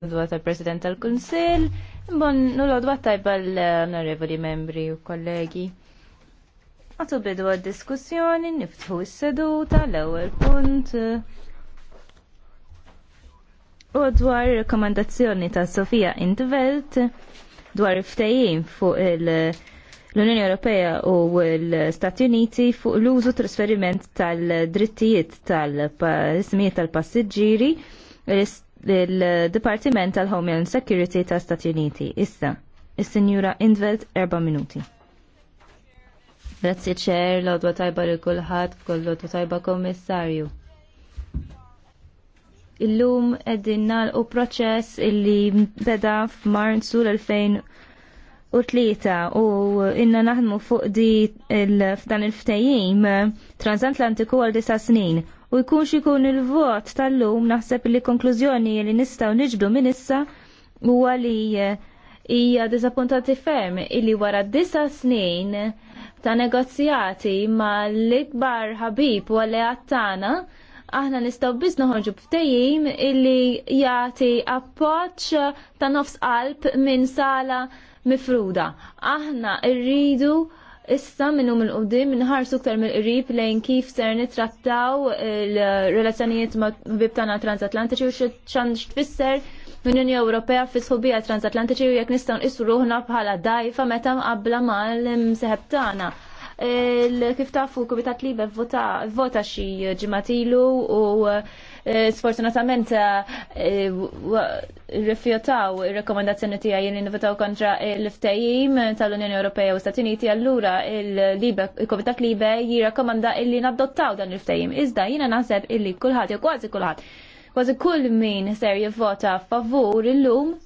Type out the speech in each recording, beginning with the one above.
l tal-President tal-Kunsil, bon l-odwa tajba l-onorevoli membri u kollegi. Għatu bidu għad-diskussjoni, niftħu s-seduta, l-ewel punt. U dwar rekomendazzjoni ta' Sofija Intvelt dwar iftajim fuq l-Unjoni Ewropea u l-Stati Uniti fuq l-użu trasferiment tal-drittijiet tal-ismijiet tal-passiġġieri l-Departiment tal-Homeland Security ta' Stati Uniti. Issa, is-Sinjura Indveld, erba' minuti. Grazzi ċer, l-odwa tajba li kullħat, kollu tajba kommissarju. Illum eddin u proċess illi beda f'Marzu l-2003 u inna naħdmu fuq di il f'dan il-ftejjim transatlantiku għal disa snin u jkunx ikun il-vot tal-lum naħseb li konklużjoni li nistaw niġbdu minn issa huwa li eh, hija diżappuntati ferm illi wara disa snin ta' negozjati ma' l-ikbar ħabib u għalleat tagħna aħna nistgħu biss noħorġu b'tejjim illi jagħti appoġġ ta' nofs qalb minn sala mifruda. Aħna rridu issa minnum il-qudiem minħarsu ktar mill-qrib lejn kif ser nitrattaw il-relazzjonijiet ma' bibtana transatlantiċi u xan tfisser l-Unjoni Ewropea fi sħubija transatlantiċi u jekk nistgħu nqisu ruħna bħala dajfa meta mqabbla mal-imseħeb tagħna. Kif tafu kubitat li vota xi ġimatilu u Eh, sfortunatament eh, rifjutaw il-rekomendazzjoni tiegħi jien nivitaw kontra l-ftehim tal-Unjoni Ewropea u Stati Uniti allura il-Komitat Libe jirrakomanda illi nadottaw dan il-ftehim. Iżda jiena naħseb illi kulħadd jew kważi kulħadd kważi kull min ser jivvota favur illum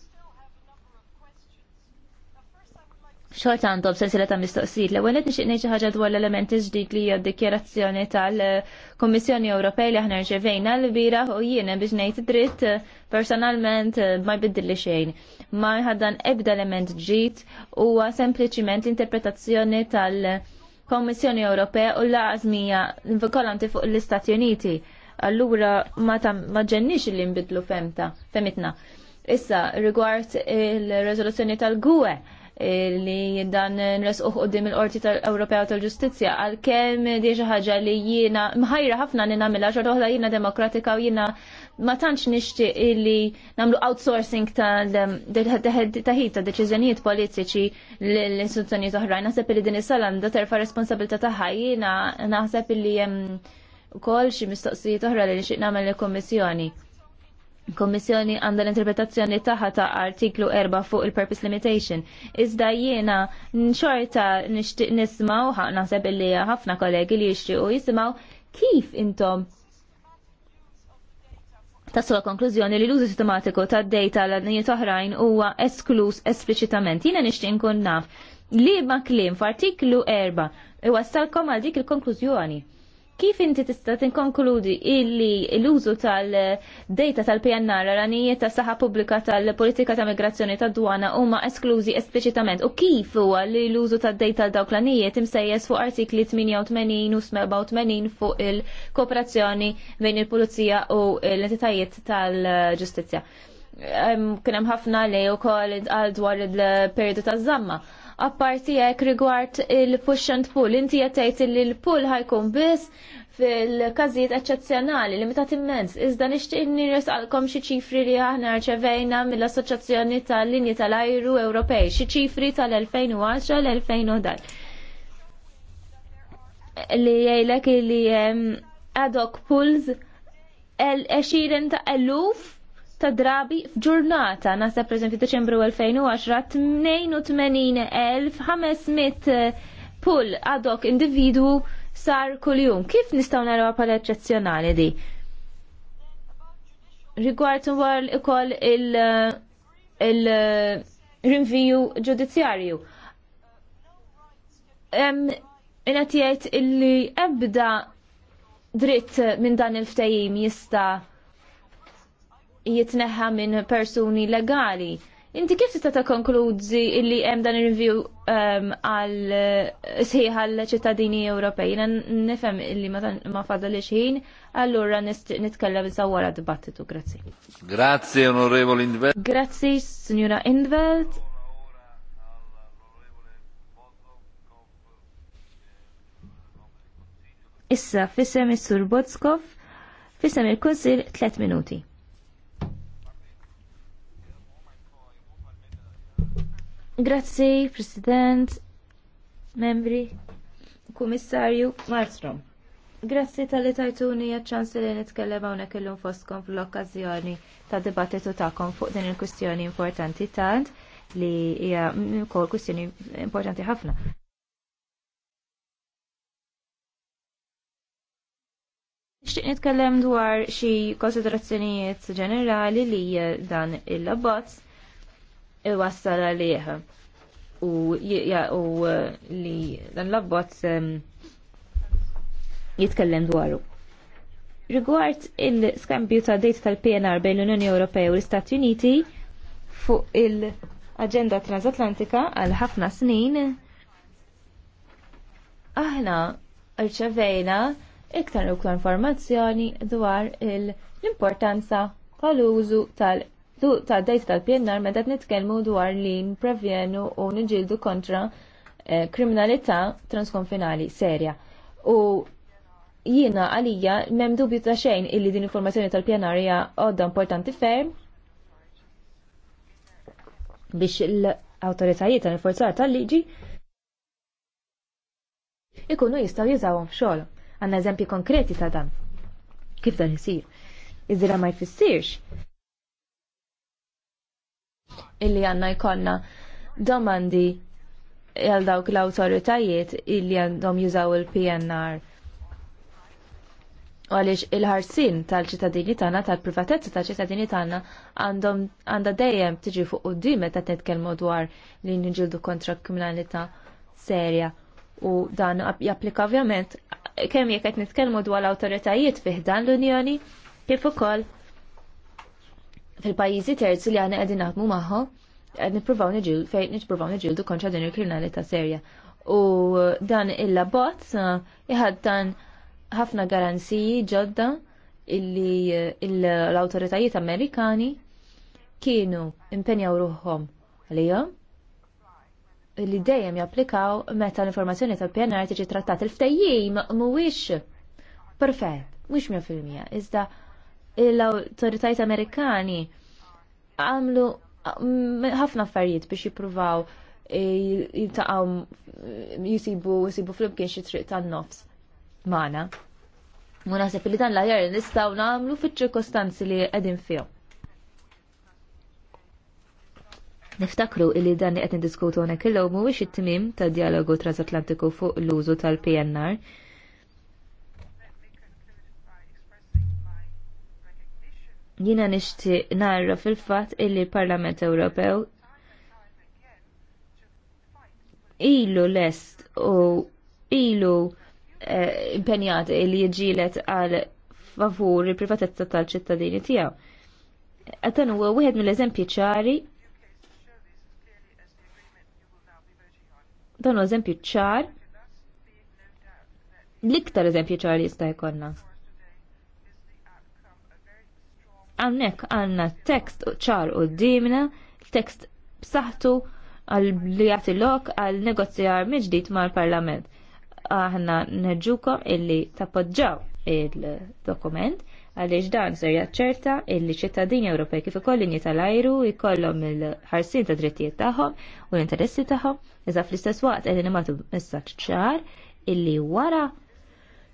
xort għandhom sensila ta' mistoqsijiet. L-ewwel qed nixtieq ngħid xi ħaġa dwar l-elementi ġdid li hija d-dikjerazzjoni tal-Kummissjoni Ewropej li aħna rċevejna l-bira u jiena biex ngħid dritt eh, personalment eh, ma jbiddilli xejn. Ma jħaddan ebda element ġdid huwa sempliċiment l-interpretazzjoni tal-Kommissjoni Ewropea u l-għażmija ti fuq l-Istati Uniti. Allura ma ġennix li nbidlu femta, femitna. Issa, rigward il-rezoluzzjoni tal-GUE, li dan nresquh qudiem il-Qorti tal-Ewropea tal-Ġustizzja għalkemm di xi ħaġa li jiena mħajra ħafna li nagħmilha xorta oħra jiena demokratika u jiena ma tantx nixtieq li nagħmlu outsourcing tal-taħid ta' deċiżjonijiet politiċi l-istituzzjonijiet oħrajn. Naħseb li din is-sala għandha terfa' responsabilità tagħha jiena naħseb li hemm ukoll xi mistoqsijiet oħra li nixtieq nagħmel il kummissjoni Kommissjoni għandha l-interpretazzjoni taħħa ta' artiklu 4 fuq il-purpose limitation. Iżda jiena xorta nixtieq nismaw, naħseb illi ħafna kollegi li jixtiequ jisimgħu kif intom taslu konklużjoni li l-użu sistematiku ta' data l għadnijiet oħrajn huwa esklus espliċitament. Jiena nixtieq inkun naf li ma' klim f'artiklu 4 iwassalkom għal dik il-konklużjoni. Kif inti tista' tinkonkludi illi l-użu tal-data tal-PNR ranijiet ta' saħa pubblika tal-politika ta' migrazzjoni ta' dwana huma esklużi espliċitament u kif huwa li l-użu tad-data dawk l-anijiet imsejjes fuq artikli 88 u 87 fuq il-kooperazzjoni bejn il-pulizija u l-entitajiet tal-ġustizzja. Kien hemm ħafna li wkoll għal dwar il-perjodu taż-żamma apparti jek rigward il pushant pull. Inti jattajt li l-pull ħajkun bis fil-kazijiet eccezzjonali meta immens. Iżda nixtieq nirresqalkom xi ċifri li aħna rċevejna mill-Assoċjazzjoni tal-Linji tal-Ajru Ewropej, xi ċifri tal-2010 l-2011. Li jgħidlek li ehm, ad hoc pools għexiren ta' eluf ta' drabi f'ġurnata. Nasa per esempio Deċembru 2010 82,500 eh, pull ad hoc individu sar kuljum. Kif nistaw naraw pala eċċezzjonali di? Rigward ukoll ikoll eh, il-rinviju eh, ġudizzjarju. Inat jgħid illi ebda dritt minn dan il-ftajim jista' jitneħħa minn persuni legali. Inti kif tista' takkonkludi illi hemm dan ir-review um, għal uh, sħiħ għal ċittadini Ewropej? Jiena nifhem illi ma fadalix ħin, allura nitkellem sa wara dibattitu, grazzi. Grazzi, Onorevoli Indvelt. Grazzi, Signora Indvelt. Issa, fissem is-Sur Botskov, fissem il-Kunsil 3 minuti. Grazzi, President, membri, Kummissarju Marstrom. Grazzi tal-li tajtuni għadċans li nitkellem hawnhekk illum fostkom fl-okkażjoni ta' dibattitu tagħkom fuq din il-kwistjoni importanti tant li hija wkoll kwistjoni importanti ħafna. Nixtieq nitkellem dwar xi konsiderazzjonijiet ġenerali li dan il labbozz iwassal għalih u eh, li dan l-abbozz ehm, jitkellem dwaru. Rigward il-skambju ta' dejt tal-PNR bejn l-Unjoni Ewropea u l-Istati Uniti fuq il-Aġenda Transatlantika għal ħafna snin, aħna rċevejna iktar u informazzjoni dwar l-importanza tal-użu tal ta' dejt tal-PNR meta qed nitkellmu dwar li nprevjenu u nġildu kontra eh, kriminalità transkonfinali serja. U jiena għalija m'hemm dubju ta' xejn illi din informazzjoni tal-PNR hija għodda importanti ferm biex l-awtoritajiet tal-forzar tal-liġi ikunu jistaw jizawhom fxol. Għanna eżempji konkreti ta' dan. Kif dan isir? Iżda ma jfissirx illi għanna jkollna domandi għal dawk l-autoritajiet illi għandhom jużaw il-PNR. U għaliex il-ħarsin tal-ċittadini tagħna, tal-privatezza tal-ċittadini tagħna għandhom għandha dejjem tiġi fuq quddiem meta titkellmu dwar li niġildu kontra kriminalità serja. U dan japplika ovvjament kemm jekk qed nitkellmu dwar l-awtoritajiet fih dan l-Unjoni kif ukoll fil-pajjiżi terzi li għana qegħdin naħdmu magħha qed nippruvaw niġil fejn nippruvaw niġildu kontra din il kriminalita serja. U dan il-labot iħaddan ħafna garanziji ġodda illi l-autoritajiet Amerikani kienu impenjaw ruħhom għalihom li dejjem japplikaw meta l-informazzjoni tal-PNR tiġi trattat il-ftejjim mhuwiex perfett, mhux 100%, iżda l-autoritajt Amerikani għamlu ħafna affarijiet biex jippruvaw e, jiltaqgħu jisibu jisibu flimkien xi triq tan-nofs magħna. U naħseb li dan l-ajar nistgħu nagħmlu fiċ-ċirkostanzi li qegħdin fihom. Niftakru illi dan li qed niddiskutu hawnhekk illum mhuwiex it-timim tad-dialogu transatlantiku fuq l-użu tal-PNR Jina nishti narra fil-fat illi Parlament Ewropew ilu lest u ilu eh, impenjat li jġilet għal favur il-privatezza tal-ċittadini tijaw. Għatan u għuħed mill-eżempji ċari dan eżempju ċar l-iktar eżempju ċar jista' jkollna. għannek għanna tekst ċar u d-dimna, tekst b'saħtu għal li jagħti lok għal negozjar miġdid mal-Parlament. Aħna neġukom illi tappoġġaw il-dokument għaliex dan ser jaċċerta illi ċittadini Ewropej kif ukoll linji tal-ajru jkollhom il-ħarsin ta' drittijiet tagħhom u l-interessi tagħhom, iżda fl-istess waqt qegħdin nimgħatu messaġġ ċar illi wara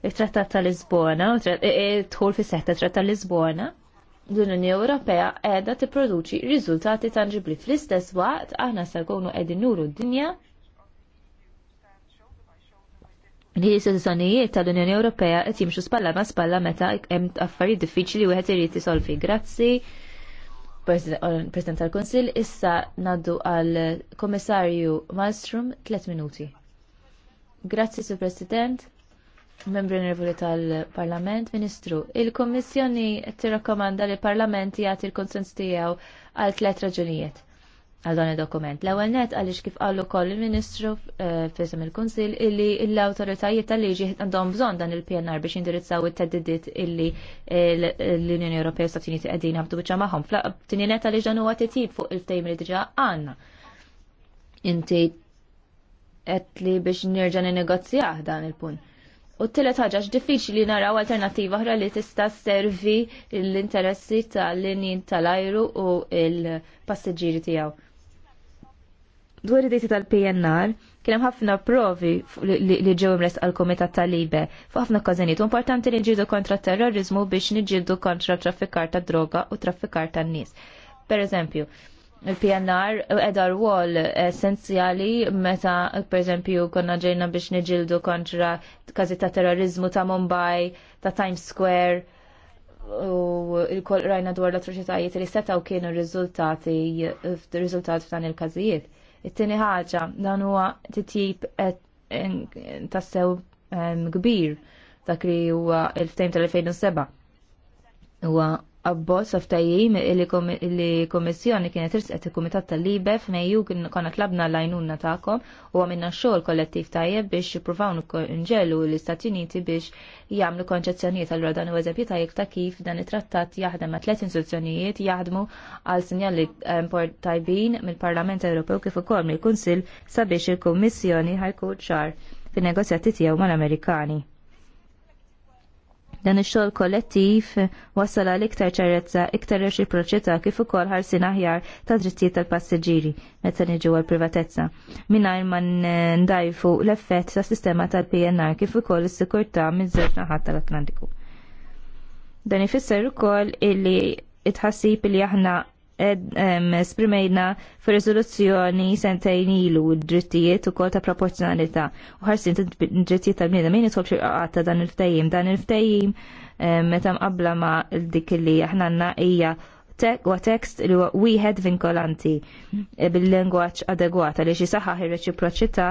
it-Trattat tal-Lisbona, tħul fis-seħħ tat-Trattat tal-Lisbona, l-Unjoni Ewropea qiegħda tipproduċi riżultati tanġibli fl-istess waqt aħna se nkunu qegħdin nuru d-dinja li s sanijiet tal-Unjoni Ewropea qed jimxu spalla ma spalla meta hemm affarijiet diffiċli wieħed irid isolvi. Grazzi. President eh, tal-Konsil, issa naddu għal Komissarju Malmstrom 3 minuti. Grazzi, Sur President membri onorevoli tal-Parlament, Ministru, il-Kommissjoni tirrakkomanda li l-Parlament jagħti l-konsens tiegħu għal tliet raġunijiet għal dan id-dokument. L-ewwel net għaliex kif qalu koll il-Ministru eh, fisem il-Kunsill illi l-awtoritajiet tal-liġi għandhom bżonn dan il-PNR biex indirizzaw it-teddidiet illi l-Unjoni Ewropea u Stati Uniti qegħdin jabdu biċċa magħhom. Tini net għaliex dan huwa titjib fuq il-tejm li diġà għandna. Inti għetli li biex il negozjah dan il-punt U t-tielet ħaġa diffiċli naraw alternattiva oħra li tista' servi l-interessi tal-linjin tal-ajru u l-passiġġieri tiegħu. Dwar id tal-PNR, kien hemm ħafna provi li ġew imres għal komitat tal-Libe f'ħafna ħafna importanti li nġidu kontra terrorizmu biex niġġieldu kontra traffikar ta' droga u traffikar tan-nies. Per eżempju, il-PNR edar wall essenzjali meta per esempio konna ġejna biex niġildu kontra kazi ta' terrorizmu ta' Mumbai, ta' Times Square u il-kol rajna dwar l-atroċitajiet li setaw kienu rizultati rizultat f'dan il-kazijiet. It-tieni ħaġa dan huwa titjib tassew kbir dak li huwa il-ftejm tal-2007 huwa abbozz aftajim li komissjoni kienet rsqet il-Kumitat tal-Libe f'Mejju konna tlabna l-għajnuna ta'kom u għamilna xogħol kollettiv tajjeb biex jippruvaw nġelu l-Istati Uniti biex jagħmlu konċezzjonijiet allura dan u eżempju tajjeb ta' kif dan it-trattat jaħdem ma' tliet istituzzjonijiet jaħdmu għal sinjali tajbin mill-Parlament Ewropew kif ukoll mill-Kunsill sabiex il-Kummissjoni ħajkun ċar fin-negozjati tiegħu mal-Amerikani. Dan ix-xogħol kollettiv wassal għal iktar ċarezza, iktar reċiproċità kif ukoll ħarsin aħjar ta' drittijiet tal-passiġġieri meta niġu għall privatezza. Mingħajr ma ndajfu l-effett tas sistema tal-PNR kif ukoll is-sikurtà miż-żewġ naħat tal-Atlantiku. Dan ifisser ukoll illi it li aħna esprimejna fi rezoluzzjoni sentejn ilu d-drittijiet u ta' proporzjonalità u ħarsin d-drittijiet tal-bniedem min jitħol xirqaqat dan il-ftajim. Dan il-ftajim meta qabla ma' dik li aħna hija huwa tekst li huwa wieħed vinkolanti e, bil lingwaċ adegwata li xi saħħaħ ir-reċiproċità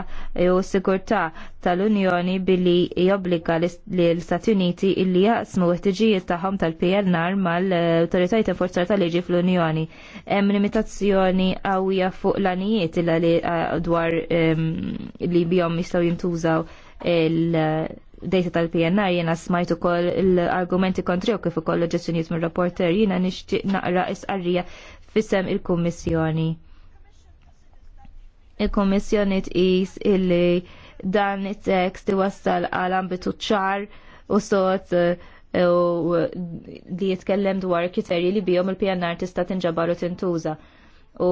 u s-sigurtà tal-Unjoni billi jobbliga l-Istati Uniti illi jaqsmu ħtiġijiet tagħhom tal-PNR mal ta' forzar tal-liġi fl-Unjoni. Hemm limitazzjoni qawwija fuq l-anijiet eh, dwar ehm, li bjom jistgħu jintużaw data tal-PNR jena smajtu kol l-argumenti kontri u kif ukoll l-ġessjoniet minn rapporter jena nixtieq naqra isqarrija fissem il-Kummissjoni. Il-Kummissjoni tqis illi dan it-tekst iwassal għal ambitu ċar u sot eh, u li jitkellem dwar kriterji li bijom il-PNR tista' tinġabar u tintuża u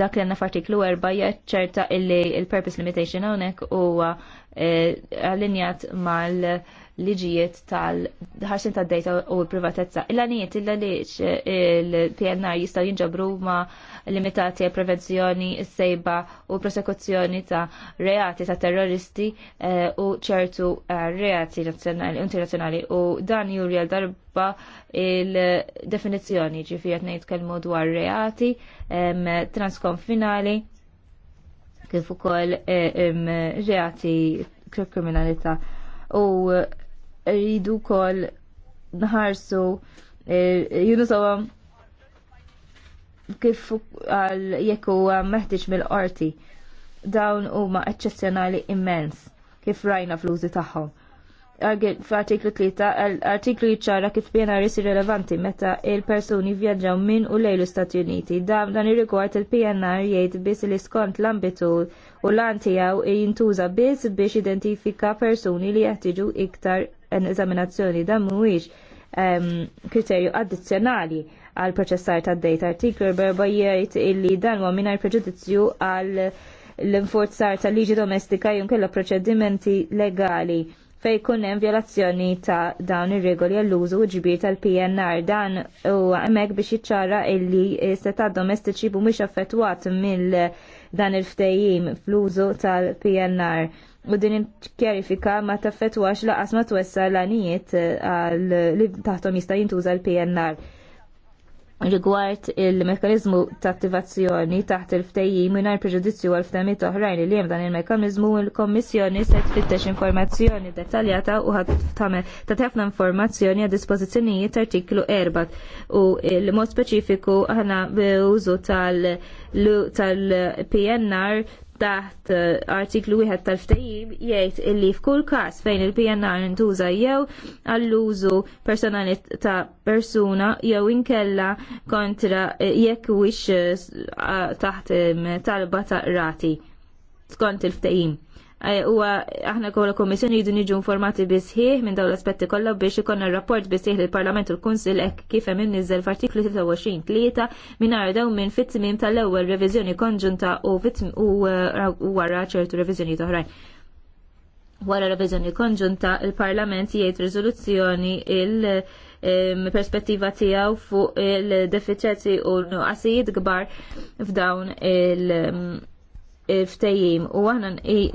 dak li għanna f'artiklu 4 ċerta illi il-purpose limitation hawnhekk huwa E, allinjat mal-liġijiet tal-ħarsin tad data u l-privatezza. Il-għanijiet illa liġ il-PNR jistaw jinġabru ma limitati prevenzjoni, sejba u prosekuzzjoni ta' reati ta' terroristi e, u ċertu e, reati internazjonali u dan juri għal darba il-definizjoni ġifijat nejt kelmu dwar reati transkonfinali kif ukoll eh, reati kriminalità u eh, rridu wkoll nħarsu eh, jienu sawa kif għal jekk huwa meħtieġ mill-qorti dawn huma eċċezzjonali immens kif rajna fl-użi tagħhom f'artiklu 3 artiklu jċara kif PNRs relevanti meta il-persuni vjaġġaw minn u lejn l-Istati Uniti. Dan dan ir-rigward il-PNR jgħid biss li skont l-ambitu u lan tiegħu jintuża biss biex identifika persuni li jeħtieġu iktar eżaminazzjoni dan mhuwiex ehm, kriterju addizzjonali għal proċessar tad-data. Artiklu b'erba' jgħid illi dan huwa mingħajr preġudizzju għal l-inforzar tal-liġi domestika jumkella proċedimenti legali fej kun hemm violazzjoni ta' dawn ir-regoli għall-użu u ġbir tal-PNR dan u hemmhekk biex jiċċara illi seta' domestiċi mhumiex affettwat mill dan il-ftejjim fl-użu tal-PNR. U din il kjerifika ma taffetwax laqas ma twessa l-għanijiet li taħtom jista' jintuża l-PNR rigward il-mekanizmu ta' attivazzjoni taħt il ftejji mingħajr preġudizzju għal ftemiet oħrajn li jem dan il-mekanizmu il-Kommissjoni se tfittex informazzjoni dettaljata u ta' ħafna informazzjoni għad dispożizzjonijiet artiklu 4 u l-mod speċifiku aħna użu tal-PNR taħt eh, artiklu wieħed tal-ftehim jgħid illi f'kull każ fejn il-PNR intuża jew għall-użu personali ta' persuna jew inkella kontra eh, jekk wix eh, taħt talba ta' rati skont il-ftehim. Huwa aħna kolla komissjoni jidu niġu informati bisħiħ minn daw l-aspetti kollha biex ikonna rapport bisħiħ li l-Parlament u l-Kunsil hekk kif hemm inniżel f'artiklu 23 mingħajr daw minn fit-tmiem tal-ewwel reviżjoni konġunta u uh, u wara ċertu reviżjoni oħrajn. Wara reviżjoni konġunta, il-Parlament jgħid riżoluzzjoni il-, um, perspettiva tijaw fuq il-deficiti u l-nuqasijiet kbar f'dawn il- um, ftejjim u aħna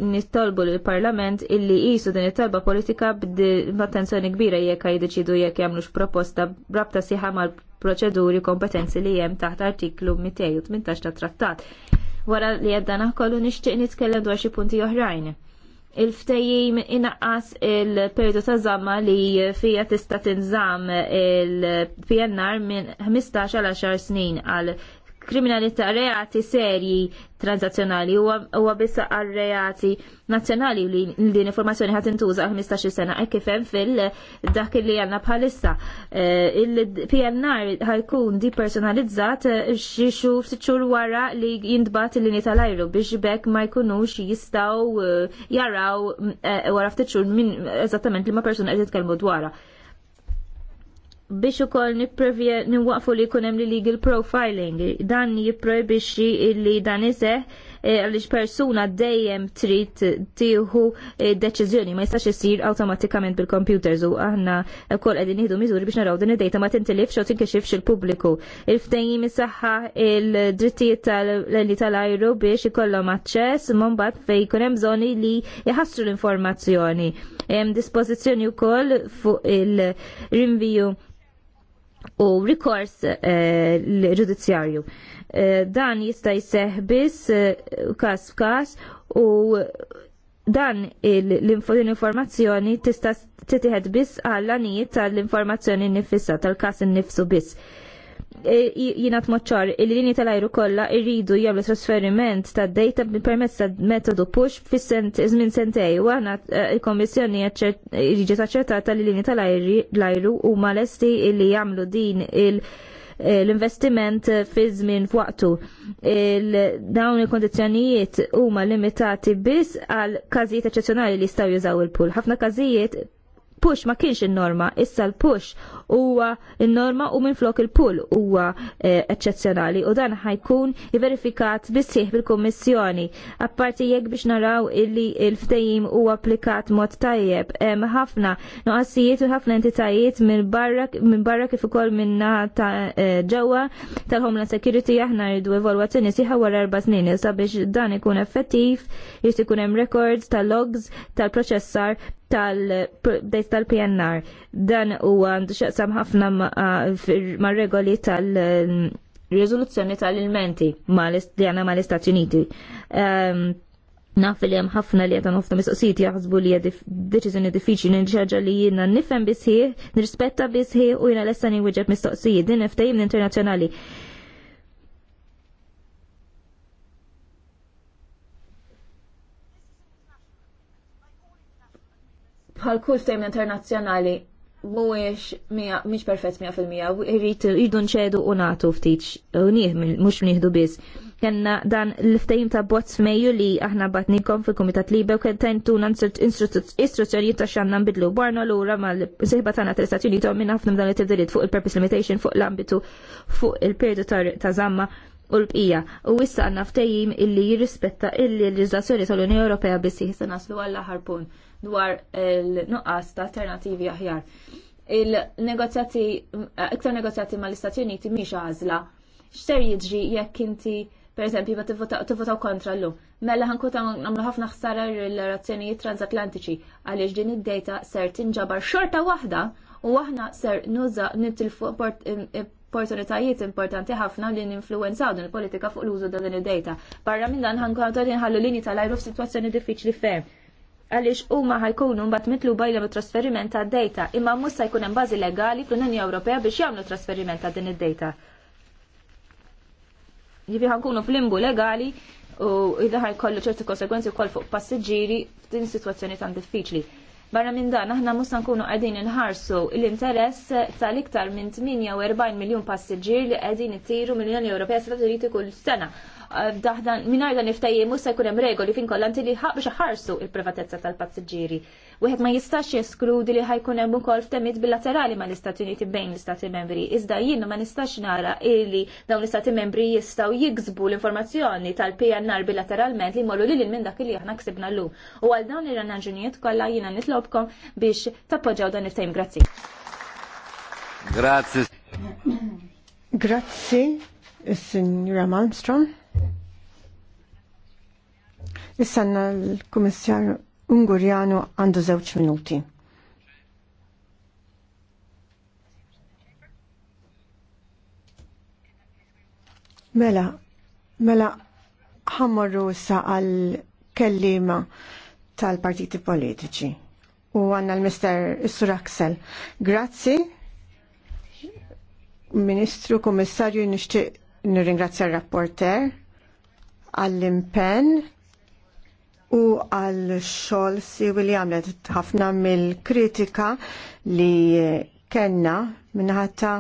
nittolbu lill parlament illi jisu din it-talba politika b'attenzjoni kbira jekk jiddeċidu jekk jagħmlux proposta b'rabta siħa mal-proċeduri kompetenzi li hemm taħt artiklu 218 tat trattat. Wara li għadda naħkollu nixtieq nitkellem dwar xi punti oħrajn il-ftejjim inaqqas il-periodu ta' zamma li fija tista' tinżamm il-PNR minn 15 għal 10 snin għal kriminalità reati serji transazzjonali huwa bissa għal reati nazzjonali li din informazzjoni ħat intuża 15 sena e kifem fil-dak li għanna bħalissa. Eh, Il-PNR ħajkun depersonalizzat xi xhur wara li jindbat il-linji tal-ajru biex bekk ma jkunux jistgħu eh, jaraw eh, wara ftit xhur min eżattament li ma persuna qed dwara biex ukoll nipprovja niwaqfu li jkun hemm legal profiling. Dan jipprojbixxi li dan iseħ eh, għaliex persuna dejjem trid tieħu eh, deċiżjoni ma jistax isir awtomatikament bil-computers u aħna wkoll qegħdin nieħdu miżuri biex naraw din id-dejta ma tintilifx u tinkixifx il-pubbliku. Il-ftehim isaħħa il-drittijiet tal-li tal-ajru biex ikollhom aċċess mbagħad fejn jkun hemm bżonn li jħassru l-informazzjoni. Hemm dispożizzjoni wkoll fuq il-rinviju u rikors eh, l ġudizzjarju. Eh, dan jista' jseħħ biss eh, każ f'każ u dan l-informazzjoni tista' titiħed biss għall għanijiet tal-informazzjoni nifissa tal-każ innifsu biss. E, jina tmoċċar il-linji tal-ajru kollha irridu jagħmlu trasferiment ta' data permezz ta' metodu push fis żmien sentej u għana e, il-Kommissjoni jiġi taċċertata li linji tal-ajru huma lesti li jagħmlu din il- e, l-investiment fi żmien f'waqtu. Dawn il-kondizzjonijiet huma limitati biss għal każijiet eċċezzjonali li jistgħu jużaw il pull Ħafna każijiet push ma kienx in-norma, issa l-push huwa n-norma u minflok il-pull huwa eh, eċċezzjonali u dan ħajkun verifikat bissieħ bil-Kummissjoni. Apparti jekk biex naraw illi il ftejim huwa applikat mod tajjeb hemm ħafna nuqassijiet u ħafna entitajiet minn barra minn barra kif ukoll minna ta' eh, ġewwa tal-Homeland Security aħna rridu evolwa sieħa wara erba' snin sabiex dan ikun effettiv, jrid ikun hemm records tal-logs tal-proċessar tal tal-PNR. Dan huwa għandu Sam ħafna ma' regoli tal- riżoluzzjoni tal-ilmenti li għana ma' l-Istati Uniti. Naf li hemm ħafna li ufta mis mistoqsijiet jaħsbu li deċiżjoni diffiċli xaġa li jiena nifhem bisħi, nirrispetta bisħi u jiena lesta mis mistoqsijiet din ftehim internazzjonali. bħal kull tejm internazzjonali mhuwiex mhix perfett 100%, irrid irridu nċedu u nagħtu ftit u nieħ mhux nieħdu biss. Kenna dan l ftajim ta' bots mejju li aħna batnikom fil-Kumitat Libe u kien tentuna istruzzjonijiet ta' xanna bidlu. barna lura mal-sejba tagħna tal-Istati Uniti minn ħafna dan it fuq il-purpose limitation fuq l-ambitu fuq il-periodu ta' zamma u l-bqija. U issa għandna ftajim illi jirrispetta illi l-leġiżlazzjoni tal-Unjoni Europea biss jista' naslu għall-aħħar dwar il-nuqqas ta' alternativi aħjar. Il-negozjati, iktar negozjati ma' l-Istati Uniti miex għazla. Xter jiġri jekk inti per eżempju, ma tivvotaw kontra l lu Mella ħankun għamlu ħafna ħsara r-relazzjonijiet transatlantiċi għaliex din id-data ser tinġabar xorta waħda u aħna ser nuża nitilfu opportunitajiet importanti ħafna li ninfluwenzaw din il-politika fuq l-użu ta' din id-data. Barra minn dan ħankun għandu ħallu lini tal-ajru f'sitwazzjoni diffiċli ferm għaliex huma ħajkunu mbagħad mitluba it trasferiment ta' data imma mhux se jkun hemm bażi legali fl-Unjoni Ewropea biex jagħmlu trasferiment ta' din id-data. Jibi ħankunu flimbu legali u id-daħar ċerti konsekwenzi wkoll fuq passiġġieri f'din situazzjoni tan diffiċli. Barra minn dan, aħna musa nkunu qegħdin inħarsu l-interess tal-iktar minn 48 miljun passiġġier li qegħdin tiru mill-Unjoni Ewropea s trid kull sena daħdan mingħajr dan iftajje mhux se jkun hemm regoli fin kollanti li biex ħarsu il-privatezza tal-passiġġieri. Wieħed ma jistax jeskludi li ħajkun hemm ukoll ftemiet bilaterali mal istati Uniti bejn l-Istati Membri. Iżda jien ma nistax nara illi dawn l-Istati Membri jistgħu jiksbu l-informazzjoni tal-PNR bilateralment li jmorru lil minn dak li aħna ksibna llum. U għal dawn ir-raġunijiet kollha jiena nitlobkom biex tappoġġaw dan il-ftehim. Grazzi. Grazie. Grazie, signora Malmstrom. Nistanna l-Kummissar Ungurjano għandu żewġ minuti. Mela, mela ħammorru sa għal kellima tal-partiti politiċi. U għanna l-Mister Issur Axel. Grazzi, Ministru, Kummissarju, nishtiq nirringrazzja r-rapporter għall-impen u għal xol si li għamlet ħafna mill-kritika li kenna minnħata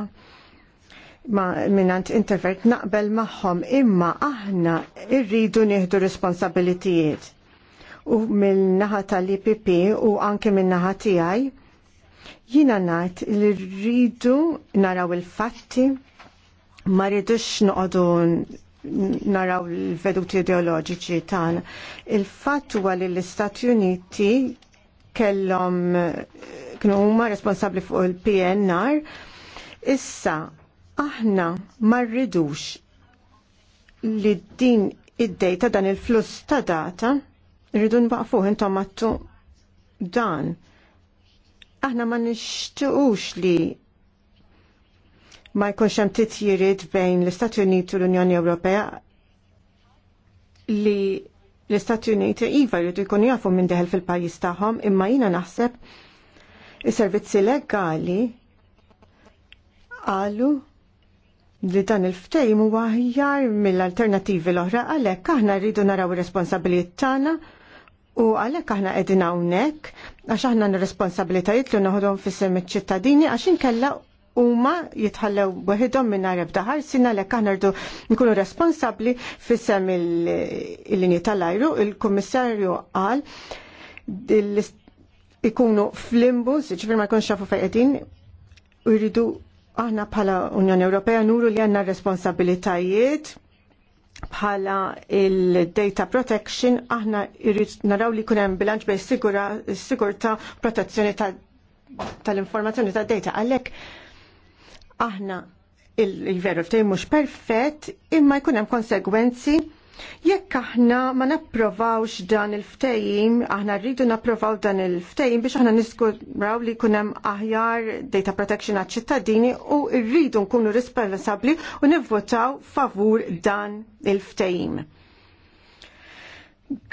minnant intervert naqbel maħħom imma aħna irridu nieħdu responsabilitijiet u mill-naħa tal-IPP u anke mill-naħa tiegħi jina ngħid li rridu naraw il-fatti ma rridux noqogħdu naraw l-veduti ideoloġiċi tan. Il-fatt huwa li l-Istati Uniti kellhom kienu huma responsabbli fuq il-PNR. Issa aħna ma rridux li din id-data dan il-fluss ta' data rridu nbaqfuh intom għattu dan. Aħna ma nixtiqux li ma jkunx hemm titjiriet bejn l-Istati Uniti u l-Unjoni Ewropea li l-Istati Uniti iva jridu jkunu jafu minn deħel fil-pajjiż tagħhom imma jiena naħseb is-servizzi legali qalu li dan il-ftejm huwa aħjar mill-alternattivi l-oħra għalhekk aħna rridu naraw ir-responsabilijiet tagħna u għalhekk aħna qegħdin hawnhekk għax aħna n-responsabilitajiet li noħodhom fis semmi iċ-ċittadini għax inkella huma jitħallew waħedhom mingħajr ebda ħarsina lek aħna rdu nkunu responsabbli fissem il-linji tal-ajru, il-kummissarju qal ikunu flimbu, ġifir ma jkunx xafu fejqedin, u jridu aħna bħala Unjoni Ewropea nuru li għandna responsabilitajiet bħala il-data protection aħna irrid naraw li kunem bilanċ bej sigurta protezzjoni tal-informazzjoni tad data għalhekk Aħna il-veru ftej mhux perfett imma jkun hemm konsegwenzi Jekk aħna ma napprovawx dan il-ftejim, aħna rridu napprovaw dan il-ftejim biex aħna niskuraw li kunem aħjar data protection għad ċittadini u rridu nkunu responsabli u nivvotaw favur dan il-ftejim.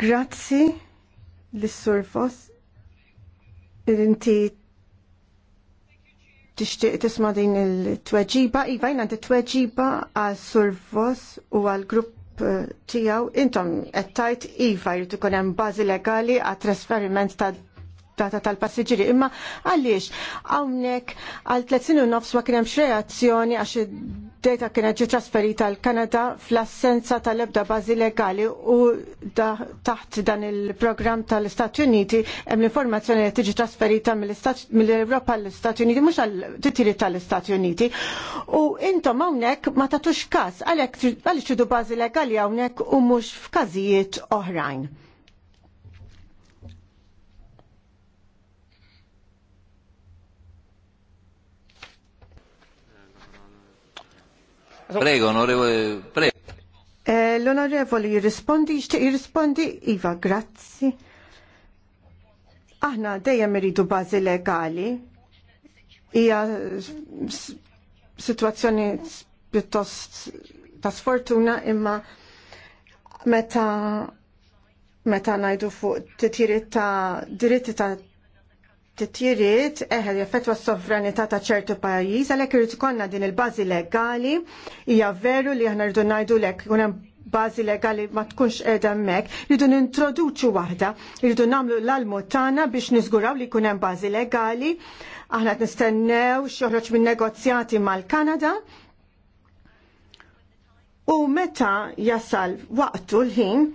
Grazzi l-surfos. Inti tixtieq tisma' din il-tweġiba, iva jien għandi tweġiba għal survos u għal grupp eh, tiegħu intom qed tajt iva jrid ikun hemm bażi legali għat trasferiment ta' data tal-passiġġieri. Imma għaliex hawnhekk għal tletsin u nofs ma kien hemm reazzjoni għax data kienet ġi trasferita l kanada fl-assenza tal-ebda bażi legali u da, taħt dan il-programm tal-Istati Uniti hemm l-informazzjoni li tiġi trasferita mill-Ewropa l-Istati Uniti mhux għall-titiri tal-Istati Uniti. U intom hawnhekk ma tagħtux każ għalhekk għaliex bażi legali hawnhekk u mhux f'każijiet oħrajn. Prego, onorevole, prego. Eh, L'onorevole rispondi, jirrispondi, jishtiq jirrispondi, Iva, grazie. Aħna dejjem iridu bażi legali. Hija situazzjoni pjuttost ta' sfortuna imma meta meta ngħidu fuq titjiri ta' diritti ta' titjiriet eħel jaffetwa s-sovranità ta' ċertu pajjiż, għalhekk irid ikollna din il-bażi legali hija veru li aħna rridu ngħidu lek hemm bażi legali ma tkunx qiegħda hemmhekk, rridu nintroduċu waħda, rridu nagħmlu l-almu tagħna biex niżguraw li jkun hemm bażi legali, aħna qed nistennew xi minn negozjati mal-Kanada. U meta jasal waqtu l-ħin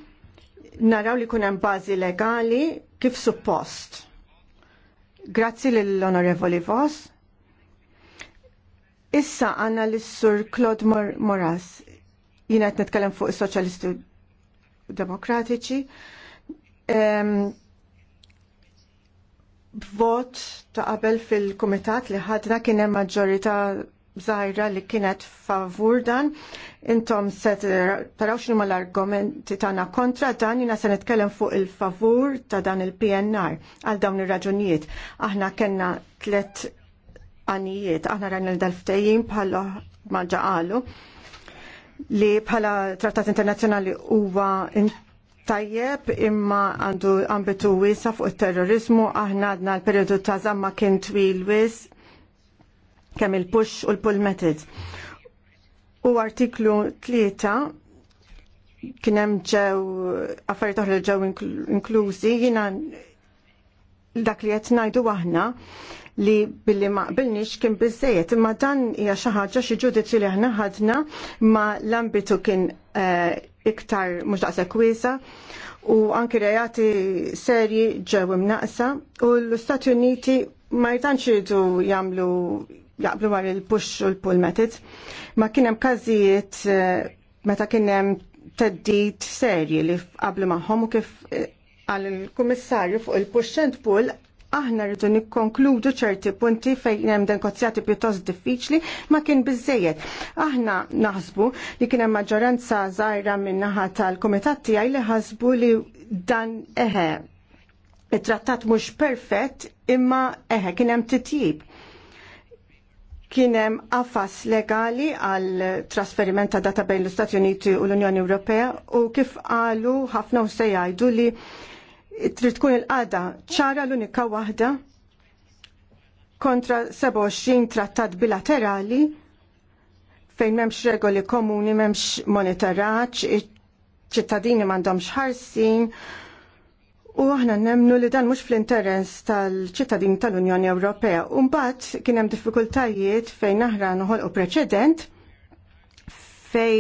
naraw li jkun hemm bażi legali kif suppost Grazzi lill-Onorevoli Vos. Issa għanna l-Sur Claude Mor Moras. Jina għet netkellem fuq il-Soċjalisti Demokratiċi. Um, vot ta' qabel fil-Kumitat li ħadna kien hemm zaħira li kienet favur dan Intom se eh, taraw xinu l-argumenti tagħna kontra dan jiena se nitkellem fuq il-favur ta' dan il-PNR għal dawn ir-raġunijiet. Aħna kellna tliet għanijiet, aħna rajn il dalftejjin bħallu maġaqalu li bħala trattat internazzjonali huwa tajjeb imma għandu ambitu wisa fuq il-terrorizmu aħna għadna l-periodu ta' zamma kien twil wis kemm il-push u l-pull methods. U artiklu 3 kien hemm ġew affarijiet oħra ġew inklużi jiena dak li qed ngħidu aħna li billi ma qbilniex kien biżejjed imma dan hija xi ħaġa xi ġudiċi li aħna ħadna ma l-ambitu kien eh, iktar mhux daqshekk wiesa u anki rejati serji ġew imnaqsa u l-Istati Uniti ma jtanx jridu jagħmlu jaqblu għal il-push u l-pull method. Ma kienem kazijiet eh, meta kienem teddit serji li qablu maħom u kif eh, għal il-kummissarju fuq il-push and pull aħna rridu nikkonkludu ċerti punti fejn hemm denkozjati pjuttost diffiċli ma kien biżejjed. Aħna naħsbu li kien hemm maġġoranza żgħira min-naħa tal-kumitat tiegħi li ħasbu li dan eħe it-trattat mhux perfett imma eħe kien hemm titjib kienem affas legali għal trasferiment ta' data bejn l-Istati Uniti u l-Unjoni Ewropea u kif qalu ħafna u jgħidu li trid tkun il-qada ċara l-unika waħda kontra 27 trattat bilaterali fejn memx regoli komuni, memx monitoraċ, ċittadini mandom ħarsin, U aħna nemnu li dan mhux fl-interess tal-ċittadin tal-Unjoni Ewropea. U mbagħad kien hemm diffikultajiet fejn aħna noħolqu preċedent fej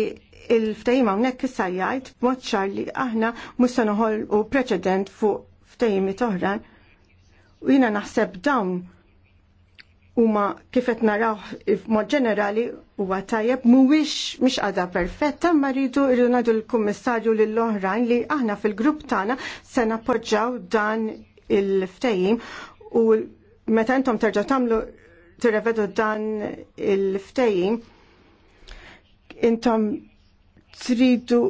il-ftehim hawnhekk issa moċċar b'mod li aħna mhux se noħolqu preċedent fuq ftajimi toħran. U jiena naħseb dawn huma kifet naraw mod ġenerali huwa tajjeb mhuwiex mhix għada perfetta ma rridu rridu ngħidu l-kummissarju lill oħrajn li aħna fil-grupp tagħna se nappoġġjaw dan il-ftehim u meta intom terġa' tagħmlu tirrevedu dan il-ftehim intom tridu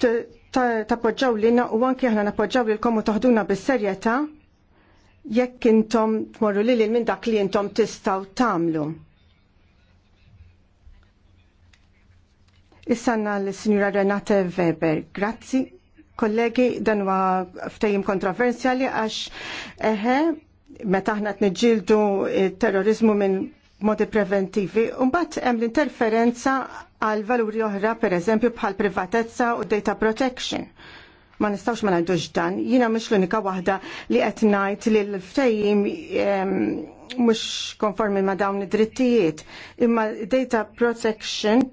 tappoġġaw lilna u anke aħna nappoġġaw lilkom u toħduna bis-serjetà jekk intom tmorru li lil minn dak li intom tistaw tamlu. Issanna l-Sinjura Renate Weber, grazzi. Kollegi, dan huwa ftejim kontroversjali għax eħe, meta aħna t terrorizmu minn modi preventivi, mbagħad hemm l-interferenza għal valuri oħra, pereżempju bħal privatezza u data protection ma nistawx ma ngħidux dan. Jiena mux l-unika waħda li qed ngħid li l-ftejjim mhux konformi ma' dawn id-drittijiet. Imma data protection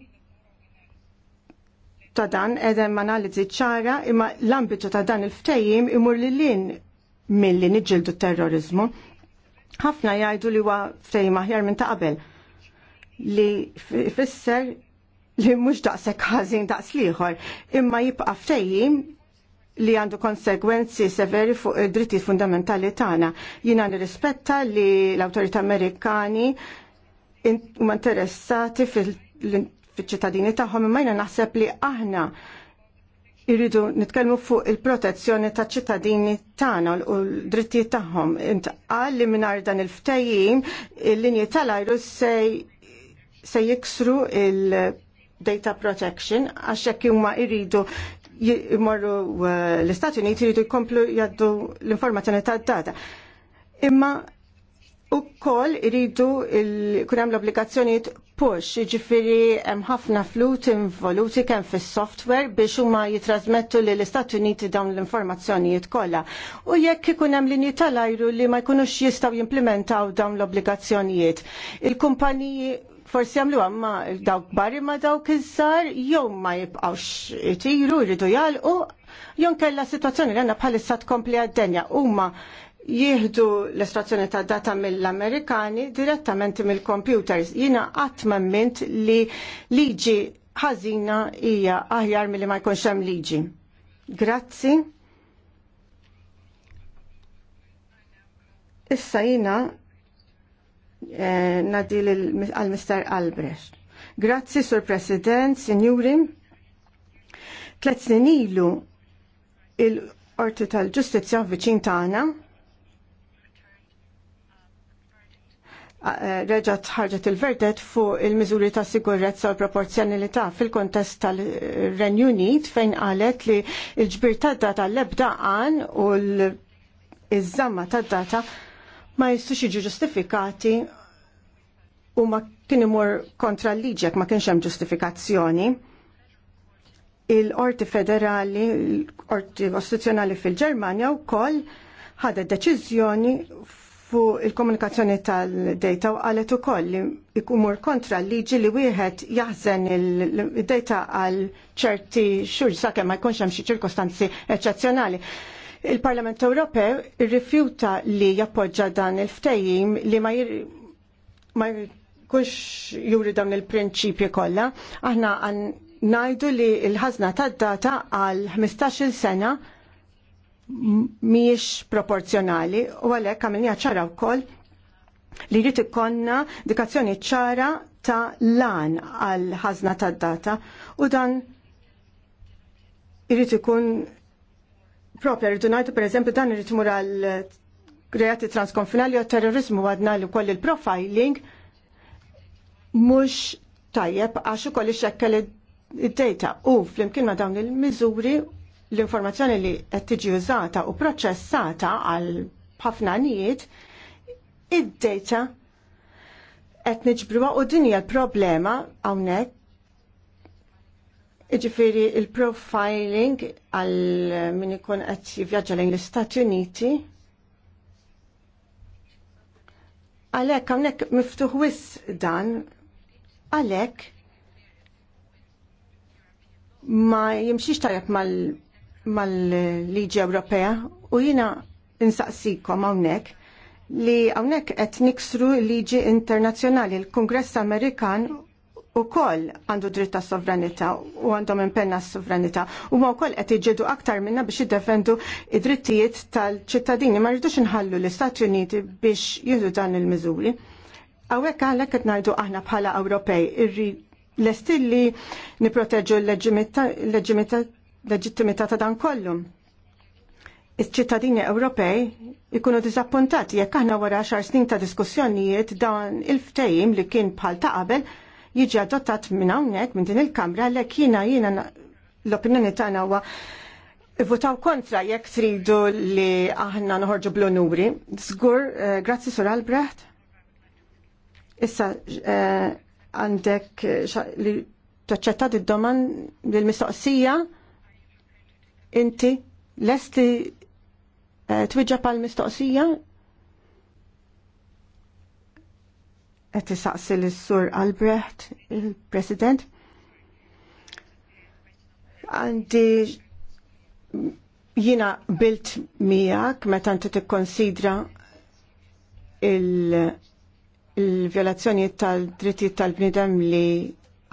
ta' dan edem nalizzi ċara imma l-ambitu ta' dan il-ftejjim imur li mill-li nġildu terrorizmu. Ħafna jgħidu li huwa ftejjim aħjar minn ta' qabel li fisser li mhux daqshekk ħażin daqs liħor imma jibqa' ftejjim li għandu konsegwenzi severi fuq id dritti fundamentali tagħna. Jiena nirrispetta li l-awtorità Amerikani huma interessati fiċ ċittadini tagħhom imma jiena naħseb li aħna irridu nitkellmu fuq il-protezzjoni ta' ċittadini tagħna u l-drittijiet tagħhom. Intqal li mingħajr dan il-ftehim il-linji tal-ajru se jiksru il- data protection għax hekk huma jridu jimorru uh, l-Istati Uniti jridu jkomplu jaddu l-informazzjoni ta' data. Imma u koll jridu kunem l-obbligazzjoniet push, ġifiri hemm ħafna flut involuti kemm fis-software biex huma jitrasmettu lill istati Uniti dawn l-informazzjonijiet kollha. U jekk ikun hemm linji tal-ajru li ma jkunux jistgħu jimplementaw dawn l-obbligazzjonijiet. Il-kumpaniji forsi għamlu għamma dawk barri ma dawk iż-żar jew ma jibqawx itiru jridu jalqu jow kella situazzjoni għanna bħalissa tkompli għad-denja huma jieħdu l-estrazzjoni ta' data mill-Amerikani direttament mill-computers. Jina għatmament li liġi ħażina hija aħjar mill-li ma jkunx hemm liġi. Grazzi. Issa jina Eh, nadil għal-Mr. Albrecht. Grazzi, Sur President, Signori. Tlet snin ilu il qorti tal ġustizzja viċin tagħna eh, reġat ħarġet il-verdet fuq il-miżuri ta' sigurezza u proporzjonalità fil-kontest tal-Renju Unit fejn qalet li l-ġbir tad data l-ebda għan u l-iżamma tad data ma jistux jiġu ġustifikati u ma kien imur kontra l-liġek ma kienx hemm ġustifikazzjoni. Il-Qorti Federali, l-Qorti Kostituzzjonali fil-Ġermanja wkoll ħadet deċiżjoni fuq il-komunikazzjoni tal-data u għalet u koll ikumur kontra l liġi li wieħed jaħzen il-data għal ċerti xur sakemm ma jkunx hemm xi ċirkostanzi eċċezzjonali. Il-Parlament Ewropew irrifjuta li jappoġġa dan il-ftejim li ma jir ma kux juri dawn il-prinċipji kollha. Aħna għan najdu li l-ħazna tad-data għal 15 sena miex proporzjonali u għalek għamilni ċara wkoll li jrid ikonna dikazzjoni ċara ta' lan għal ħazna tad-data u dan jrid ikun propja rridu ngħidu eżempju dan irid għal reati transkonfinali u terrorizmu għadna li koll il-profiling mhux tajjeb għax ukoll ixekkel id-data u flimkien ma dawn il-miżuri l-informazzjoni li qed tiġi użata u proċessata għal ħafna nijiet id-data qed niġbruha u din hija l-problema hawnhekk Iġifiri il-profiling għal min ikun qed jivvjaġġa lejn l-Istati Uniti. Għalhekk hawnhekk miftuħ wis dan għalhekk ma jimxiex tajjeb mal-liġi mal Ewropea u jina insaqsikom hawnhekk li hawnhekk qed niksru l-liġi internazzjonali. l-Kongress Amerikan u koll għandu dritta sovranità u għandhom impenna sovranità u ma u koll għet iġedu aktar minna biex jiddefendu id-drittijiet tal-ċittadini ma rridux nħallu l-Istati Uniti biex jihdu dan il-mizuri. Għawek għalek għet najdu aħna bħala Ewropej irri l-estilli niproteġu l-leġitimità ta' dan kollu. Iċ-ċittadini Ewropej ikunu disappuntati jekk aħna wara xar snin ta' diskussjonijiet dan il-ftejim li kien bħal ta' qabel jiġi adottat minn hawnhekk minn din il-Kamra għalhekk jiena jiena l-opinjoni tagħna huwa votaw kontra jekk tridu li aħna noħorġu bl nuri Żgur, eh, grazzi Sur Albrecht. Issa eh, għandek eh, li taċċettat id-doman lill-mistoqsija inti lesti twiġġa pal-mistoqsija qed isaqsi lis-Sur Albrecht, il-President. Għandi jina bilt miegħek meta inti tikkonsidra il-violazzjoni il vjolazzjonijiet tal tal-bnidem li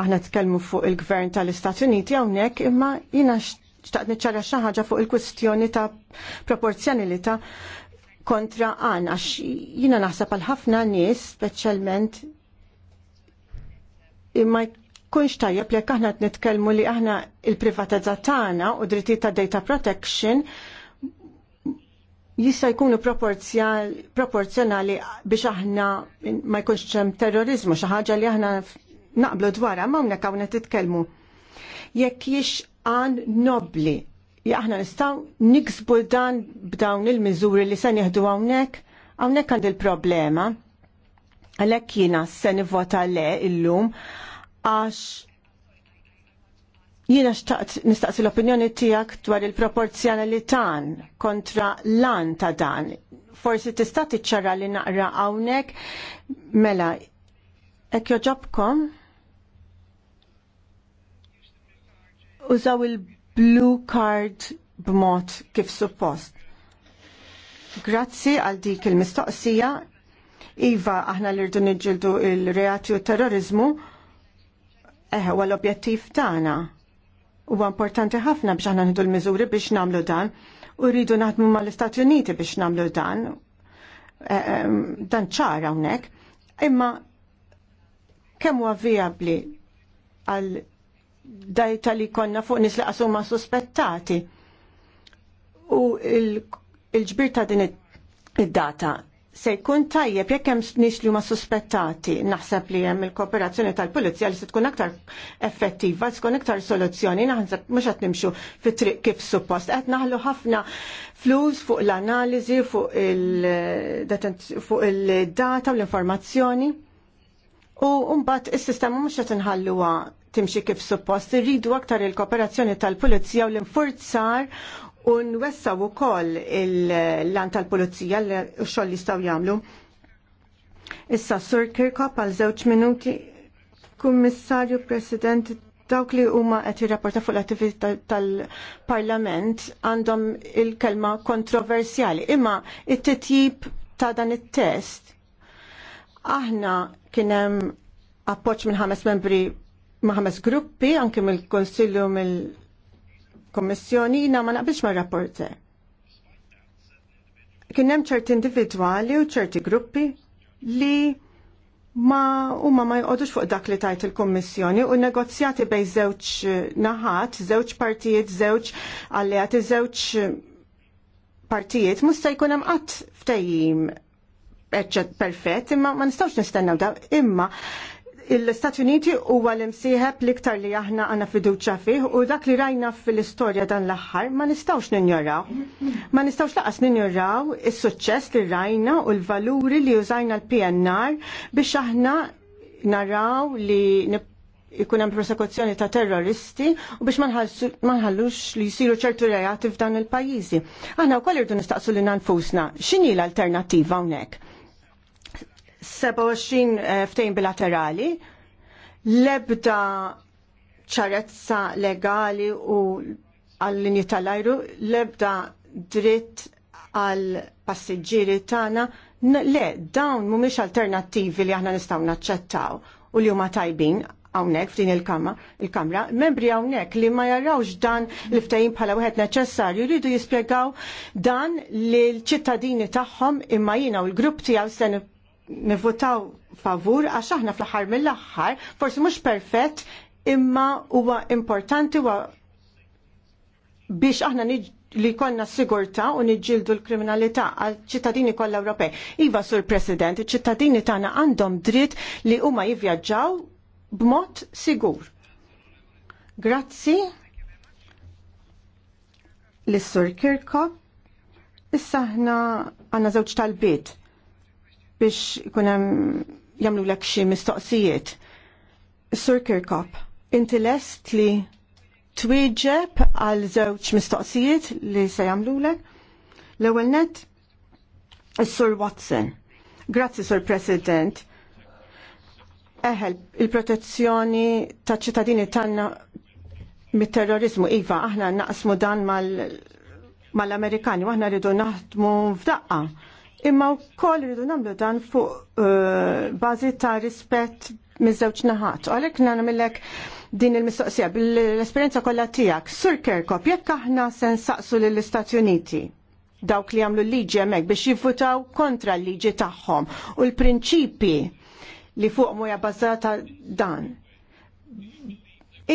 aħna tkellmu fuq il-gvern tal-Istati Uniti hawnhekk imma jina xtaqt niċċara xi ħaġa fuq il-kwistjoni ta' proporzjonalità kontra għan, għax jina naħseb għal ħafna nies, speċjalment imma kunx tajjeb jekk aħna nitkellmu li aħna il-privatizzatana u dritti ta' data protection jista' jkunu proporzjonali biex aħna ma jkunx ċem terrorizmu xi ħaġa li aħna naqblu dwar ma hawnhekk hawn titkellmu. Jekk jiex għan nobli aħna nistgħu niksbu dan b'dawn il-miżuri li se nieħdu hawnhekk, hawnhekk għand il-problema. Għalhekk jiena se nivvota le illum għax jiena xtaqt nistaqsi l-opinjoni tiegħek dwar il-proporzjonalità kontra lan ta' dan. Forsi tista' tiċċara li naqra hawnhekk mela hekk joġobkom użaw il- blue card b'mod kif suppost. Grazzi għal dik il-mistoqsija. Iva, aħna l-irdu nġildu il-reati u terrorizmu, eħe, għal objettiv tagħna. Huwa importanti ħafna biex aħna nħidu l-miżuri biex nagħmlu dan u rridu naħdmu mal-Istati Uniti biex nagħmlu dan. E, dan ċara hawnhekk, imma kemm huwa vijabbli għal dajta li konna fuq nis li qasuma suspettati. U il-ġbir ta' din id-data se jkun tajjeb jekk hemm nies li huma suspettati, naħseb li hemm il-kooperazzjoni tal-pulizija li se tkun aktar effettiva, tkun aktar soluzzjoni, naħseb mhux qed nimxu fit-triq kif suppost. Qed naħlu ħafna flus fuq l-analiżi, fuq il-data u l-informazzjoni. U mbagħad is-sistema mhux qed inħalluha timxi kif suppost. Irridu aktar il-kooperazzjoni tal-Pulizija u l-infurzar u nwessaw ukoll il-lan tal-Pulizija l-xoll jistaw jamlu. jagħmlu. Issa Sur Kirkop għal żewġ minuti Kummissarju President dawk li huma qed jirrapporta fuq l-attività tal-Parlament għandhom il-kelma kontroversjali. Imma it-titjib ta' dan it-test aħna kien hemm appoġġ minn ħames membri ma' ħames gruppi anke mill-Konsilju mill-Kommissjoni jina ma naqbilx ma' rapporte Kien hemm ċerti individwali u ċerti gruppi li ma huma ma jqodux fuq dak li tajt il-Kummissjoni u negozjati bej żewġ naħat, żewġ partijiet, żewġ alleati, żewġ partijiet mhux se jkun hemm qatt ftehim perfett, imma ma nistgħux nistennew da, imma l-Stati Uniti huwa l-imsieħeb l-iktar li aħna għandna fiduċja fih u dak li rajna fil-istorja dan l-aħħar ma nistgħux ninjoraw. Ma nistgħux laqas ninjoraw is-suċċess li rajna u l-valuri li użajna l-PNR biex aħna naraw li ikun hemm prosekuzzjoni ta' terroristi u biex ma nħallux li jsiru ċertu reati f'dan il-pajjiżi. Aħna wkoll irdu nistaqsu lil nanfusna x'inhi l-alternattiva hawnhekk. 27 eh, ftejn bilaterali, lebda ċarezza legali u għall-linji tal-ajru, lebda dritt għall passiġġieri tagħna, le, dawn mhumiex alternattivi li aħna nistgħu naċċettaw u li huma tajbin hawnhekk f'din il-kamra, il-kamra, membri hawnhekk li ma jarawx dan l ftehim bħala wieħed neċessarju jridu jispjegaw dan lill ċittadini tagħhom imma jiena u l-grupp tiegħu se nivvotaw favur għax aħna fl-aħħar mill-aħħar forsi mhux perfett imma huwa importanti wa biex aħna li konna sigurta u niġġildu l-kriminalità għal ċittadini kollha Ewropej. Iva, Sur President, ċittadini tagħna għandhom dritt li huma jivvjaġġaw b'mod sigur. Grazzi l-Sur Kirkop. Issa ħna għanna żewġ tal-bit biex kunem jamlu l xi mistoqsijiet. Sur Kirkop, inti lest li twieġeb għal żewġ mistoqsijiet li se jagħmlulek? L-ewwel net s sur Watson. Grazzi Sur President. Eħel, il-protezzjoni ta' ċittadini tagħna mit-terrorizmu iva aħna naqsmu dan mal-Amerikani u aħna rridu naħdmu f'daqqa Imma wkoll rridu nagħmlu dan fuq bazi eh, bażi ta' rispett miż-żewġ naħat. Għalhekk millek din il-mistoqsija bil-esperjenza kollha tiegħek. Sur Kerkop, jekk aħna se nsaqsu lill-Istati Uniti dawk li għamlu l-liġi hemmhekk biex jivvutaw kontra l-liġi tagħhom u l-prinċipi li fuq mu bazzata dan.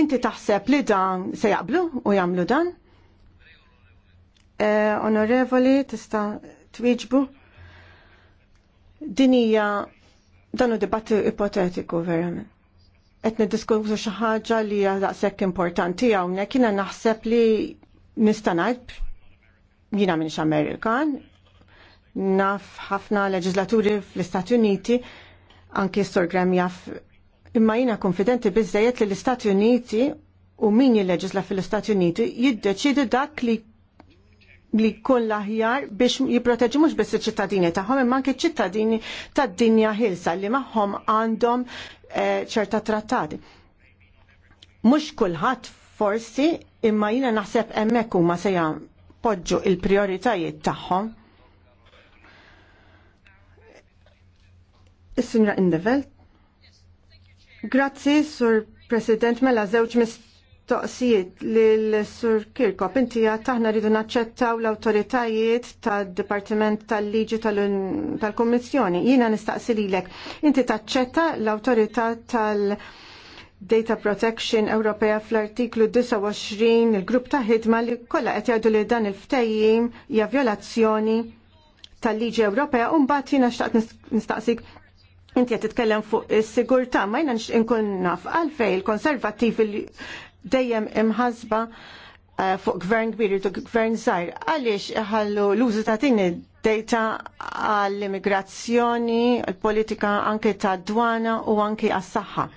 Inti taħseb li dan se jaqblu u jagħmlu dan? Eh, onorevoli, tista' twieġbu? Dinija dan u dibattu ipotetiku verament. Qed diskursu xi ħaġa li hija daqshekk importanti hawnhekk jiena naħseb li nista' ngħid jiena Amerikan, naf ħafna leġislaturi fl-Istati Uniti, anki Sor Graham jaff, imma jiena konfidenti biżejjed li l-Istati Uniti u min jilleġisla fil-Istati Uniti jiddeċidu dak li li kull aħjar biex jiproteġi mux biss ċittadini taħħom imma anke ċittadini tad dinja ħilsa li maħħom għandhom eh, ċerta trattati. Mux kullħat forsi imma jina naħseb emmeku huma se poġġu il-prioritajiet tagħhom. Is-Sinra Indevelt. Grazzi, Sur President, mela żewġ mist mistoqsijiet l sur Kirkop, inti taħna rridu naċċettaw l awtoritajiet tad dipartiment tal-Liġi tal kummissjoni Jiena nistaqsi lilek, inti taċċetta l awtorità tal-Data Protection Ewropea fl-artiklu 29 il-grupp ta' ħidma li kollha qed jgħidu li dan il-ftejjim hija violazzjoni tal-Liġi Ewropea u mbagħad jiena xtaqt nistaqsik Inti qed titkellem fuq is-sigurtà ma jina inkun naf għalfej il-konservativi dejjem imħasba eh, fuq gvern kbir u gvern żgħir. Għaliex ħallu l-użu ta' din dejta għall-immigrazzjoni, l-politika anke ta' dwana u anke għas-saħħa.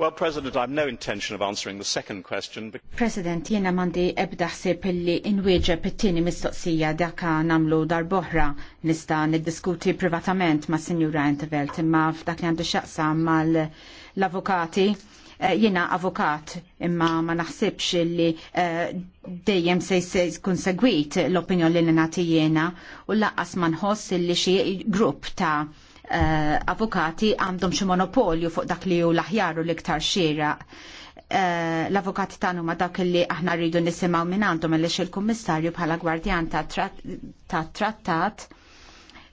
Well, President, I have no intention of answering the second question. President, jiena mandi ebda ħsib illi inwieġeb it-tieni mistoqsija daka namlu boħra nista niddiskuti privatament ma' Sinjura Intervelt imma f'dak li għandu xaqsa mal l-avukati Eh, jiena avukat imma ma naħsibx li eh, dejjem se jkun segwit l-opinjoni li nagħti jiena u laqqas ma nħoss li xi grupp ta' eh, avukati għandhom xi monopolju fuq dak li hu l-aħjar u l-iktar xieraq l-avukati tagħna ma dak li aħna rridu nisimgħu minn għandhom għaliex il-kummissarju bħala gwardjan tat trattat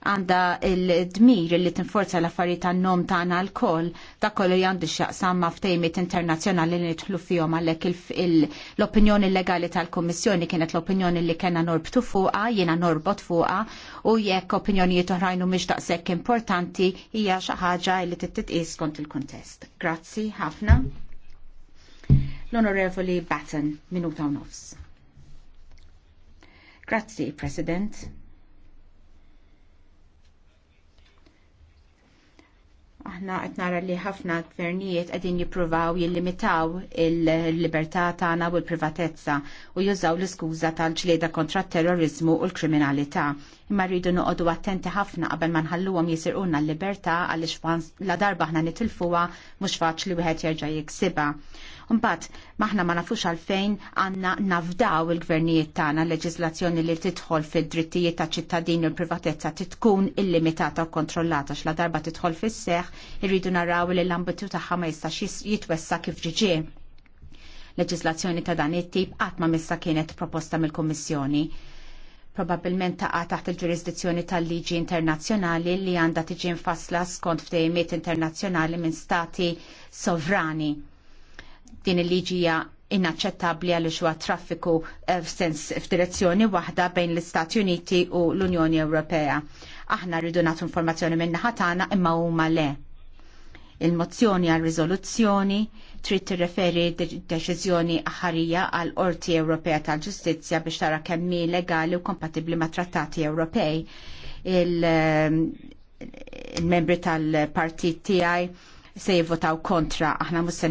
għandha l-dmir li tinforza l-affarijiet tan-nom tagħna l-koll dak kollu li għandu x'jaqsam ftejmiet internazzjonali li nidħlu fihom għalhekk l-opinjoni legali tal-Kummissjoni kienet l-opinjoni li kellna norbtu fuqha, jiena norbot fuqha u jekk opinjonijiet oħrajn mhumiex daqshekk importanti hija xi ħaġa li titqis kont il-kuntest. Grazzi ħafna. L-Onorevoli Batten, minuta u nofs. Grazzi, President. Aħna qed nara li ħafna gvernijiet qegħdin jippruvaw jillimitaw il-libertà tagħna u l-privatezza u jużaw l-iskuża tal-ġlieda kontra t terrorizmu u l-kriminalità. Imma rridu noqogħdu attenti ħafna qabel ma nħalluhom jisirquna l-libertà għaliex la darba aħna nitilfuha mhux faċli wieħed jerġa' jiksibha. Mbagħad maħna ma nafux għalfejn għandna nafdaw il-gvernijiet tagħna leġiżlazzjoni li tidħol fid-drittijiet ta' ċittadini u l-privatezza tkun illimitata u kontrollata x'la darba tidħol fis-seħħ irridu naraw li l-ambitu tagħha ma jistax jitwessa kif ġiġi. Leġiżlazzjoni ta' dan it-tip qatt ma missa kienet proposta mill-Kummissjoni probabbilment taqa' taħt il-ġurisdizzjoni tal-liġi internazzjonali li għandha tiġi infassla skont ftehimiet internazzjonali minn stati sovrani. Din il-liġija inaċċettabbli għal xwa traffiku eh, f'sens f'direzzjoni waħda bejn l-Istati Uniti u l-Unjoni Ewropea. Aħna rridu nagħtu informazzjoni minn ħatana imma huma le. Il-mozzjoni għal riżoluzzjoni trid tirreferi deċiżjoni aħarija għal Qorti Ewropea tal-Ġustizzja biex tara kemmi legali u kompatibbli ma' trattati Ewropej. Eh, il-membri il membri tal partit tiegħi se jivvotaw kontra, aħna mus se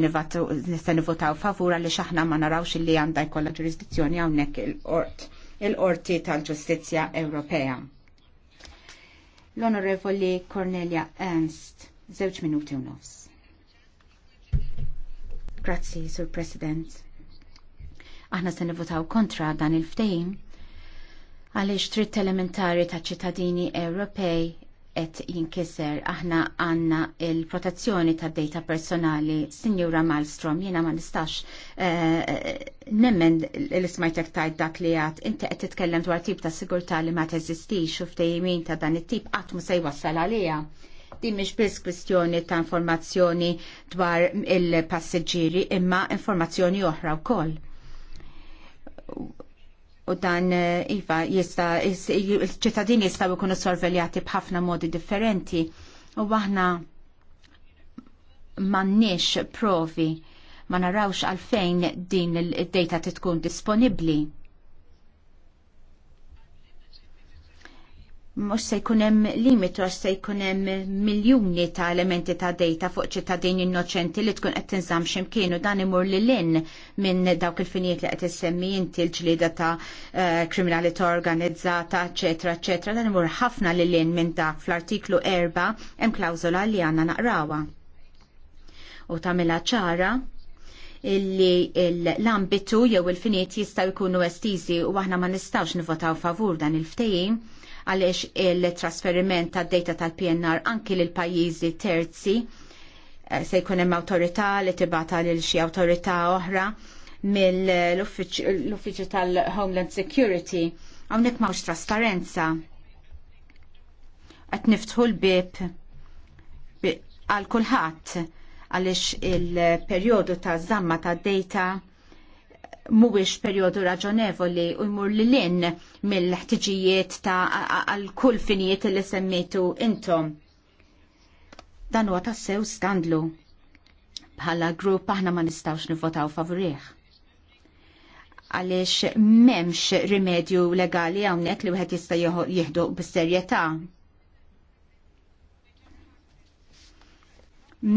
nivvotaw favur għaliex aħna ma narawx li għandha jkollha ġurisdizzjoni hawnhekk il-qort il-qorti tal-ġustizzja Ewropea. L-Onorevoli Cornelia Ernst, żewġ minuti u nofs. Grazzi, Sur President. Aħna se nivvotaw kontra dan il-ftehim għaliex tritt elementari ta' ċittadini Ewropej et jinkiser aħna għanna il-protezzjoni ta' data personali, Sinjura Malmstrom, jiena ma nistax eh, nemmen l-ismajtek tajt dak li għat, inti għed titkellem dwar tip ta' sigurta li ma teżistix u ftejmin ta' dan it-tip għat mu sej wassal għalija. Din miex biss kwistjoni ta' informazzjoni dwar il-passiġġieri imma informazzjoni oħra wkoll u dan eh, iva jista il-ċittadini jistaw ikunu sorveljati bħafna modi differenti u aħna mannix provi ma narawx għalfejn din il-data titkun disponibli. mux se jkunem limitu għax se jkunem miljoni ta' elementi ta' data fuq ċittadini innoċenti li tkun qed tinżamm x'imkien u dan imur li l-in minn dawk il-finijiet li qed issemmi inti l-ġlieda ta' eh, kriminalità organizzata, eċetera, eċetera, dan imur ħafna li l-in minn dak fl-artiklu 4 hemm klawzola li għandna naqrawa. U tagħmilha ċara illi l-ambitu jew il-finiet jistaw jkunu estizi u aħna ma nistawx nivotaw favur dan il-ftejim għaliex il-trasferiment ta' data tal-PNR anki l pajjiżi terzi eh, se jkun hemm awtorità li tibata lil xi awtorità oħra mill-uffiċċju tal-Homeland Security hawnhekk m'hawnx trasparenza. Qed niftħu l-bib għal kulħadd għaliex il-perjodu ta' żamma ta' data mhuwiex perjodu raġonevoli u jmur li l-in mill-ħtiġijiet ta' għal kull finijiet li semmejtu intom. Dan huwa tassew skandlu. Bħala grupp aħna ma nistawx nivvotaw favorih. Għaliex memx rimedju legali hawnhekk li wieħed jista' jihdu bis-serjetà.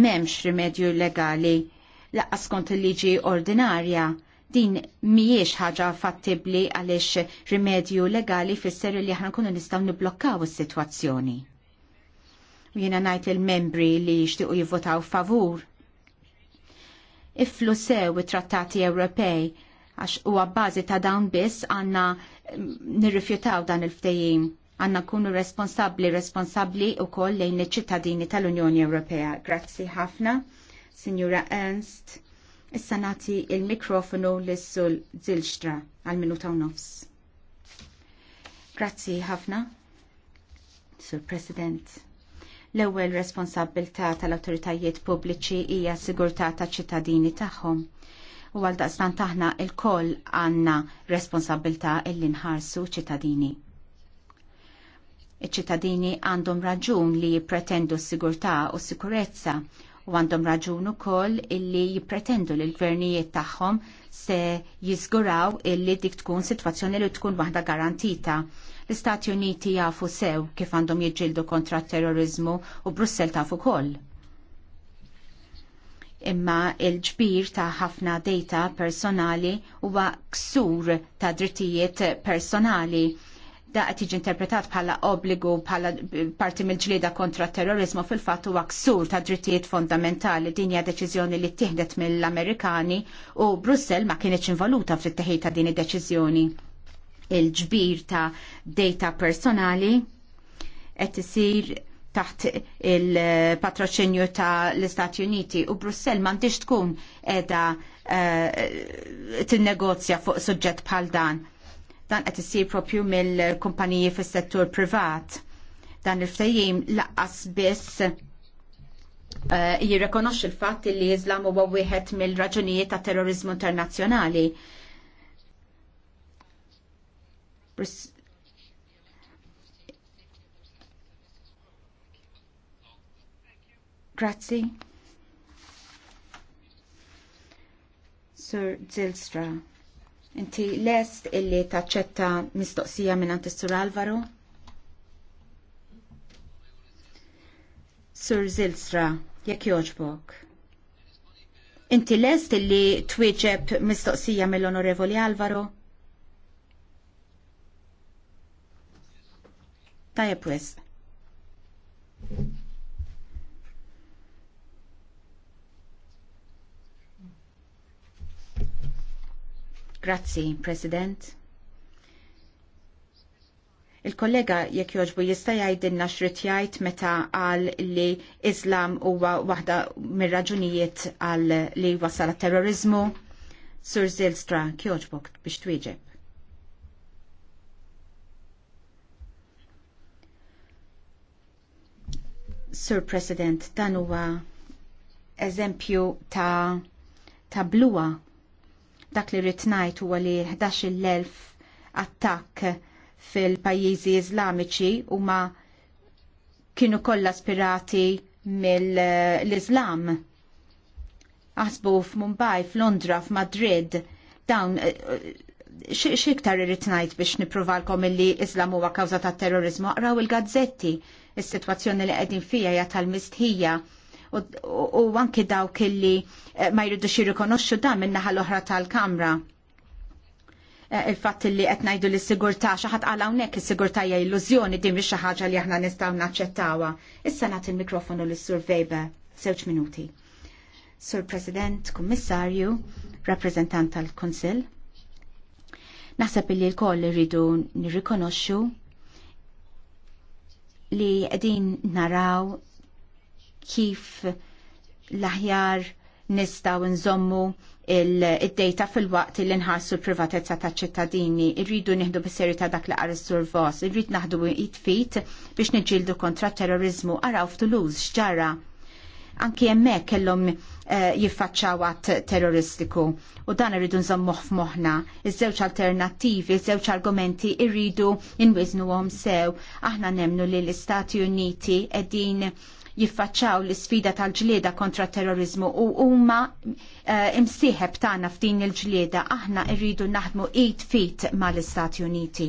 Memx rimedju legali laqqas kont il-liġi ordinarja Din mhijiex ħaġa fattibbli għaliex rimedju legali fisser li aħna nkunu nistgħu niblokkaw is-sitwazzjoni. U jiena ngħid il-membri li jixtiequ jivvotaw favur Iflu sew it-trattati Ewropej għax huwa bażi ta' dawn biss għandna mm, nirrifjutaw dan il ftejim għanna kunu responsabli, responsabli u koll lejn iċ-ċittadini tal-Unjoni Ewropea. Grazzi ħafna, Signora Ernst. Issa nagħti il-mikrofonu lis-sul Zilstra għal minuta u nofs. Grazzi ħafna, Sur President l-ewwel responsabilta tal-awtoritajiet pubbliċi hija sigurtà taċ-ċittadini tagħhom. U għal daqstan taħna il-koll għandna responsabilta illi nħarsu ċittadini. Iċ-ċittadini għandhom raġun li jippretendu s-sigurtà u s sikurezza u għandhom raġun ukoll illi jippretendu li l-gvernijiet tagħhom se jiżguraw illi dik tkun sitwazzjoni li tkun waħda garantita. L-Istati Uniti jafu sew kif għandhom jiġġieldu kontra t terrorizmu u Brussel tafu ukoll. Imma il-ġbir ta' ħafna data personali huwa ksur ta' drittijiet personali da qed jiġi interpretat bħala obbligu bħala parti mill-ġlieda kontra terrorizmu fil-fatt huwa ksur ta' drittijiet fondamentali din hija deċiżjoni li ttieħdet mill-Amerikani u Brussell ma kienx involuta fit-teħid ta' din id-deċiżjoni. Il-ġbir ta' data personali qed isir taħt il-patroċenju ta' l-Istati Uniti u Brussel mandiġ tkun edha uh, eh, t-negozja fuq suġġett bħal dan Dan qed isir propju mill-kumpaniji fis-settur privat. Dan il ftajim laqqas biss Uh, eh, il l-fatt li l-Islam huwa wieħed mill-raġunijiet ta' terrorizmu internazzjonali. Grazzi. Sir Zilstra. Inti lest illi taċċetta mistoqsija minn sur Alvaro? Sur Zilstra, jekk joġbok. Inti lest illi twieġeb mistoqsija mill-Onorevoli Alvaro? Tajab wis. Grazzi, President. Il-kollega jekk joġbu jista' jgħidilna x'rid jgħid meta qal li Islam huwa waħda mir-raġunijiet għal li wasal terrorizmu. Sur Zilstra kjoġbu biex twieġeb. Sur President, dan huwa eżempju ta' ta' blua Dak li rrit ngħid huwa li 11,000 attakk fil-pajjiżi Iżlamiċi huma kienu kollha spirati mill-Iżlam. Aħsbu f'Mumbai, f'Londra, f'Madrid, dawn eh, eh, xiktar irrit ngħid biex niprovalkom illi Islam huwa kawża tat terrorizmu, qraw il-gazzetti, is-sitwazzjoni li qegħdin fija hija tal-mistħija u anki dawk illi eh, ma jridux jirrikonoxxu dan min-naħa l-oħra tal-Kamra eh, il-fatt li qed ngħidu li sigurtà xi ħadd qal hawnhekk is-sigurtà hija illużjoni din mhix xi ħaġa li aħna nistgħu naċċettawha. Issa nagħti il-mikrofonu lis sur Weber, żewġ minuti. Sur President, Kummissarju, Rappreżentant tal-Kunsill. Naħseb li l-koll irridu nirrikonoxxu li qegħdin naraw kif l-aħjar nistaw nżommu il-data fil-waqt li nħarsu l-privatezza ta' ċittadini, irridu nieħdu bis ta' dak li qari sur vos, irrid naħdu it-fit biex niġġieldu kontra terrorizmu araw f'Tuluż x'ġara. Anki hemmhekk kellhom eh, jiffaċċaw għat terroristiku u dan irridu nżommuh f'moħħna. Iż-żewġ alternattivi, iż-żewġ argumenti irridu inwiżnuhom sew. Aħna nemnu li l-Istati Uniti qegħdin jiffaċċaw l-sfida tal-ġlieda kontra terrorizmu u huma uh, imsieħeb tagħna f'din il-ġlieda aħna rridu naħdmu id fit mal-Istati Uniti.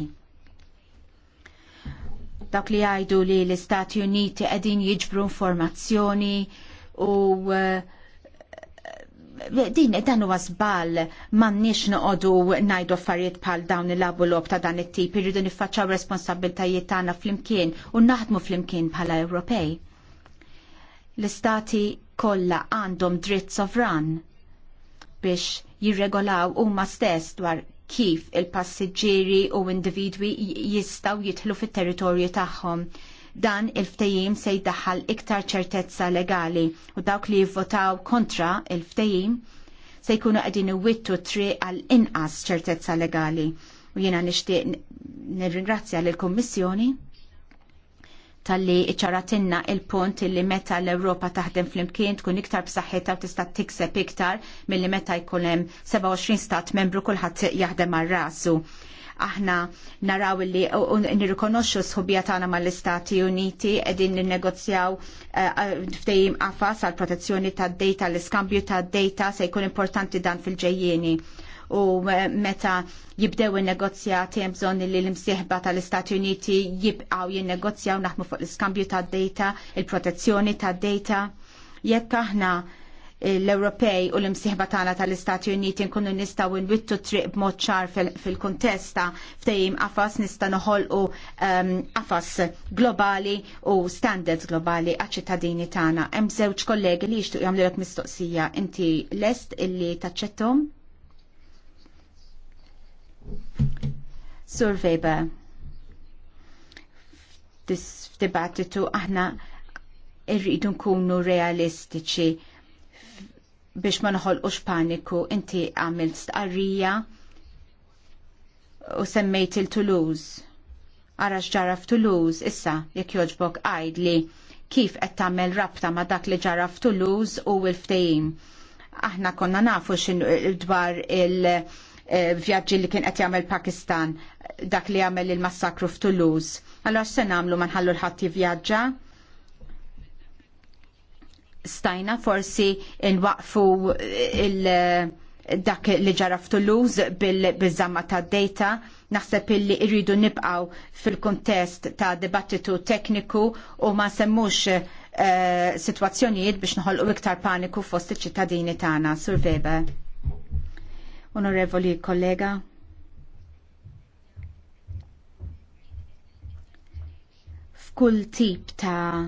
Dak li jgħidu li l-Istati Uniti qegħdin jiġbru informazzjoni u eh, din dan huwa żball m'għandniex noqogħdu ngħidu affarijiet bħal dawn il-labu ta' dan it-tip irridu niffaċċaw responsabiltajiet tagħna flimkien u naħdmu flimkien bħala Ewropej. L-istati kollha għandhom dritt sovran biex jirregolaw huma stess dwar kif il-passiġġieri u individwi jistaw jitħlu fit-territorju tagħhom. Dan il-ftejim se jdaħħal iktar ċertezza legali u dawk li jivvotaw kontra il-ftejim se jkunu qegħdin iwittu triq għal inqas ċertezza legali. U jiena nixtieq nirringrazzja lill kummissjoni tal-li iċaratinna il-punt li meta l-Europa taħdem fl-imkien tkun iktar b'saħħitha u tista' tikseb iktar milli meta jkun hemm 27 stat membru kulħadd jaħdem għal rasu. Aħna naraw li nirrikonoxxu s sħubija tagħna mal-Istati Uniti qegħdin ninnegozjaw eh, eh, ftehim qafas għal protezzjoni tad-data, l-iskambju tad-data se jkun importanti dan fil-ġejjieni u meta jibdew il-negozjati hemm bżonn li l-imsieħba tal-Istati Uniti jibqgħu jinnegozjaw naħmu fuq l-iskambju tad-data, il-protezzjoni tad-data. Jekk aħna l-Ewropej u l-imsieħba tagħna tal-Istati Uniti nkunu nistgħu nwittu triq b'mod ċar fil-kuntesta ftehim qafas nista' noħolqu ehm, qafas globali u standards globali għaċ-ċittadini tagħna. Hemm żewġ kollegi li jixtuq jagħmlu mistoqsija. Inti lest illi taċċettom? Sur Weber, f'dibattitu aħna irridu nkunu realistiċi biex ma noħolqux paniku inti għamilt stqarrija u semmejt il-Toulouse. Ara x'ġara f'Toulouse issa jekk joġbok li kif qed tagħmel rabta ma' dak li ġara f'Toulouse u l-ftehim. Aħna konna nafu x'in dwar il- Eh, vjaġġi li kien qed jagħmel Pakistan dak li jagħmel il-massakru f'Toulouse. Allora se nagħmlu ma nħallu l-ħadd jivvjaġġa? Stajna forsi nwaqfu il- dak li ġara f'Toulouse bil-żamma ta' data naħseb illi irridu nibqaw fil-kontest ta' dibattitu tekniku u ma semmux sitwazzjonijiet eh, situazzjonijiet biex noħolqu iktar paniku fost iċ-ċittadini tagħna. Sur Weber onorevoli kollega. F'kull tip ta'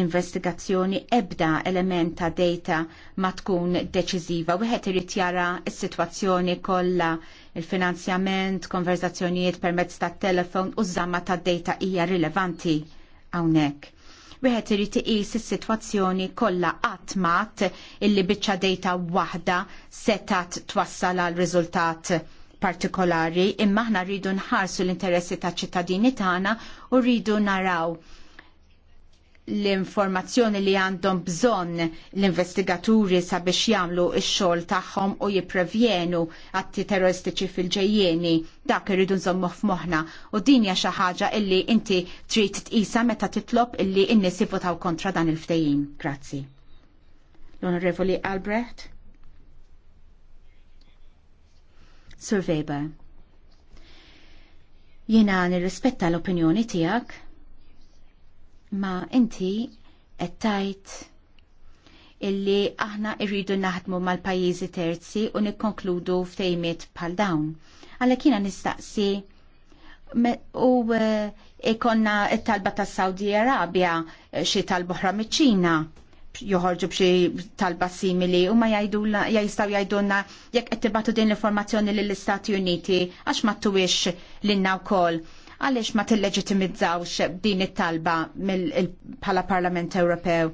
investigazzjoni ebda element ta' data ma tkun deċiżiva. Wieħed irid jara s-sitwazzjoni kollha il-finanzjament, konverzazzjonijiet permezz tat telefon u żamma tad data hija rilevanti hawnhekk wieħed irid iqis is-sitwazzjoni kollha qatt mat illi biċċa dejta waħda setat twassal għal riżultat partikolari imma aħna rridu nħarsu l-interessi taċ ċittadini tagħna u rridu naraw l-informazzjoni li għandhom bżonn l-investigaturi sabiex jagħmlu x-xogħol tagħhom u jipprevjenu atti terroristiċi fil-ġejjeni dak irridu nżommu f'moħħna u din hija xi ħaġa illi inti trid tqisha meta titlob illi n-nies jivvotaw kontra dan il-ftehim. Grazzi. L-Onorevoli Albrecht. Sir Weber. Jiena nirrispetta l-opinjoni tiegħek ma inti qed illi aħna irridu naħdmu mal-pajjiżi terzi u nikkonkludu ftejmiet bħal dawn. Għalhekk jiena nistaqsi u eh, ikonna talba tas-Saudi Arabja eh, xi tal-boħra miċ-Ċina joħorġu b'xi talba simili u ma jajstaw jajdunna jekk qed tibatu din l-informazzjoni lill-Istati Uniti għax ma tuwix l-inna wkoll għaliex ma tilleġitimizzawx din it-talba bħala Parlament Ewropew?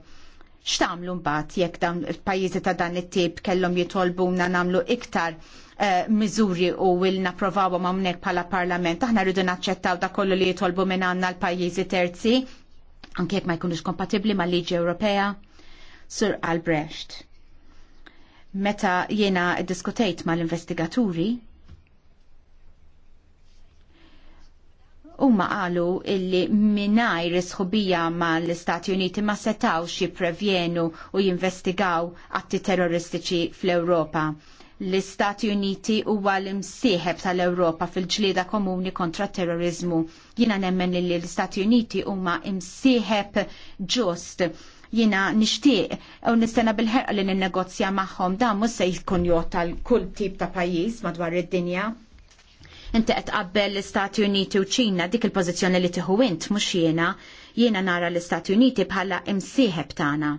X'tagħmlu mbagħad jekk dan il-pajjiżi ta' dan it-tip kellhom jitolbuna nagħmlu iktar eh, miżuri u il naprovawhom hawnhekk bħala Parlament. Aħna rridu naċċettaw da kollu li jitolbu minn għandna l-pajjiżi terzi anke jekk ma jkunux kompatibbli mal-liġi Ewropea. Sur Albrecht. Meta jiena ddiskutejt mal-investigaturi, Huma qalu illi minajr isħubija ma l-Istati Uniti ma xi prevjenu u jinvestigaw atti terroristiċi fl ewropa L-Istati Uniti huwa l-imsieħeb tal ewropa fil-ġlieda komuni kontra terrorizmu. Jina nemmen li l-Istati Uniti huma imsieħeb ġust jina nishtiq u nistena bil-ħerqa li n-negozja maħħom da mus se jkun jota l-kull tip ta' pajjiż madwar id-dinja. Inti qed tqabbel l-Istati Uniti u Ċina dik il-pożizzjoni li tieħu int mhux jiena, jiena nara l-Istati Uniti bħala imsieħeb tagħna.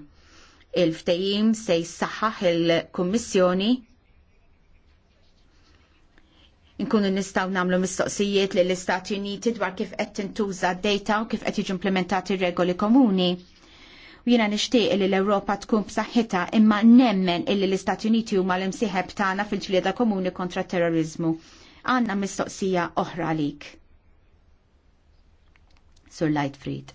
Il-ftehim se jissaħħaħ il-Kummissjoni nkunu nistaw namlu mistoqsijiet li l-Istati Uniti dwar kif qed tintuża d-data u kif qed jiġu implementati regoli komuni. U jiena nixtieq li l-Ewropa tkun b'saħħitha imma nemmen illi l-Istati Uniti huma l-imsieħeb tagħna fil-ġlieda komuni kontra terrorizmu għanna mistoqsija oħra għalik. Sur Lightfried.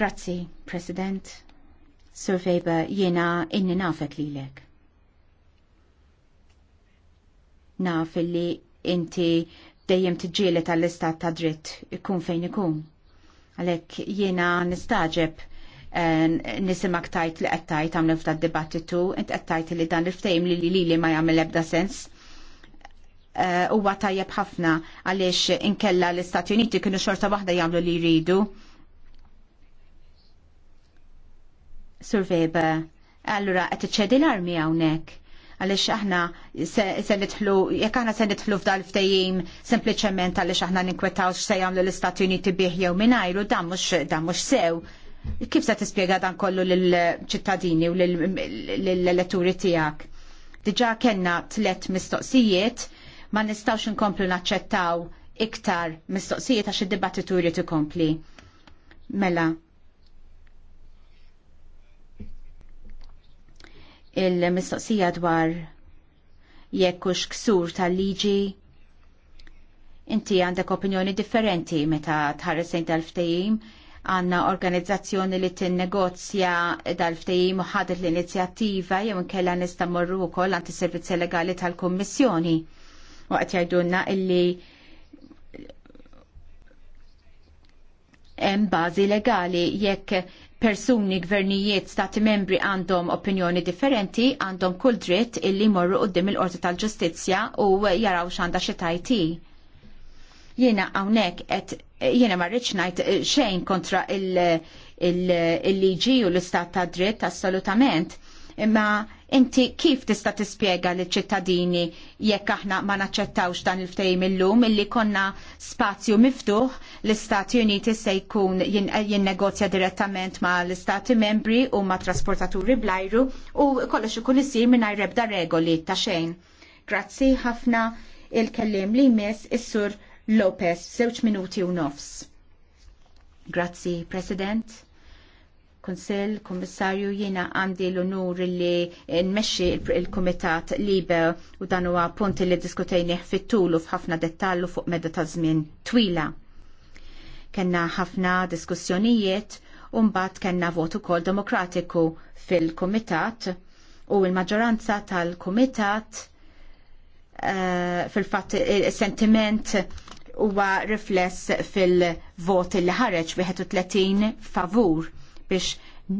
Grazzi, President. Sur Weber, jena inni nafek lilek. Naf li inti dejjem tġilet għall istat ta' dritt ikun fejn ikun. Għalek jena nistaġeb Eh, nisimak tajt li għattajt għamlu f'da dibattitu, int għattajt li dan il-ftejm li li li ma jgħamil ebda sens. Eh, u għatajab ħafna għalix inkella l-Istati Uniti kienu xorta wahda jgħamlu li jridu. Surveba, allura għet ċedi l-armi għawnek għalix aħna se nitħlu, jek aħna se nitħlu f'dal ftejjim sempliciment għalix aħna ninkwetaw x'se jagħmlu l-Istati Uniti bih jew mingħajru, dan mhux sew Kif se tispjega dan kollu lill-ċittadini u lill-elettori tiegħek? Diġà kellna tliet mistoqsijiet ma nistgħux inkomplu naċċettaw iktar mistoqsijiet għax id-dibattitu jrid ikompli. Mela, il-mistoqsija dwar jekk hux ksur tal-liġi. Inti għandek opinjoni differenti meta tħares sejn tal-ftehim, għanna organizzazzjoni li t-negozja dal ftejji u ħadet l-inizjattiva jew nkella nista' morru wkoll għand is-servizzi legali tal-Kummissjoni. U qed jgħidulna illi hemm bażi legali jekk persuni, gvernijiet, stati membri għandhom opinjoni differenti, għandhom kull dritt illi morru qoddim il-Qorti tal-Ġustizzja u jaraw x'għandha xi tajti. Jiena hawnhekk qed jiena ma rridx ngħid eh, xejn kontra il-liġi u l-istat ta' dritt assolutament. Imma inti kif tista' tispjega liċ ċittadini jekk aħna ma naċċettawx dan il-ftehim illum illi konna spazju miftuħ l-Istati Uniti se jkun jinnegozja direttament ma l-Istati membri u ma trasportaturi blajru u kollox ikun isir mingħajr ebda regoli ta' xejn. Grazzi ħafna il-kellim li jmiss is-sur Lopez, żewġ minuti u nofs. Grazzi, President. Konsell, Komissarju, jiena għandi l-onur li nmexxi il-Kumitat Libe u dan huwa punti li diskutejnih fit-tul u f'ħafna dettallu fuq medda ta' żmien twila. Kenna ħafna diskussjonijiet u mbagħad kenna votu kol demokratiku fil-Kumitat u l-maġġoranza tal-Kumitat uh, fil-fatt eh, sentiment huwa rifless fil vot li ħareġ bi 30 favur biex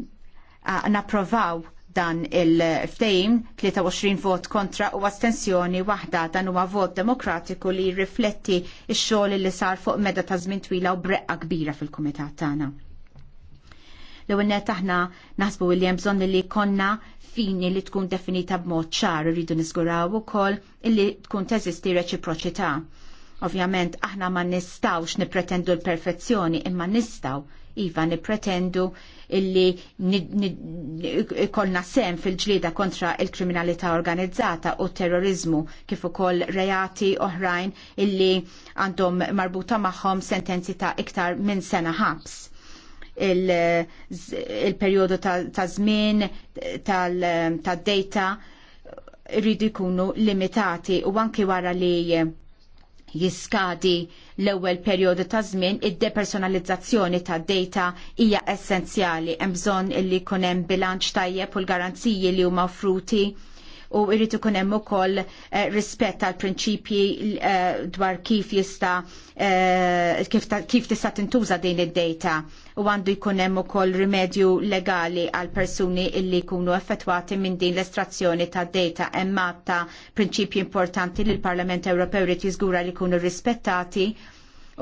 napprovaw dan il-ftejm 23 vot kontra u astensjoni waħda dan huwa vot demokratiku li rifletti x-xogħol li sar fuq meda ta' żmien twila u breqqa kbira fil-kumitat tagħna. L-ewwel net aħna naħsbu li hemm bżonn li konna fini li tkun definita b'mod ċar irridu niżguraw ukoll illi tkun teżisti reċiproċità Ovvjament aħna ma nistawx nipretendu l-perfezzjoni imma nistaw iva nipretendu illi ikolna sem fil-ġlida kontra il-kriminalità organizzata u terrorizmu kif ukoll reati oħrajn illi għandhom marbuta magħhom sentenzi ta' iktar minn sena ħabs il-periodu ta' żmien tal data rridu jkunu limitati u anki wara li jiskadi l-ewwel perjodu ta' żmien id-depersonalizzazzjoni ta' data hija essenzjali hemm bżonn li jkun hemm bilanċ tajjeb u l-garanziji li huma offruti u irrid ikun hemm ukoll eh, rispett tal prinċipji eh, dwar kif jista eh, kif tista' tintuża din id-data u għandu jkun hemm ukoll rimedju legali għal persuni illi jkunu effettwati minn din l-estrazzjoni ta' data hemm ta' prinċipji importanti li l-Parlament Ewropew irid jiżgura li jkunu rispettati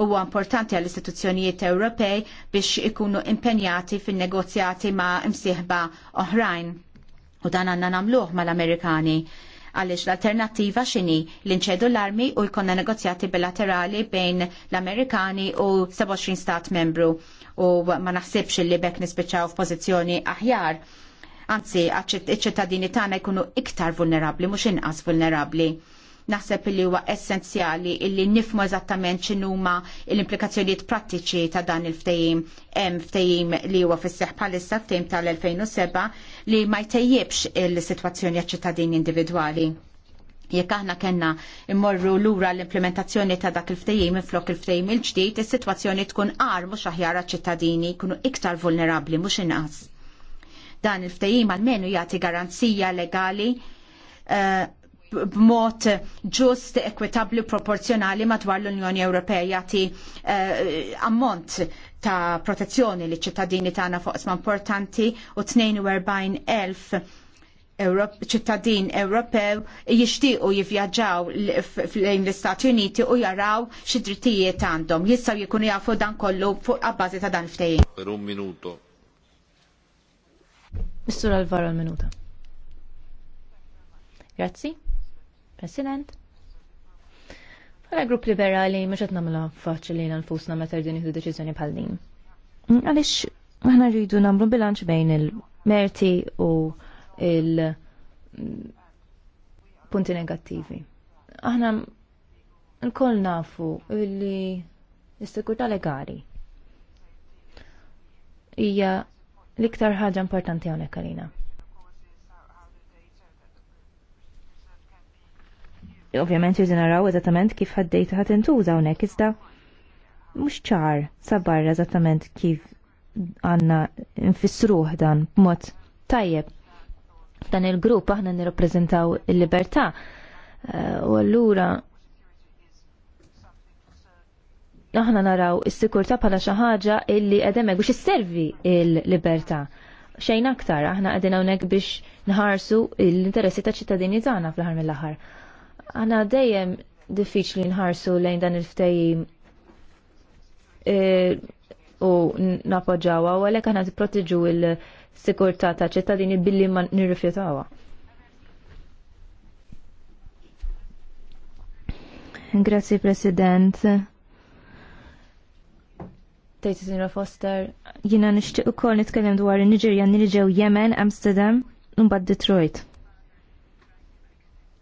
huwa importanti għall istituzzjonijiet Ewropej biex ikunu impenjati fin negozjati ma' imsieħba oħrajn U dan għanna namluħ mal-Amerikani għalix l-alternativa xini l-inċedu l-armi u jkonna negozjati bilaterali bejn l-Amerikani u 27 stat membru u ma naħsibx li bekk nispiċaw f'pożizzjoni aħjar. Anzi, iċ-ċittadini tagħna jkunu iktar vulnerabli, mhux inqas vulnerabli naħseb li huwa essenzjali illi nifmu eżattament x'inhuma l-implikazzjonijiet prattiċi ta' dan il-ftehim. Hemm ftehim li huwa fis-seħħ bħalissa ftehim tal-2007 li ma jtejjibx il-situazzjoni ċittadini individwali jekk aħna kellna immorru lura l-implementazzjoni ta' dak il-ftejim flok il-ftejim il-ġdid, is-sitwazzjoni tkun qar mhux aħjar ċittadini jkunu iktar vulnerabbli mhux inqas. Dan il-ftejim għall-menu jagħti garanzija legali eh, b'mod ġust, ekwitabli, proporzjonali madwar l-Unjoni Ewropea jagħti uh, ammont ta' protezzjoni li ċittadini tagħna fuq isma importanti u 42,000 ċittadin Ewropew jixtiequ jivvjaġġaw lejn l-Istati Uniti u jaraw xi drittijiet għandhom. Jistgħu jkunu jafu dan kollu fuq abbażi ta' dan ftehim. Per un minuto. Mistura Alvaro minuta. Grazzi. President. Għala mela, grupp liberali maċet namla faċli l-nfusna meta rridu nieħdu deċiżjoni bħal din. Mm, għaliex aħna rridu namlu bilanċ bejn il-merti u il-punti mm, negattivi. Aħna l-koll nafu illi l sekurta legali hija l-iktar ħaġa importanti hawnhekk għalina. ovvjament jużin naraw eżattament kif ħaddejta ħat intuża hawnhekk iżda mhux ċar sabbar eżattament kif għandna nfissruh dan b'mod tajjeb. Dan il-grupp aħna nirrappreżentaw il-libertà eh, u allura aħna naraw is-sikurtà bħala xi ħaġa illi qed hemmhekk biex isservi il-libertà xejn aktar, aħna qegħdin hawnhekk biex nħarsu l-interessi ta' ċittadini tagħna fl-aħħar mill-aħħar. Għana dejjem diffiċli nħarsu lejn dan il-ftejim e, u napoġawa u għalek għana t proteġu il-sikurta ta' ċittadini billi ma nirrifjetawa. Grazie President. Tejti Sinra Foster. Jina nishtiq u kol nitkellem dwar il-Nigerja, Nigerja, Yemen, Amsterdam, un bad Detroit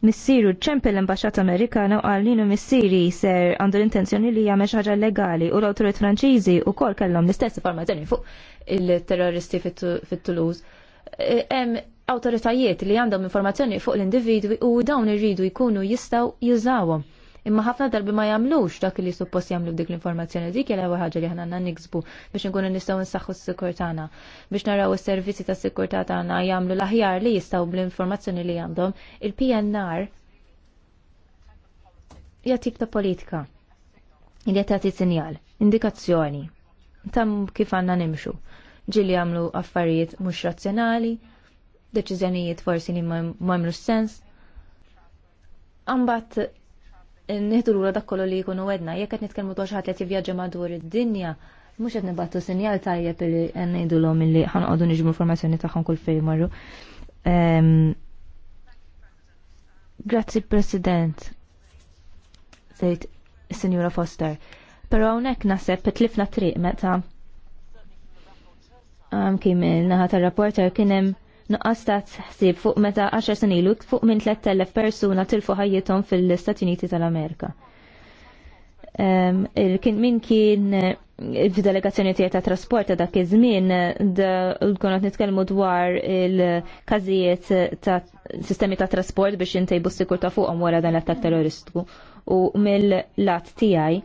missiru ċempel l-Ambaxxat Amerikana u għallinu missieri ser għandu l-intenzjoni li jgħamil ħaġa legali u l franċizi Franċiżi wkoll kellhom l-istess informazzjoni fuq il-terroristi fit-Toulouse. E, hemm awtoritajiet li għandhom informazzjoni fuq l-individwi u dawn irridu jkunu jistgħu jużawhom. Imma ħafna darbi ma jagħmlux dak li suppost jagħmlu dik l-informazzjoni dik jela ħaġa li ħana niksbu biex nkunu nistgħu nsaħħu s-sikurtana biex naraw is-servizzi ta' sikurtà tagħna jagħmlu l-aħjar li jistgħu bl-informazzjoni li għandhom. Il-PNR hija tip ta' politika. Il tagħti sinjal, indikazzjoni ta' kif għandna nimxu. Ġilli jagħmlu affarijiet mhux razzjonali, deċiżjonijiet forsi li ma jagħmlux sens. Ambat nieħdu lura dak kollu li jkunu wedna. Jekk qed nitkellmu dwar xi ħadd li jivvjaġġa madwar id-dinja, mhux qed nibgħatu sinjal tajjeb li ngħidulhom illi ħanqogħdu niġmu informazzjoni tagħhom kull fejn marru. Grazzi President, sejt Sinjura Foster. Però hawnhekk naħseb tlifna triq meta kien naħa tar-rapporter kien hemm nuqqas ta' tħsib fuq meta 10 sanilu ilu fuq minn 3000 persuna tilfu ħajjithom fil-Stati Uniti tal-Amerika. Kien min kien eh, f'delegazzjoni tiegħi ta' trasport ta' dak iż-żmien konna nitkellmu dwar il-każijiet ta' sistemi ta' trasport biex intejbu s ta' fuqhom wara dan l-attak terroristiku u mill-lat tiegħi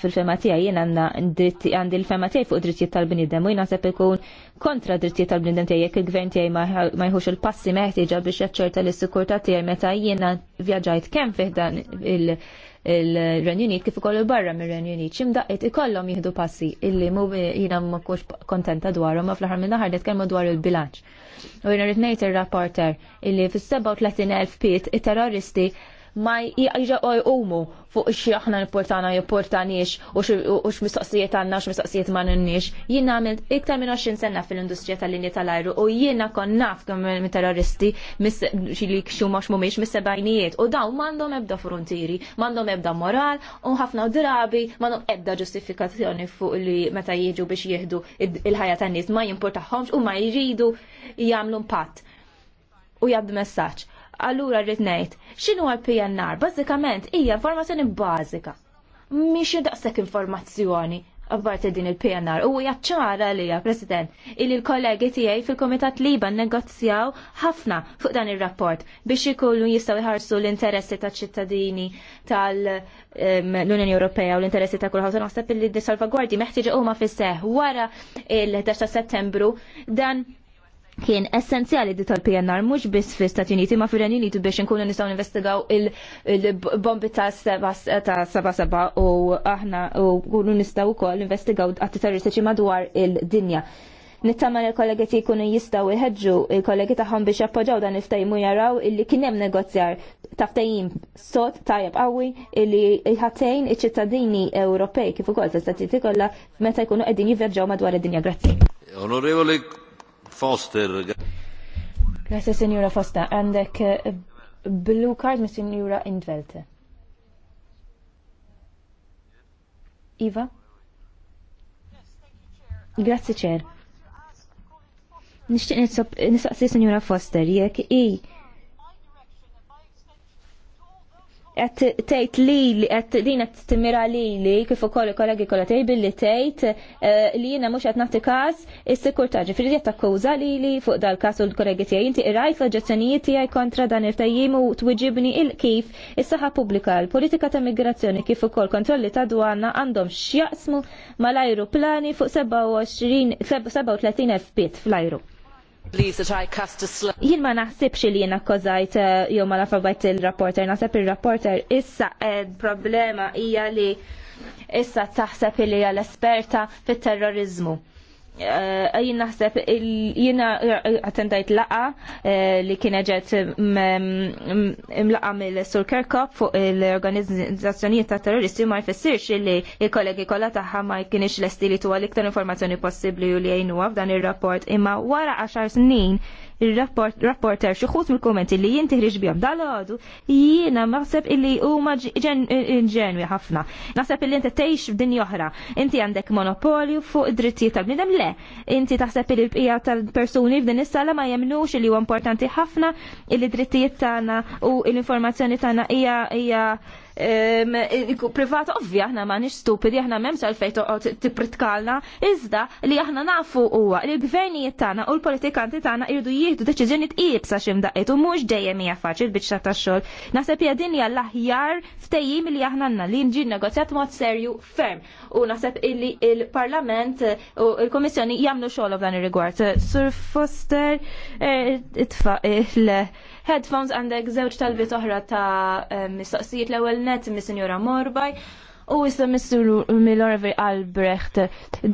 fil-fema tiegħi jien għandna għandi l-fema tiegħi fuq drittijiet tal bnidem u jina sepp ikun kontra drittijiet tal-bniedem tiegħi jekk il-gvern tiegħi ma jħux il-passi meħtieġa biex jaċċerta l sikurta tiegħi meta jiena vjaġġajt kemm fih dan il- il renjuni kif ikollu barra mir ċim daqqet ikollhom jieħdu passi illi mu jiena ma kontenta dwarhom ma fl-aħħar minn aħħar nitkellmu dwar il-bilanċ. U jiena rrid ngħid ir-rapporter illi fis-37,000 pit it-terroristi ma jgħumu fuq xi aħna nipportana jipportaniex u x'mistoqsijiet għandna x'mistoqsijiet ma nniex. Jien għamilt iktar minn 20 sena fil-industrija tal-linja tal-ajru u jiena kon naf kem minn terroristi li kxu mhux mhumiex mis sebajnijiet u dawn m'għandhom ebda frontieri, m'għandhom ebda moral u ħafna drabi m'għandhom ebda ġustifikazzjoni fuq li meta jiġu biex jieħdu il-ħajja tan-nies ma jimportaħħomx u ma jridu jagħmlu impatt u jgħaddu messaġġ Allura rrid ngħid, x'inhu l-PNR? Bażikament hija informazzjoni bażika. Mhix daqshekk informazzjoni apparti din il-PNR. U jaċċara li ja, President, il l-kollegi tiegħi fil-Komitat Liban negozjaw ħafna fuq dan ir-rapport biex ikollu jistgħu jħarsu l-interessi ta' ċittadini tal-Unjoni ehm, Ewropea u l-interessi ta' kulħadd. Naħseb li d salvaguardi meħtieġa huma fis-seħ wara il-11 ta' Settembru dan kien essenzjali di tal-PNR mhux biss fi Stati Uniti ma fir Uniti biex inkunu nistgħu investigaw il-bombi ta' seba seba u aħna u kunu nistgħu wkoll investigaw għat terroristiċi madwar il-dinja. Nittama il kollegi ti kunu jistaw iħedġu il-kollegi taħħom biex jappoġaw dan iftajmu jaraw illi kienem negozjar taftajim sot tajab qawwi illi ħatejn iċ-ċittadini Ewropej kif ukoll tal-Stati kollha meta jkunu qegħdin jivvjaġġaw madwar id-dinja. Grazzi. Onorevoli Foster. Grazie, Signora Foster. Għandek uh, uh, blue card mis Signora Indvelte. Iva? Grazie, Chair. Nishtiq nisaqsi Signora Foster, jekk i qed tgħid li qed din qed timira lili kif ukoll kollegi kollha tgħid billi tgħid eh, li jiena mhux qed nagħti każ is fil Ġifieri qed li lili fuq dal-każ u l-kollegi tiegħi inti irajt l-oġġezzjonijiet tiegħi kontra dan il-tajjim u twiġibni il kif is-saħħa pubblika, l-politika ta' migrazzjoni kif ukoll kontrolli ta' dwana għandhom x'jaqsmu mal-ajruplani fuq 27 37 ftit fl-ajru. Jien ma naħsibx li jien akkożajt eh, jew ma nafabajt il-rapporter, naħseb il-rapporter issa problema hija li issa taħseb li hija l-esperta fit-terrorizmu. Eh, jien naħseb jiena eh, attendajt laqa eh, li kienet ġet mlaqa mill-Sur Kerkop fuq l-organizzazzjonijiet ta' terroristi ma jfissirx li il-kollegi kollha tagħha ma kienx lesti li tuwa l-iktar informazzjoni possibbli u li jgħinuha f'dan ir-rapport imma wara 10 snin il-rapporter xuħut mill-kommenti li jinti ħriġ bjom dal-għadu jiena maħseb illi huma ġenwi ħafna. Naħseb illi inti tgħix f'dinja oħra. Inti għandek monopolju fuq id-drittijiet tal-bniedem le. Inti taħseb illi l-bqija tal-persuni f'din is-sala ma jemnux li huwa importanti ħafna illi drittijiet tagħna u l-informazzjoni tagħna hija hija privata ovvja aħna ma nix stupidi aħna memx għalfej toqgħod tipritkalna iżda li aħna nafu huwa li l-gvernijiet tagħna u l-politikanti tagħna irdu jieħdu deċiżjoni tqieb sa x'imdaqqiet u mhux dejjem hija faċil biċċa tax-xogħol. Naħseb hija din hija l-aħjar ftehim li aħna għandna li nġi negozjat mod serju ferm u naħseb illi il-Parlament u l-Kummissjoni jagħmlu xogħol f'dan ir-rigward. Sur Foster, eh, itfa' il- eh, headphones għandek żewġ talbiet oħra ta' eh, mistoqsijiet l-ewwel net mis-Sinjora Morbaj u issa Mr. Milorvi Albrecht.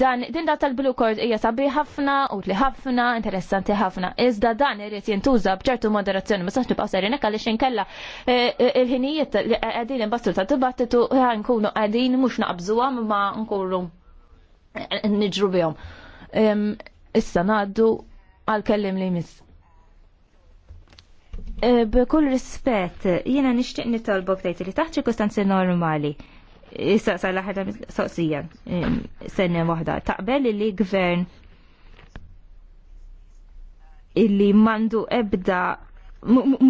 Dan, din da tal-Blue Cord hija sabi ħafna, u li ħafna, interessanti ħafna. Iżda dan irid jintuża bċertu moderazzjoni, ma sax nibqa' serin hekk għaliex inkella eh, eh, il-ħinijiet li qegħdin imbastru ta' dibattitu nkunu qegħdin mhux naqbżuha ma nkunu niġru bihom. Issa ngħaddu għal-kellim li miss. Eh, b'kull rispett, jiena nixtieq nitolbok tgħid li taħt kustanzi normali. Issa sa l soqsija eh, senna waħda. Taqbel li gvern illi mandu ebda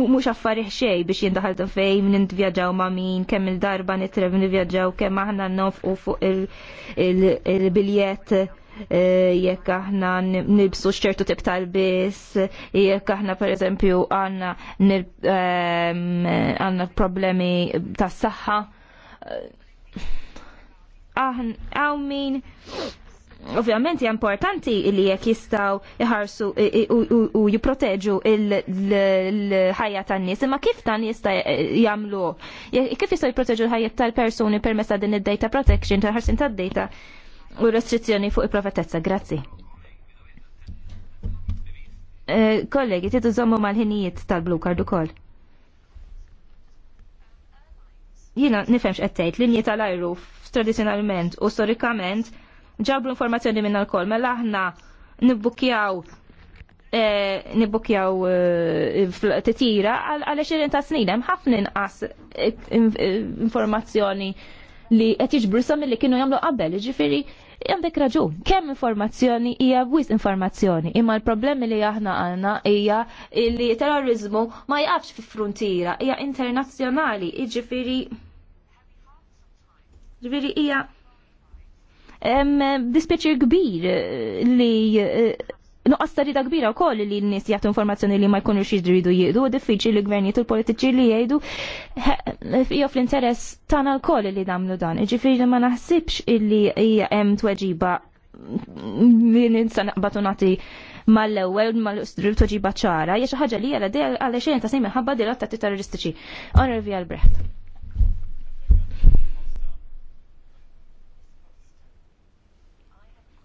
mux affarih xej biex jindaħal fejn nintvjaġaw ma' min, kemm il-darba nitrev nivjaġaw, kemm aħna u fuq il biljet Eh, jekk aħna nilbsu xċertu tip tal-bis, jekk aħna per eżempju għanna ehm, għanna problemi tas saħħa saxħa eh, għaw min ovvjament hija importanti li jekk jistgħu jħarsu u jipproteġu l-ħajja tan-nies, imma kif tan jista' jagħmlu? Kif jistgħu jiproteġu l-ħajja tal-persuni permezz din id-data protection, tal-ħarsin tad-data? u restrizzjoni fuq il-profetezza. Grazzi. Eh, kollegi, titu zommu mal-ħinijiet tal-blu kardu kol. Jina nifemx għettejt, linji tal-ajru tradizjonalment u storikament ġablu informazzjoni minn l-kol, mela aħna nibbukjaw eh, nibbukjaw eh, titira għal 20 ta' snin, hemm ħafna inqas informazzjoni li qed jiġbrusom milli kienu jagħmlu qabel, jiġifieri għandek raġun. Kemm informazzjoni hija wis informazzjoni, imma l-problemi li aħna għandna hija li terrorizmu ma jafx fi frontiera, hija internazzjonali, jiġifieri ġifieri hija dispjaċir kbir eh, li eh, nuqqas tarida kbira wkoll li n-nies jagħtu informazzjoni li ma jkunux jidridu u diffiċli li gvernijiet u l-politiċi li jgħidu jgħu fl-interess tagħna l-koll li damlu dan. li jiġifieri ma naħsibx illi hija hemm tweġiba li n-insan batunati mal-ewwel mal-istrib toġiba ċara, hija xi ħaġa li għal dejja għal xejn ta' sejmi ħabba di t terroristiċi. għal-breħt.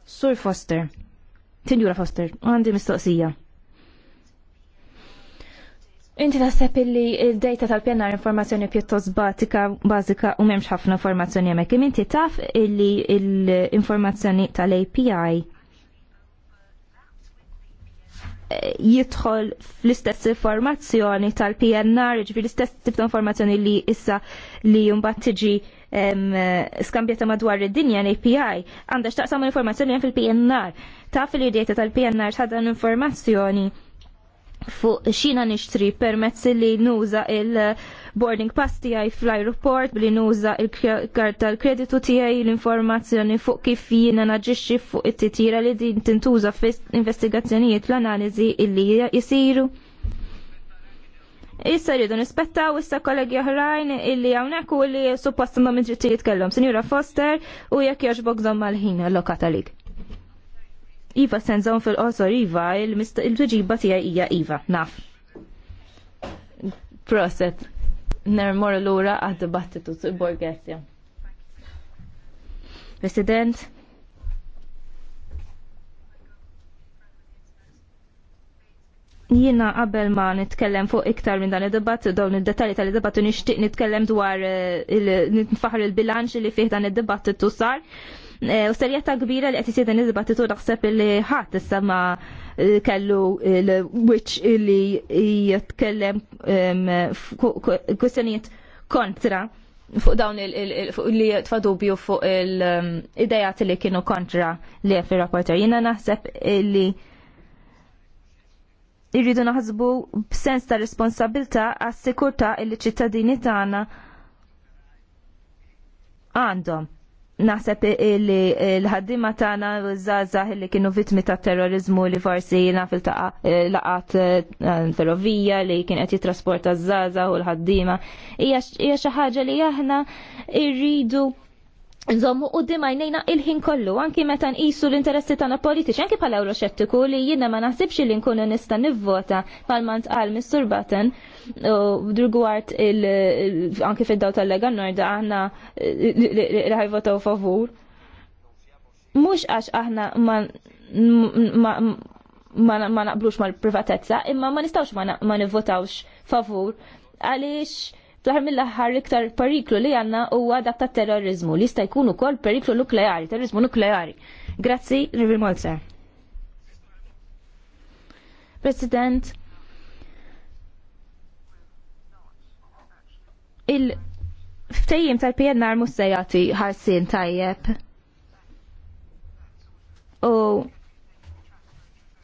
Sur Foster. Tinjura Foster, għandi mistoqsija. Inti taħseb illi il-data tal pnr informazzjoni pjuttost batika, bazika u memx ħafna informazzjoni hemmhekk Kim inti taf illi l-informazzjoni tal-API jidħol fl-istess informazzjoni tal-PNR, ġifir l-istess tip ta' informazzjoni li issa li jumbat tiġi skambjata madwar id-dinja l-API għandha x'taqsam l-informazzjoni fil-PNR. Taf li data tal-PNR l informazzjoni fuq xina nixtri permezz li nuża il-boarding pass tiegħi fl-aeroport billi nuża il-kart tal-kreditu tiegħi l-informazzjoni fuq kif jiena naġixxi fuq it-titjira li din tintuża fl-investigazzjonijiet l-analiżi illi jisiru Issa rridu nispettaw issa kollegi oħrajn illi hawnhekk u li suppost ma minn trid jitkellem. Sinjura Foster u jekk jogħġbok żomm mal-ħin allokata lik. Iva senżon fil-qosor Iva, il-tuġiba tiegħi hija Iva, naf. Proset, nermor l-ura għad-dibattitu borgesja. President, Jiena qabel ma nitkellem fuq iktar minn dan id-dibatt, dawn id-detalji tal-dibattu nixtieq nitkellem dwar eh, nfaħar il-bilanċ li fih dan id-dibattitu tussar eh, U serjeta kbira li qed dan id t-tur naħseb li ħadd s-sama eh, kellu l-wiċċ li jitkellem kwistjonijiet kontra fuq dawn li tfadubju fuq il-idejat li kienu kontra li fir-rapporter. Jiena naħseb li irridu naħsbu b'sens ta' responsabilta għas sikurta illi ċittadini tagħna għandhom. Naħseb li l-ħaddima tagħna żgħażagħ li kienu vittmi ta' terrorizmu li forsi naf il eh, laqat eh, ferrovija li kien qed jitrasporta żgħażagħ u l-ħaddima hija xi ħaġa li aħna irridu Nżommu u dimajnejna il-ħin kollu, anki meta nqisu l-interessi tagħna politiċi, anki pala euroxettiku li jiena ma naħsibx li nkunu nista' nivvota pal-mant għal Mr. Button, u drugwart anki fid-daw tal-Lega Norda aħna li ħajvotaw favur. Mhux għax aħna ma naqblux mal-privatezza, imma ma nistawx ma nivvotawx favur għaliex fl-ħar mill-ħar iktar periklu li għanna huwa għadak ta' terrorizmu li jista' jkun ukoll periklu nukleari, terrorizmu nukleari. Grazzi, Rivi Molzer. President, il-ftejjim tal-PNR mussejati ħarsin tajjeb. U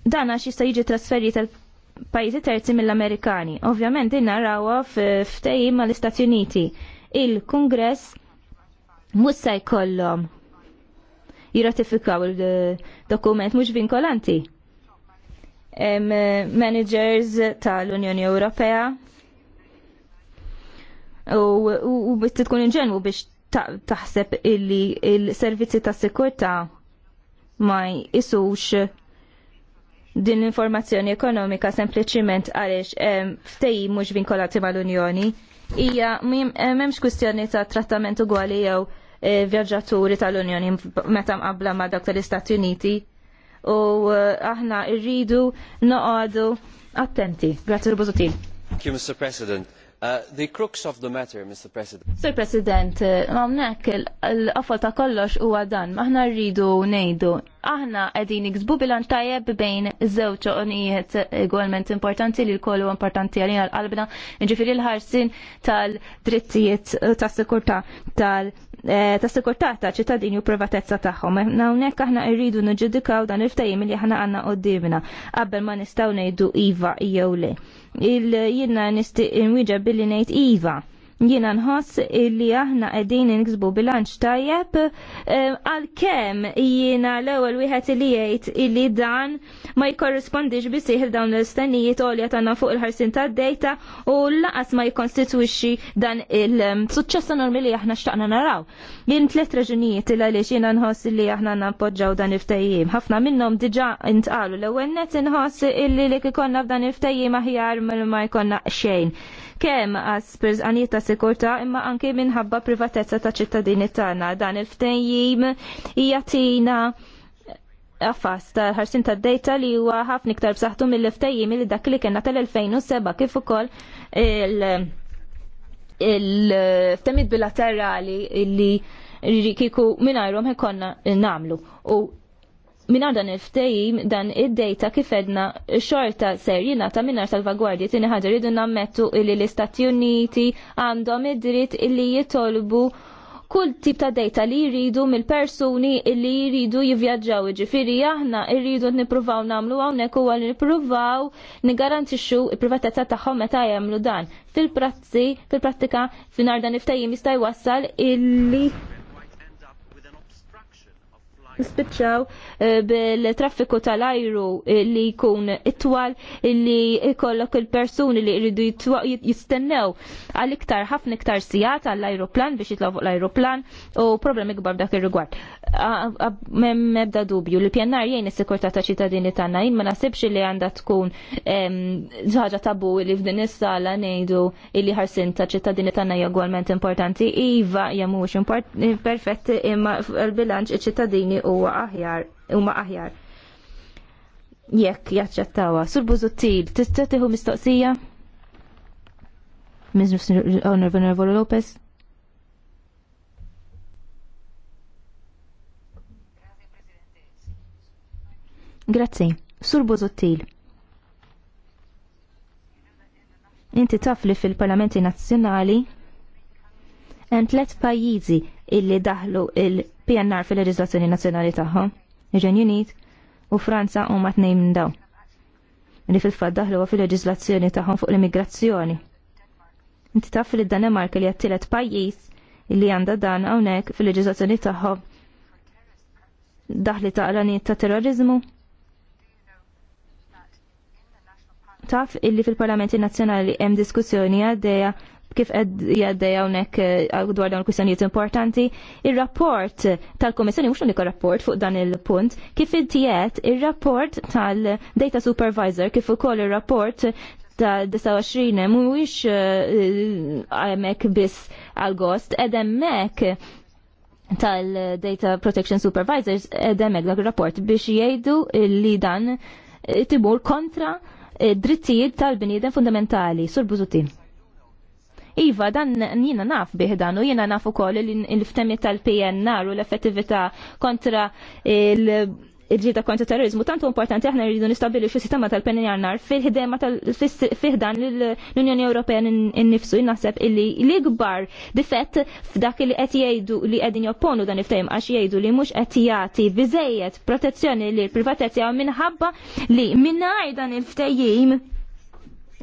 dan għax jista' jiġi trasferi tal pajjiżi terzi mill-Amerikani. Ovvjament din narawha f'tejjim mal-Istati Uniti. Il-Kungress mhux se jkollhom jirratifikaw il-dokument mhux vinkolanti. Managers tal-Unjoni Ewropea u biex tkun inġenwu biex taħseb illi il-servizzi ta' sikurtà ma jisux din l-informazzjoni ekonomika sempliciment għalix ftejji mhux vinkolati mal-Unjoni. Hija m'hemmx kwistjoni ta' trattament ugwali jew e, vjaġġaturi tal-Unjoni meta mqabbla ma' dak tal-Istati Uniti. U e, aħna rridu noqogħdu attenti. Grazie l Thank you, Mr. President. Uh, the crux of the matter, Mr. President. Sir President, mamnek uh, l-qafa ta' kollox huwa dan, maħna rridu nejdu. Aħna qegħdin iksbu bilanċ tajjeb bejn żewġ oqnijiet igualment importanti li l-kollu importanti għalina għal qalbna ġifieri l-ħarsin tal-drittijiet uh, tas-sikurtà tal-, -sikurta, tal Eh, ta' sekurtata ċittadini u privatezza tagħhom. Hawnhekk aħna rridu niġġudikaw dan il-ftehim li aħna għandna qudiemna qabel ma nistgħu ngħidu iva jew le. Il jiena nisti nwieġeb billi ngħid iva Jiena nħoss illi aħna qegħdin niksbu bilanċ tajjeb eh, għalkemm jiena l-ewwel wieħed li jgħid illi dan ma jkorrispondix bisih dawn l-istennijiet għolja tagħna fuq il-ħarsin tad-dejta u laqas ma jkonstitwixxi dan il-suċċess enormi li aħna xtaqna naraw. Jien tliet raġunijiet il għaliex jiena nħoss illi aħna nappoġġaw dan il Ħafna minnhom diġà intqalu l-ewwel net inħoss illi li kikonna f'dan il-ftehim aħjar ma jkollna xejn kemm għas perżqanijiet ta' sikurtà imma anke minħabba privatezza ta' ċittadini tagħna. Dan il hija tina affas ta' ħarsin ta' data li huwa ħafna iktar b'saħħtu mill-ftehim li dak li kena tal-2007 kif ukoll il- il-ftemid bilaterali li kiku minn ajrom namlu. U minna dan il-ftejim dan id-dejta kif edna xorta ser jinata minar salvagwardji tini ħagġa rridu nammettu illi l-Istati Uniti għandhom id-dritt illi jitolbu kull tip ta' dejta li jridu mill-persuni illi jridu jivjaġġaw ġifiri aħna jridu nipruvaw namlu għawnek u għal nipruvaw nigarantixxu il-privatezza tagħhom meta jagħmlu dan. Fil-prazzi, fil-prattika, fil-nar dan iftajim jista' jwassal illi Spiċċaw eh, bil-traffiku tal-ajru eh, li jkun itwal li jkollok il-persuni li jridu jistennew għal iktar ħafna iktar sigħat għall ajruplan biex jitlaw fuq l-ajruplan u problemi kbar dak ir-rigward. Mebda dubju li pjennar jgħin is sikurta ta' ċittadini tagħna jien ma nasibx li għandha tkun ħaġa tabu li f'din is-sala ngħidu li ħarsin ta' ċittadini tagħna hija importanti. Iva hija mhuwiex perfetti imma l-bilanċ iċ-ċittadini huwa aħjar huma aħjar. Jekk jaċċettawha. Sur Buzuttil, tista' tieħu mistoqsija? Mr. Venerable Lopez? Grazzi, Sur Buzuttil. Inti taf li fil-Parlamenti Nazzjonali hemm tliet pajjiżi illi daħlu il-PNR fil leġislazzjoni nazzjonali tagħhom, ir-Renju Unit u Franza huma tnejn minn dawn. Li fil-fatt daħlu fil leġislazzjoni tagħhom fuq l-immigrazzjoni. Inti taf li d-Danemarka li għattilet pajjiż illi għandha dan hawnhekk fil-leġiżlazzjoni tagħhom daħli ta' għalaniet ta' terrorizmu? Taf illi fil-Parlamenti Nazzjonali hemm diskussjoni għaddejja kif jaddeja hawnhekk eh, dwar dawn kwistjonijiet importanti. Ir-rapport tal-Kummissjoni mhux l-unika rapport fuq dan il-punt, kif intiet ir-rapport tal-Data Supervisor kif ukoll ir-rapport ta' 29 mhuwiex għamek eh, biss għal-gost, ed tal-Data Protection Supervisors demek dak rapport biex jgħidu li dan tibur kontra eh, drittijiet tal-bniedem fundamentali. Sur buzutin Iva, dan jina naf bih dan u jina naf koll il-ftemi tal-PNR u l-effettività kontra il- il-ġieda kontra terrorizmu tantu importanti aħna rridu nistabili xo sistema tal-PNR nar fil-ħidema tal-fihdan l-Unjoni Ewropea n-nifsu naħseb illi l-ikbar difett f'dak li qed jgħidu li qegħdin jopponu dan iftehim għax jgħidu li mhux qed jagħti biżejjed protezzjoni lil privatezza minħabba li mingħajr dan il-ftehim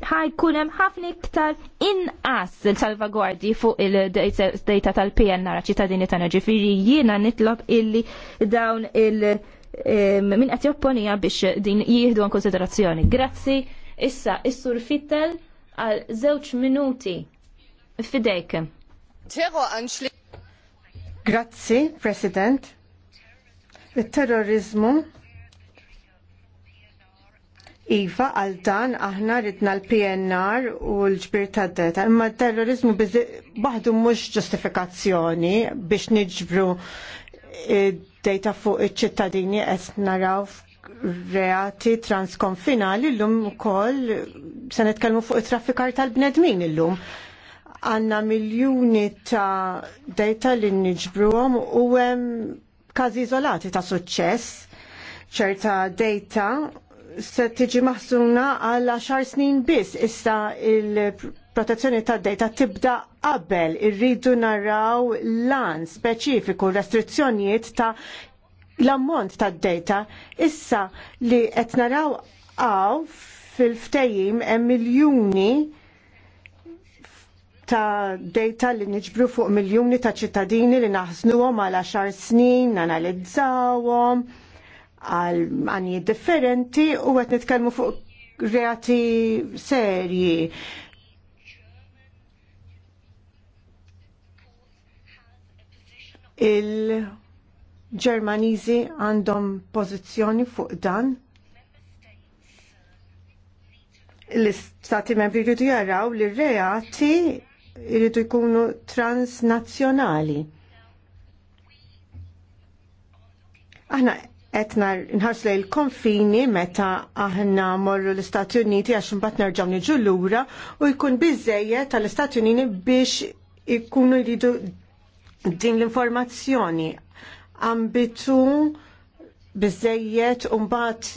ħajkun hemm ħafna iktar inqas il-salvagwardi fuq il-data tal-PNR ċittadini tagħna ġifieri jiena nitlob illi dawn il- min qed jopponija biex din jieħdu għan konsiderazzjoni. Grazzi, issa is-sur Fittel għal żewġ minuti fidejk. Grazzi, President. Il-terrorizmu Iva għal dan aħna ritna l-PNR u l-ġbir ta' deta Imma terrorizmu baħdu mhux ġustifikazzjoni biex eh, d-deta fuq iċ-ċittadini qed naraw reati transkonfinali llum ukoll se nitkellmu fuq it-traffikar tal-bnedmin illum. Għanna miljuni ta' data li niġbruhom u hemm każi iżolati ta' suċċess ċerta data se tiġi maħsuna għal 10 snin biss issa il-protezzjoni tad data tibda qabel irridu naraw lan speċifiku restrizzjonijiet ta' l-ammont tad data issa li qed naraw għaw fil ftejim hemm miljuni ta' data li niġbru fuq miljuni ta' ċittadini li naħsnuhom għal 10 snin, nanalizzawhom. Na għal għani differenti u għet nitkelmu fuq reati serji. Il-Ġermaniżi għandhom pożizzjoni fuq dan. L-istati membri jridu jaraw li reati jridu jkunu transnazzjonali. Aħna etna nħarsu lejn il-konfini meta aħna morru l-Istati Uniti għax mbagħad nerġgħu niġu lura u jkun biżejjed tal-Istati Uniti biex ikunu jridu din l-informazzjoni. Ambitu biżejjed u mbagħad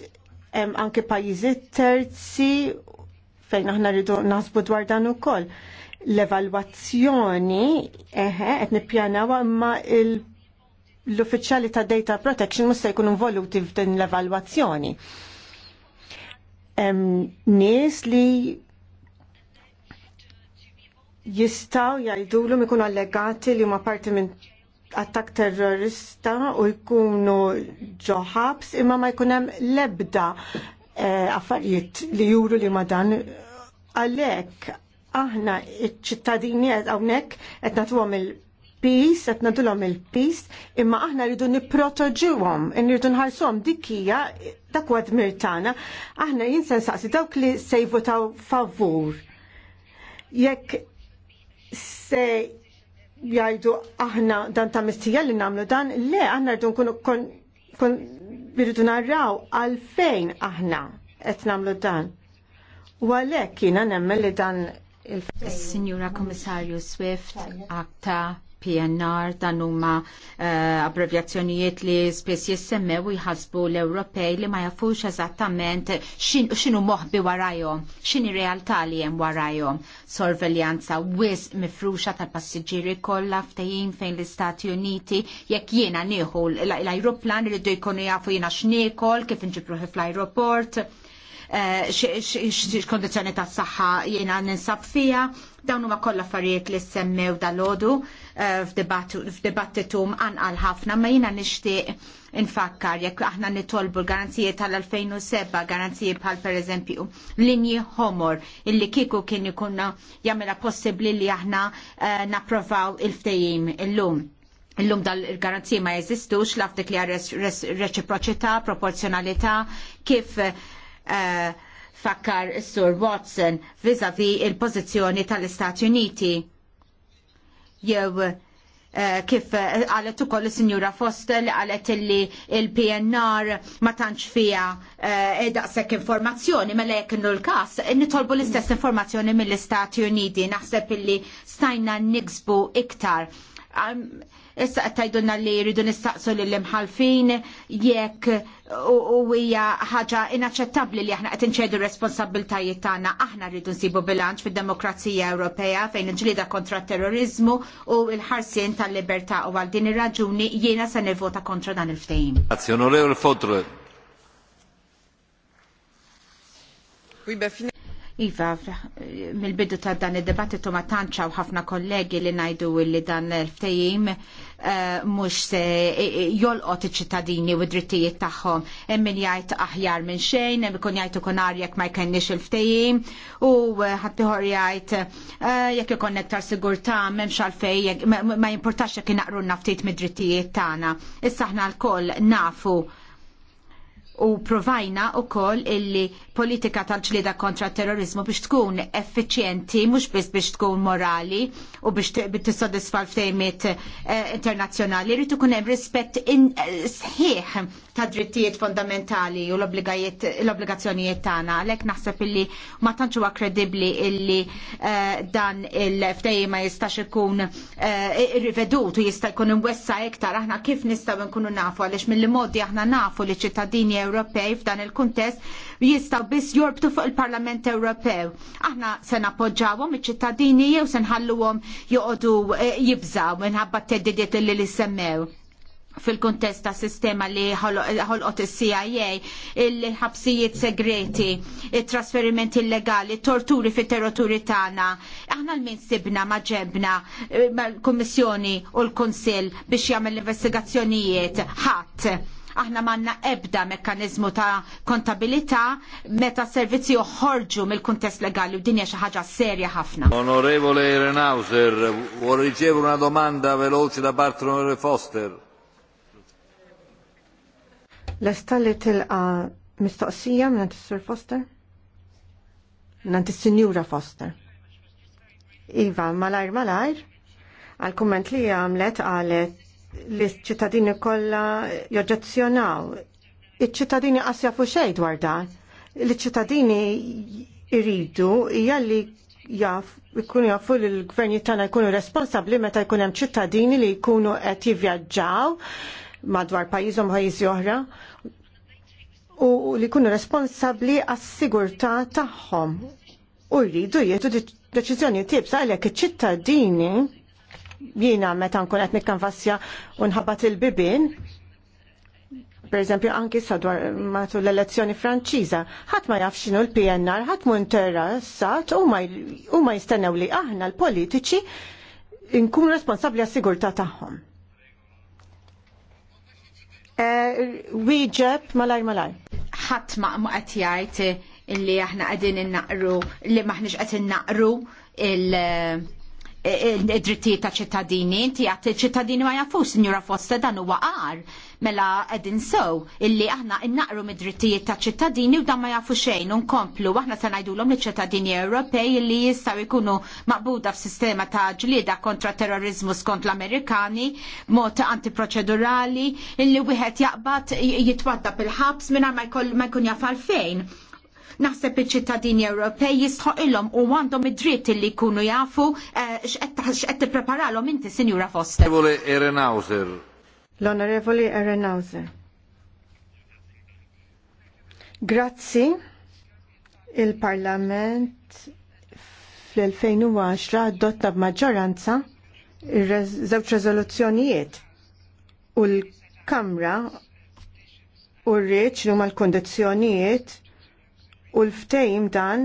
hemm anke pajjiżi terzi fejn aħna rridu naħsbu dwar dan ukoll. L-evalwazzjoni eħe qed nippjanaw imma il- l-uffiċjali ta' data protection musta jkun involuti f'din l-evalwazzjoni. Nies li jistaw jgħidulu ikunu allegati li huma parti minn attak terrorista u jkunu ġoħabs imma ma jkunem lebda eh, affarijiet li juru li ma dan għalek aħna iċ-ċittadini għawnek qed nagħtuhom il il qed nadulhom il peace imma aħna rridu nipprotoġuhom, nridu nħarsuhom dik hija dak huwa mirtana, tagħna, aħna jinsa saqsi dawk li se taw favur. Jekk se jgħidu aħna dan ta' mistija li nagħmlu dan, le aħna rridu nkunu kon, kon rridu narraw għalfejn aħna qed nagħmlu dan. U għalhekk jiena nemmen li dan il-Sinjura Komissarju Swift, akta PNR dan huma uh, eh, abbrevjazzjonijiet li spiss jissemmew jħasbu l-Ewropej li ma jafux eżattament x'inhu moħbi warajhom, x'inhi realtà li hemm warajhom. Sorveljanza wis mifruxa tal-passiġġieri kollha ftehim fejn l-Istati Uniti jekk jiena nieħu l-ajruplan irridu jkunu jafu jiena x'niekol kif inġibruħi fl-ajroport eh, x'kondizzjoni ta' saħħa jiena ninsab fija, Dawn huma kollha affarijiet li semmew dal-għodu eh, f'dibattitu mqanqal ħafna ma jiena nixtieq infakkar jekk aħna nitolbu l garanzije tal-2007, garanzije bħal per eżempju linji homor illi kiku kien ikunna jagħmilha possibli li aħna eh, napprovaw il-ftejim illum. Illum dal garanzija ma jeżistux laf dik li reċiproċità, proporzjonalità, kif uh, fakkar is-Sur Watson vis il-pożizzjoni tal-Istati Uniti. Jew eh, kif għalet eh, u koll signora Foster għalet illi il-PNR ma tantx fija eh, e daqsek informazzjoni mela jekk innu l każ nitolbu l-istess informazzjoni mill-Istati Uniti naħseb illi stajna niksbu iktar issa tajdunna li jridu nistaqsu li l-imħalfin jekk u hija ħaġa inaċċettabbli li aħna qed inċedu responsabiltajiet tagħna aħna rridu nsibu bilanċ fid-demokrazija Ewropea fejn ġlida kontra terrorizmu u l-ħarsien tal-libertà u għal din ir-raġuni jiena se nivvota kontra dan il-ftehim. Iva, mill-bidu ta' dan id-debattitu ma tantxaw ħafna kollegi li najdu li dan il-ftejim Eh, mhux se eh, eh, jolqot iċ-ċittadini u id drittijiet tagħhom. Hemm min jgħid aħjar minn xejn, hemm ikun jgħid ikun jekk ma jkennix il-ftehim u ħadd ieħor jgħid jekk ikun iktar sigurtà m'hemmx għalfejn ma jimpurtax jekk inaqru naftit mid-drittijiet tagħna. Issa aħna lkoll nafu u provajna u koll illi politika tal-ċlida kontra terrorizmu biex tkun effiċjenti, mux biex biex tkun morali u biex t-soddisfa l-ftejmiet eh, internazjonali, rritu kunem rispett sħiħ ta' drittijiet fondamentali u l-obbligazzjonijiet tagħna. Għalhekk naħseb illi ma tantx huwa kredibbli illi eh, dan il ftejma ma jistax ikun eh, rivedut u jista' jkun imwessa iktar aħna kif nistgħu nkunu nafu għaliex mill-modi aħna nafu li ċittadini Ewropej f'dan il-kuntest jistgħu biss jorbtu fuq il-Parlament Ewropew. Aħna se nappoġġawhom iċ-ċittadini jew se nħalluhom joqogħdu eh, jibżaw minħabba t-teddidiet li li semmew fil-kontest ta' sistema li ħolqot il-CIA, il-ħabsijiet segreti, il-trasferimenti illegali, torturi fit territuri tagħna. Aħna l-min sibna ma ġebna eh, mal-Kummissjoni u l-Konsil biex jagħmel investigazzjonijiet ħadd Aħna manna ebda mekkanizmu ta' kontabilità meta servizzi uħorġu mill-kuntest legali u dinja xi ħaġa serja ħafna. Onorevole Renauser, vuol ricevere una domanda veloce da parte onorevole Foster. Lesta li tilqa mistoqsija minn Sir Foster? Minn is-Sinjura Foster. Iva, malajr malajr, għal-komment li għamlet għalet li ċittadini kollha joġġezzjonaw. Iċ-ċittadini qas jafu xejn dwar dan. L-ċittadini jridu hija li jaf ikunu jafu li l-gvernijiet tagħna jkunu responsabbli meta jkun hemm ċittadini li jkunu qed jivvjaġġaw madwar pajjiżhom pajjiżi oħra u li jkunu responsabbli għas-sigurtà tagħhom u jridu jieħdu deċiżjoni tibsa għalhekk iċ-ċittadini jiena meta nkun qed nikkanvassja u nħabbat il-bibin, per eżempju anki sadwar matul l-elezzjoni franċiża, ħadd ma jaf l-PNR, ħadd mu interessat u ma jistennew li aħna l-politiċi nkun responsabbli għas-sigurtà tagħhom. E, wieġeb malaj malaj. Ħadd ma qed jgħid li aħna qegħdin innaqru li maħniex qed innaqru il- id-drittijiet ta' ċittadini, inti għat ċittadini ma jafux, signora Fosta, dan huwa għar, mela qegħdin sew, illi aħna innaqru mid-drittijiet ta' ċittadini u dan ma jafu xejn, unkomplu, aħna se ngħidulhom liċ ċittadini Ewropej illi jistgħu jkunu maqbuda f'sistema ta' ġlieda kontra terrorizmu skont l-Amerikani, mod antiproċedurali, illi wieħed jaqbad jitwadda bil-ħabs mingħajr ma jkun jafal fejn Naħseb iċ-ċittadini Ewropej jistħoq ilhom u għandhom id-dritt li jkunu jafu eh, x'qed tippreparalhom inti, Sinjura Foster. L-Onorevoli Erenhauser. Grazzi il-Parlament fl-2010 adotta b'maġġoranza żewġ rezoluzzjonijiet u l-Kamra u rriċ li huma l-kondizzjonijiet U l-ftejm dan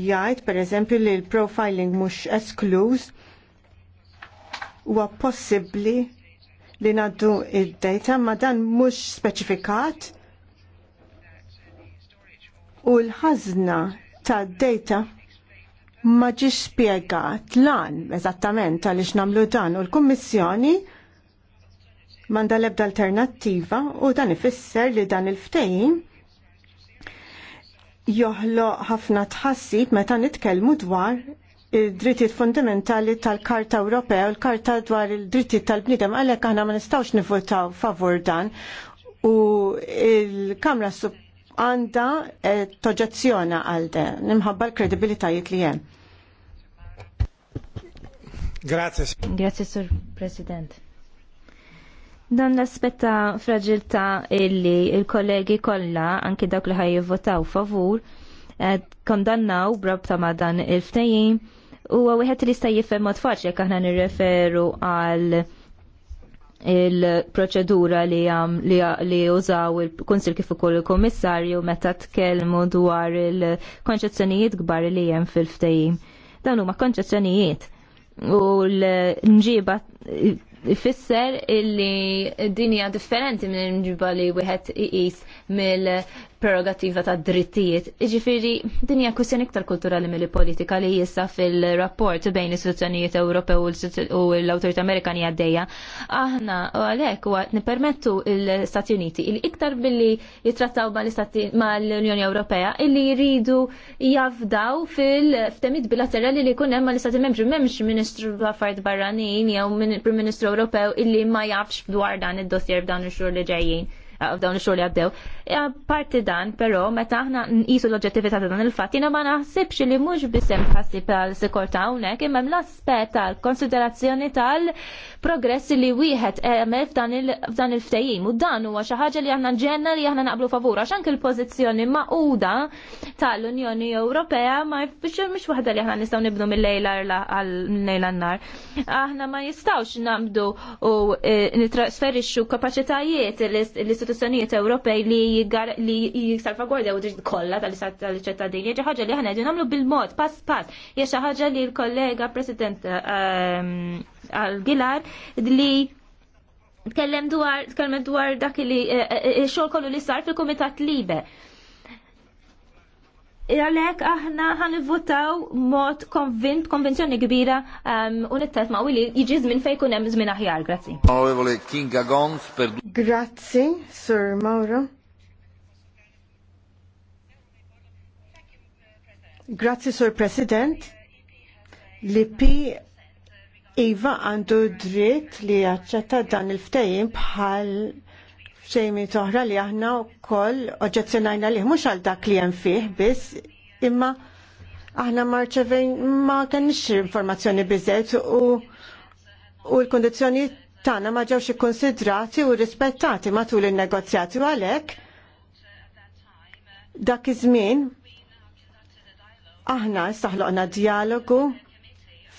jgħid pereżempju li l-profiling mhux esklus huwa possibbli li ngħaddu id-data ma dan mhux speċifikat u l ħazna tad-data ma ġiex spjegat lan eżattament għaliex nagħmlu dan u l-Kummissjoni manda l-ebda alternattiva u dan ifisser li dan il-ftejim joħloq ħafna tħassib meta nitkellmu dwar id-drittijiet fundamentali tal-Karta Ewropea u l-Karta dwar id drittijiet tal-bniedem għalhekk aħna ma nistgħux nivvotaw favur dan u l kamra għandha eh, toġazzjona għal dan nimħabba l-kredibilitajiet li hemm. Grazie. Grazie, Sur President. Dan l-aspetta fragilta illi il-kollegi kollha anki dak li ħaj jivvotaw favur kondannaw brabta ma dan il ftajim u wieħed li jista' jifhem mod faċli jek aħna nirreferu għal il-proċedura li għam li użaw il konsil kif ukoll il-Kummissarju meta tkellmu dwar il-konċezzjonijiet kbar li hemm fil-ftehim. Dan huma konċezzjonijiet u l-nġiba ifisser illi dinja differenti minn ġibali wieħed iqis mill prerogativa ta' drittijiet. Iġifiri, hija kwestjoni iktar kulturali mill politika li jissa fil-rapport bejn istituzzjonijiet Ewropew u l awtorit Amerikani għaddejja. Aħna u għalhekk waqt nipermettu l-Stati Uniti il iktar billi jitrattaw ma' l-Unjoni Ewropea illi jridu jafdaw fil-ftemid bilaterali li kunem ma' l istati Membri m'hemmx Ministru Affarijiet Barranin jew Prim Ministru Ewropew illi ma jafx dwar dan id-dossier f'dan ix-xhur li ġejjin f'dawn ix-xhur li għaddew. Eh, parti dan, però, meta aħna nqisu l-oġġettività ta' dan il-fatt, jiena ma naħsibx li mhux bisem tħassib għal sikorta hawnhekk, imma l-aspett tal-konsiderazzjoni tal progressi li wieħed għamel f'dan il-ftehim. U dan huwa xi ħaġa li aħna ġenna li aħna naqblu favur għax anke l-pożizzjoni maquda tal-Unjoni Ewropea ma mhux waħda li aħna nistgħu nibnu mill-lejla għal-lejla n-nar. Aħna ma jistgħux nabdu u eh, nitrasferixxu kapaċitajiet l-istituzzjonijiet Ewropej li li jiksalfagwardja u dritt kollha tal din. ġi ħagġa li ħana qegħdin nagħmlu bil-mod pass pass. Hija xi ħaġa li l-kollega President ehm, Gilar li tkellem dwar tkellem dwar dak li e, e, e, xogħol kollu li sar fil-Kumitat Libe għalek aħna ħan votaw mod konvint, konvenzjoni kbira ehm, u nittet ma' li jiġi minn fej kunem zmin aħjar, grazzi. Grazzi, Sir Mauro. Grazzi, Sur President. L-IP Iva għandu dritt li jaċċetta dan il-ftejim bħal xejmi toħra li aħna wkoll oġġezzjonajna li mhux għal dak li hemm fih biss imma aħna marċevejn ma kenniex informazzjoni biżejt u u l kondizjoni tagħna ma ġewx ikkonsidrati u rispettati matul in-negozjati u għalhekk dak iż-żmien Aħna istaħloqna dialogu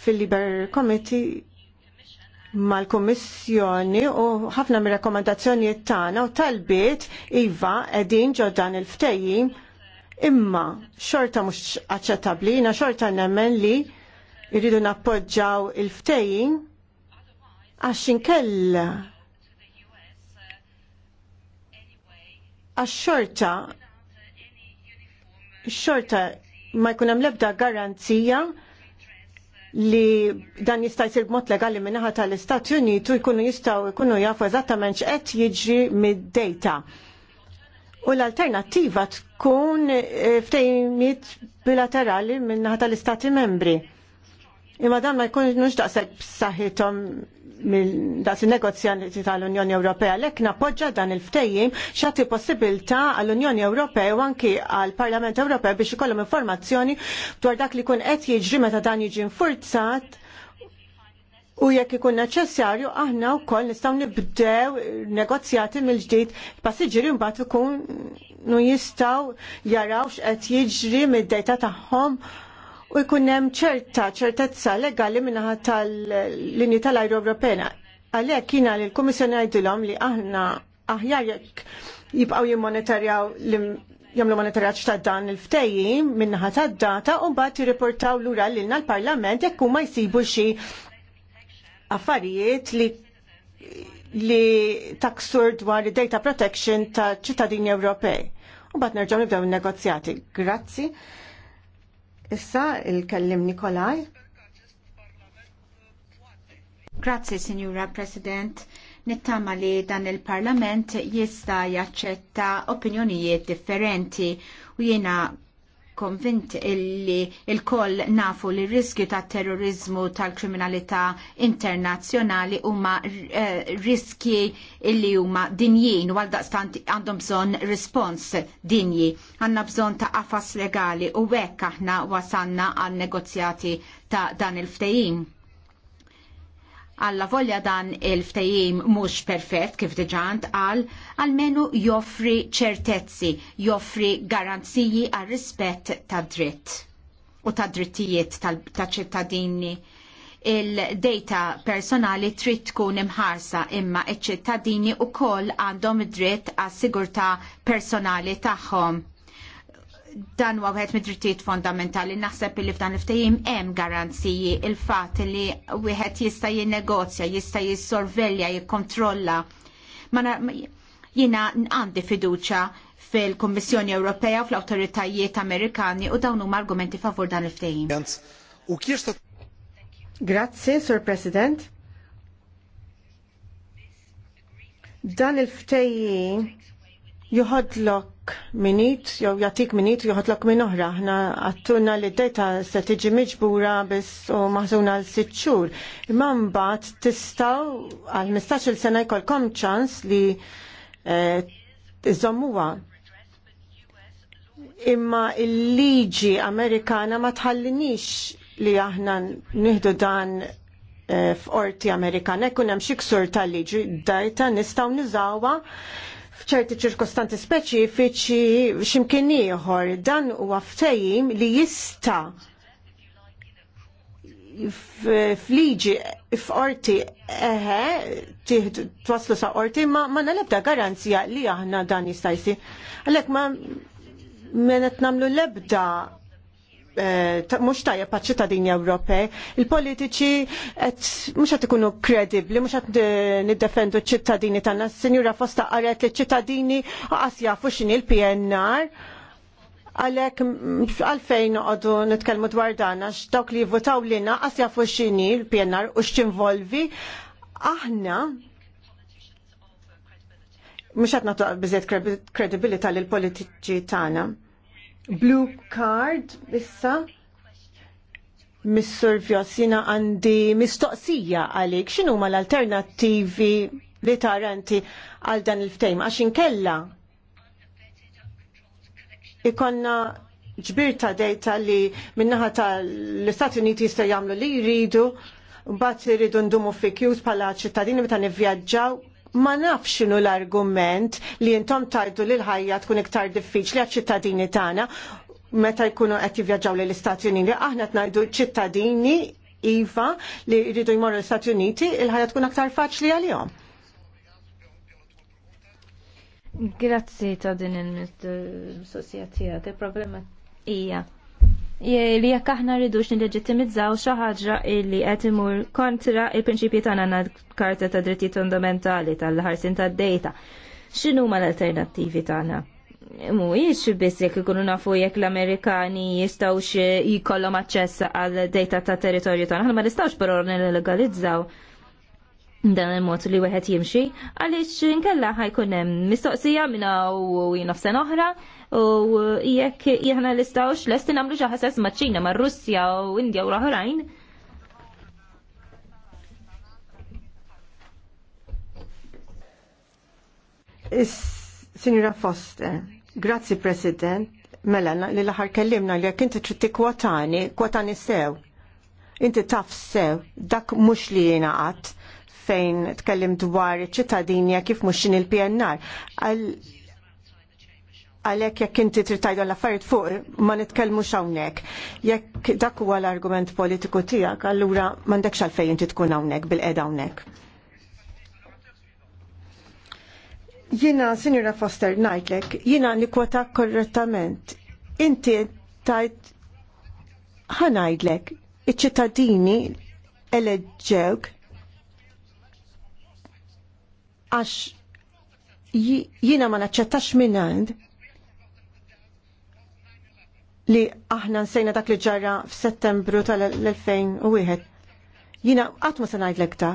fil-Liber Committee mal-Kommissjoni u ħafna mir rekomendazzjoni tagħna u talbiet iva qegħdin ġodan il-ftejjim imma xorta mhux aċċettabbli, na xorta nemmen li jridu nappoġġaw il-ftejjim għax inkella għax xorta xorta ma jkun hemm l-ebda garanzija li dan jista' jsir b'mod legali minnaħa tal-Istati Unitu jkunu jistgħu jkunu jafu eżattament x'qed jiġri mid-data. U l-alternattiva tkun eh, ftejmiet bilaterali minnaħa tal-Istati Membri. Imma dan ma jkunux daqshekk b'saħħithom daqs il-negozjanti tal-Unjoni Ewropea. Lek napoġġa dan il-ftejjim xati possibilta għall-Unjoni Ewropea u anki għall-Parlament Ewropea biex ikollhom informazzjoni dwar dak li kun qed jiġri meta dan jiġi infurzat U jekk ikun neċessarju, aħna wkoll nistgħu nibdew negozjati mill-ġdid passiġġieri mbagħad ikunu jistgħu jarawx x'qed jiġri mid-dejta tagħhom u jkun hemm ċerta ċertezza legali minnaħa tal-linji tal-ajru Ewropea. Għalhekk jiena li l-Kummissjoni ngħidilhom li aħna aħjar jekk jibqgħu jimmonitorjaw jagħmlu monitoraġġ ta' dan il-ftejji minnaħa tad-data u mbagħad jirriportaw lura lilna l-Parlament jekk huma jsibu xi affarijiet li li taksur dwar data protection ta' ċittadini Ewropej. U bat nerġaw nibdew negozjati. Grazzi. Issa il-kellim Nikolaj. Grazie, Signora President. Nittama li dan il-Parlament jista jaċċetta opinjonijiet differenti u jiena konvint illi il-koll nafu li riskju ta' terrorizmu tal-kriminalità internazzjonali huma eh, riskji illi huma dinjin u għaldaqstant għandhom bżonn respons dinji. Għandna bżonn ta' qafas legali u hekk aħna wasanna għal negozjati ta' dan il-ftehim Alla volja dan il ftajim mhux perfett kif diġant għal għalmenu joffri ċertezzi, joffri garanziji għal rispett ta' dritt u ta' drittijiet ta' ċittadini il-data personali trid tkun imħarsa imma iċ-ċittadini wkoll għandhom id-dritt għas sigurtà personali tagħhom dan huwa wieħed mid-drittijiet fondamentali naħseb li f'dan il-ftehim hemm garanziji il-fatt li wieħed jista' jinnegozja, jista' jissorvelja, jikkontrolla. Ma jiena għandi fiduċa fil kummissjoni Ewropea u fl-awtoritajiet Amerikani u dawn huma argumenti favur dan il-ftehim. Grazzi, Sur President. Dan il-ftehim joħodlok minit, jew jagħtik minit, joħodlok minn oħra. Aħna għattuna li d-dejta se tiġi miġbura bis u maħżuna l sitt xhur. Imma mbagħad tistgħu għal mistax il sena kom ċans li eh, iżommuha. Imma il-liġi Amerikana ma tħallinix li aħna nieħdu dan eh, f'orti Amerikana jkun hemm xi ksur tal-liġi dajta nistgħu niżawha f'ċerti ċirkostanti speċifiċi x'imkien ieħor dan huwa ftehim li jista' fliġi f'orti eħe twaslu sa' orti ma ma nalebda garanzija li aħna dan jista' jsir. Għalhekk ma menet namlu lebda Eh, mux tajja pa' ċittadini Ewropej, il-politiċi mux għat ikunu kredibli, mux għat eh, niddefendu ċittadini tagħna. Sinjura Fosta qalet li ċittadini għas jafu x'inhi l-PNR għalek għalfejn noqogħdu nitkelmu dwar dan għax dawk li votaw lina għas jafu x'inhi l-PNR u x'involvi aħna mhux qed nagħtu biżejjed kredibilità lill politiċi tagħna. Blue card, issa. Mr. Vjosina għandi mistoqsija għalik, xinu ma l-alternativi li taranti għal dan il-ftejm, għax inkella ikonna ġbir ta' dejta li minnaħa tal-Istati Uniti jista' jagħmlu li jridu, mbagħad iridu ndumu fi kjus bħala ċittadini meta nivvjaġġaw ma nafx xinu l-argument li intom tajdu li l-ħajja tkun iktar diffiċli għaċ-ċittadini tagħna meta jkunu qed jivvjaġġaw lill istati Uniti. Aħna qed ngħidu ċittadini iva li jridu jmorru l-Istati Uniti, il-ħajja tkun aktar faċli għalihom. Grazzi ta' din il-mistoqsija tiegħek, problem problema hija li jekk aħna rridux nilleġittimizzaw xi ħaġa li qed imur kontra il-prinċipji tagħna għandna karta ta' drittijiet fundamentali tal-ħarsin tad-dejta. X'inhu ma l-alternattivi tagħna? Mhuwiex biss jekk ikunu nafu jekk l-Amerikani jistgħux jkollhom aċċess għal dejta ta' territorju tagħna, ma nistgħux però nillegalizzaw dan il-mod li wieħed jimxi, għaliex inkella ħajkun hemm mistoqsija minn u jien oħra u jekk jahna l-istawx l-estin għamlu ġaħasas maċċina ma' Russja u Indja u raħurajn. Signora Foster, grazzi President, mela li l kellimna li jekk inti tritti kwotani, kwotani sew. Inti taf sew, dak mux li jena għat fejn tkellim dwar ċittadinja kif mux xin il-PNR għalek jekk inti trittajdu l-affarijiet fuq ma nitkellmux hawnhekk. Jekk dak huwa l-argument politiku tiegħek, allura m'għandekx għalfejn inti tkun hawnhekk bil-qeda hawnhekk. Jina, Sinjura Foster, najtlek, jina nikwota korrettament. Inti tajt ħanajdlek, iċ-ċittadini eleġġewk għax jina ma naċċettax minn għand li aħna nsejna dak li ġarra f'Settembru tal-2001. Jina qatt ma se ngħidlek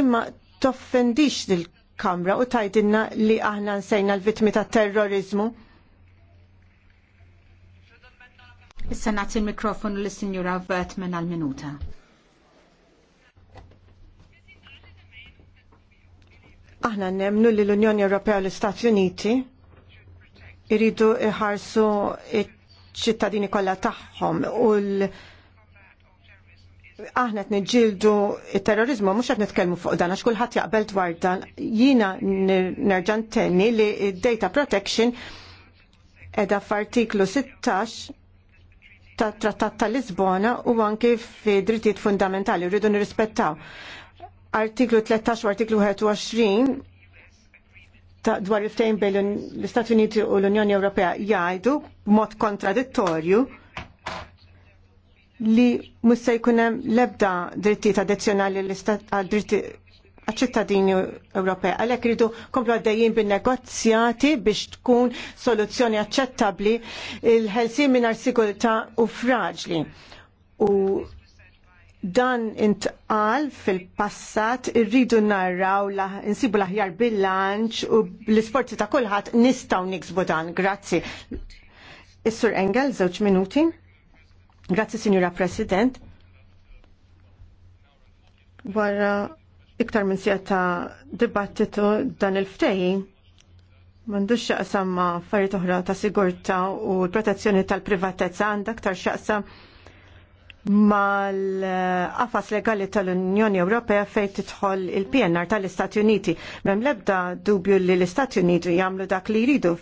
imma toffendix dil-Kamra u tajdinna li aħna nsejna l-vittmi tat terrorizmu. Issa nagħti l-mikrofonu lis-Sinjura Vertman għal-minuta. Aħna nemnu li l-Unjoni Ewropea u l-Istati Uniti iridu iħarsu it ċittadini kollha tagħhom u l- aħna t-nġildu il-terrorizmu, mux qed nitkelmu fuq dan, għax kullħat jaqbel dwar dan, jina nerġan tenni li data protection edha f'artiklu 16 ta' trattat ta' Lisbona u anki fi drittijiet fundamentali, rridu nirrispettaw. Artiklu 13 u artiklu 21 ta' dwar il-ftejn bejn l-Istati Uniti u l-Unjoni Ewropea jgħidu b'mod kontradittorju li mhux se jkun hemm l-ebda drittijiet addizzjonali għal-ċittadini Ewropea. Għalhekk rridu komplu għaddejjin bin-negozjati biex tkun soluzzjoni aċċettabbli il ħelsien mingħajr sigurtà u fraġli. U dan intqal fil-passat irridu narraw la, insibu l-aħjar bil-lanċ u l-isforzi ta' kulħadd nistgħu niksbu dan. Grazzi. Is-Sur Engel, żewġ minuti. Grazzi, Sinjura President. Wara iktar minn sieta ta' dibattitu dan il ftehi Mandux xaqsam ma' affarijiet oħra ta' sigurta u l-protezzjoni tal-privatezza għandha aktar xaqsam mal-qafas legali tal-Unjoni Ewropea fejn tidħol il-PNR tal-Istati Uniti. Mem lebda dubju li l-Istati Uniti jagħmlu dak li jridu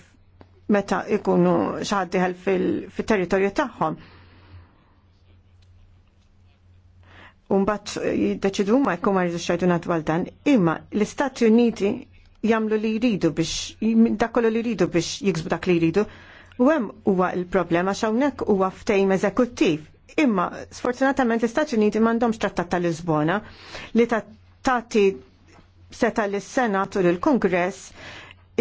meta ikunu xaħdiħel fil-territorju tagħhom. Umbat jiddeċidu ma jkun ma jridu xajdunat dan, imma l-Istati Uniti jamlu li jridu biex, dakollu li jridu biex jiksbu dak li jridu, u hemm huwa il-problema xawnek huwa ftejm eżekuttiv Imma, sfortunatament, l-Istati Uniti mandom trattat tal-Lisbona li tati seta l-Senat u l-Kongress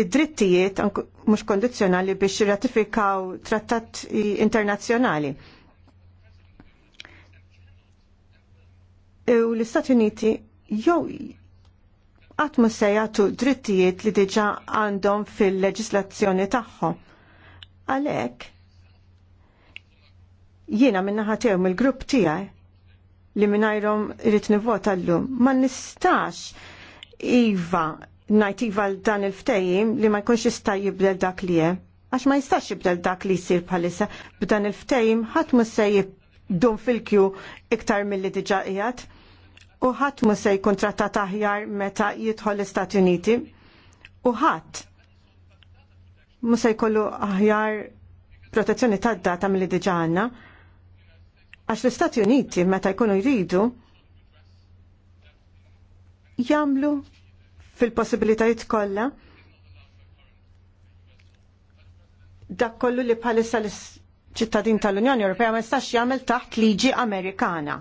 id-drittijiet mhux kondizzjonali biex ratifikaw trattat internazzjonali. U l-Istati Uniti jew qatt mhux jagħtu drittijiet li diġa' għandhom fil-leġislazzjoni tagħhom. Għalhekk Jiena minna tew mill-grupp tiegħi li minnajrom irrit nivota l-lum. Ma nistax Iva najt Iva dan il-ftejim li ma jkunx jista jibdel dak li hemm. Għax ma jistax jibdel dak li jsir bħalissa b'dan il-ftejim ħadd mhux se jibdum fil-kju iktar milli diġà qiegħed u ħadd mhux se jkun trattat aħjar meta jidħol l-Istati Uniti u ħadd mhux se jkollu aħjar protezzjoni tad-data milli diġà għandna Għax l-Istati Uniti meta jkunu jridu jagħmlu fil-possibilitajiet kollha dak kollu li bħalissa l-ċittadin tal-Unjoni Ewropea ma jistax jagħmel taħt liġi Amerikana.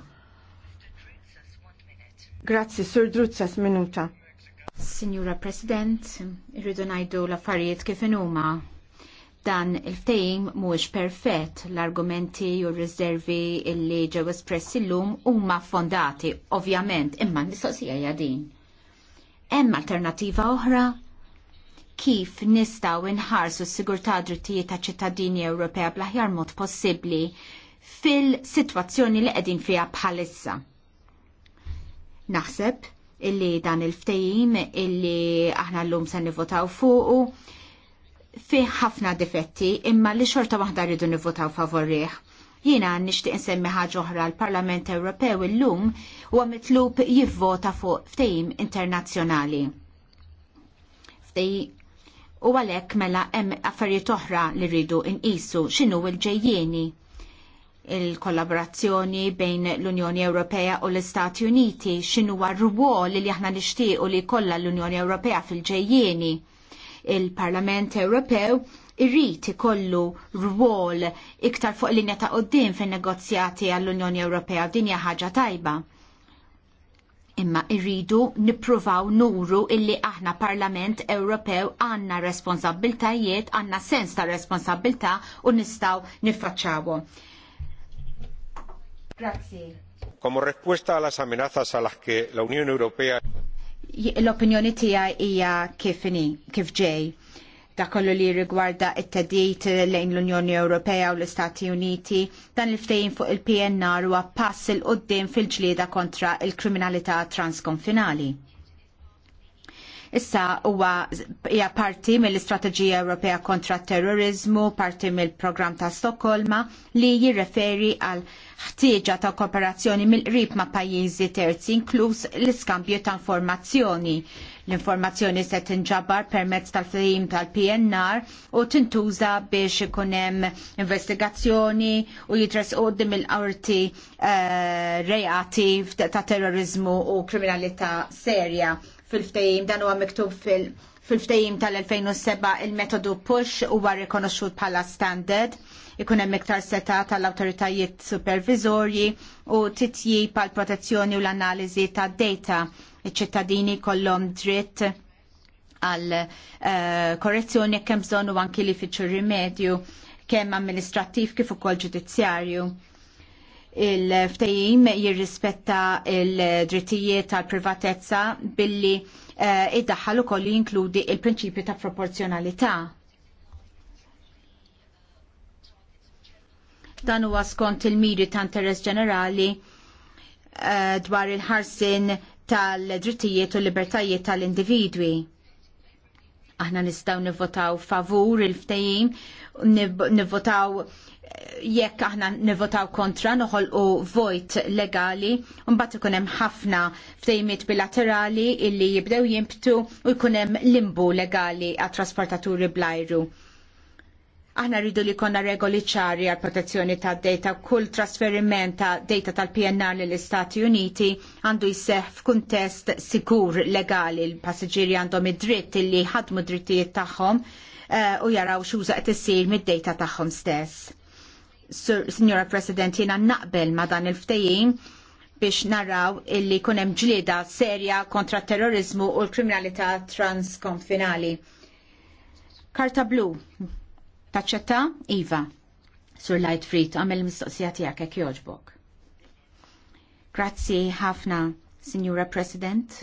Grazzi, Sur Druzzas minuta. Signora President, irridu ngħidu l-affarijiet kif huma dan il-ftejm mhuwiex perfett l-argumenti u r-riservi illi ġew espressi llum huma fondati, ovvjament, imma n-mistoqsija hija din. Hemm alternattiva oħra? Kif nistgħu nħarsu s-sigurtà drittijiet ta' ċittadini Ewropea bl-aħjar mod possibbli fil-sitwazzjoni li qegħdin fiha bħalissa? Naħseb illi dan il ftehim illi aħna llum se nivvotaw fuqu fi ħafna difetti imma li xorta waħda rridu nivvotaw favorih. Jiena nixtieq insemmi ħaġa oħra l-Parlament Ewropew illum huwa mitlub jivvota fuq ftehim internazzjonali. u għalhekk mela hemm affarijiet oħra li rridu nqisu x'inhu l-ġejjieni il-kollaborazzjoni bejn l-Unjoni Ewropea u l-Istati Uniti x'inhu r-rwol li aħna nixtiequ li jkollha l-Unjoni Ewropea fil-ġejjieni Il-Parlament Ewropew irrit ikollu rwol iktar fuq linja ta' qoddim fin-negozjati għall-Unjoni Ewropea din hija ħaġa tajba imma irridu nippruvaw nuru illi aħna Parlament Ewropew għanna responsabiltajiet, għanna sens ta' responsabilta u nistaw niffaċċawo. Grazie. Como respuesta a las amenazas a las que la Unión Europea l-opinjoni tiegħi hija kif kif ġej. Da kollu li rigwarda it tadijt lejn l-Unjoni Ewropea u l-Istati Uniti, dan il-ftejn fuq il-PNR huwa pass il-qoddim fil-ġlieda kontra il-kriminalità transkonfinali. Issa huwa hija parti mill-Istrateġija Ewropea kontra t terrorizmu, parti mill-programm ta' Stokkolma li jirreferi għal ħtieġa ta' kooperazzjoni mill-qrib ma' pajjiżi terzi inkluż l-iskambju ta' informazzjoni. L-informazzjoni se tinġabar permezz tal fejim tal-PNR u tintuża biex ikun hemm investigazzjoni u jitres qoddim il-qorti uh, eh, reati ta' terrorizmu u kriminalità serja fil-ftejim dan huwa miktub fil- ftejim tal-2007 il-metodu push huwa rikonoxxut bħala standard ikun hemm iktar seta tal-awtoritajiet supervizorji u titji pal protezzjoni u l-analiżi tad-data. Iċ-ċittadini kollhom dritt għal eh, korrezzjoni kemm bżonn u anki li fiċċu rimedju kemm amministrattiv kif ukoll ġudizzjarju il-ftejim jirrispetta il-drittijiet tal-privatezza billi eh, id-daħħal kolli jinkludi il-prinċipju ta' proporzjonalità. Dan huwa skont il-miri ta' interess ġenerali eh, dwar il-ħarsin tal-drittijiet u libertajiet tal-individwi. Aħna nistgħu nivvotaw favur il-ftejim, nivvotaw jekk aħna nivotaw kontra noħolqu vojt legali, mbagħad ikun hemm ħafna ftejmiet bilaterali illi jibdew jimbtu u jkun hemm limbu legali għat trasportaturi blajru. Aħna rridu li jkollna regoli ċari għal protezzjoni tad data kull trasferiment ta' data tal-PNR lill istati Uniti għandu jseħħ f'kuntest sigur legali l-passiġġieri għandhom id-dritt illi ħadmu drittijiet tagħhom eh, u jaraw xuża qed issir mid-data tagħhom stess Signora President, jena naqbel ma dan il-ftejim biex naraw illi kunem ġlieda serja kontra terrorizmu u l-kriminalità transkonfinali. Karta blu, taċċetta, Iva, Sur Lightfried, għamil mistoqsija tiegħek jogħġbok. Grazzi ħafna, Signora President.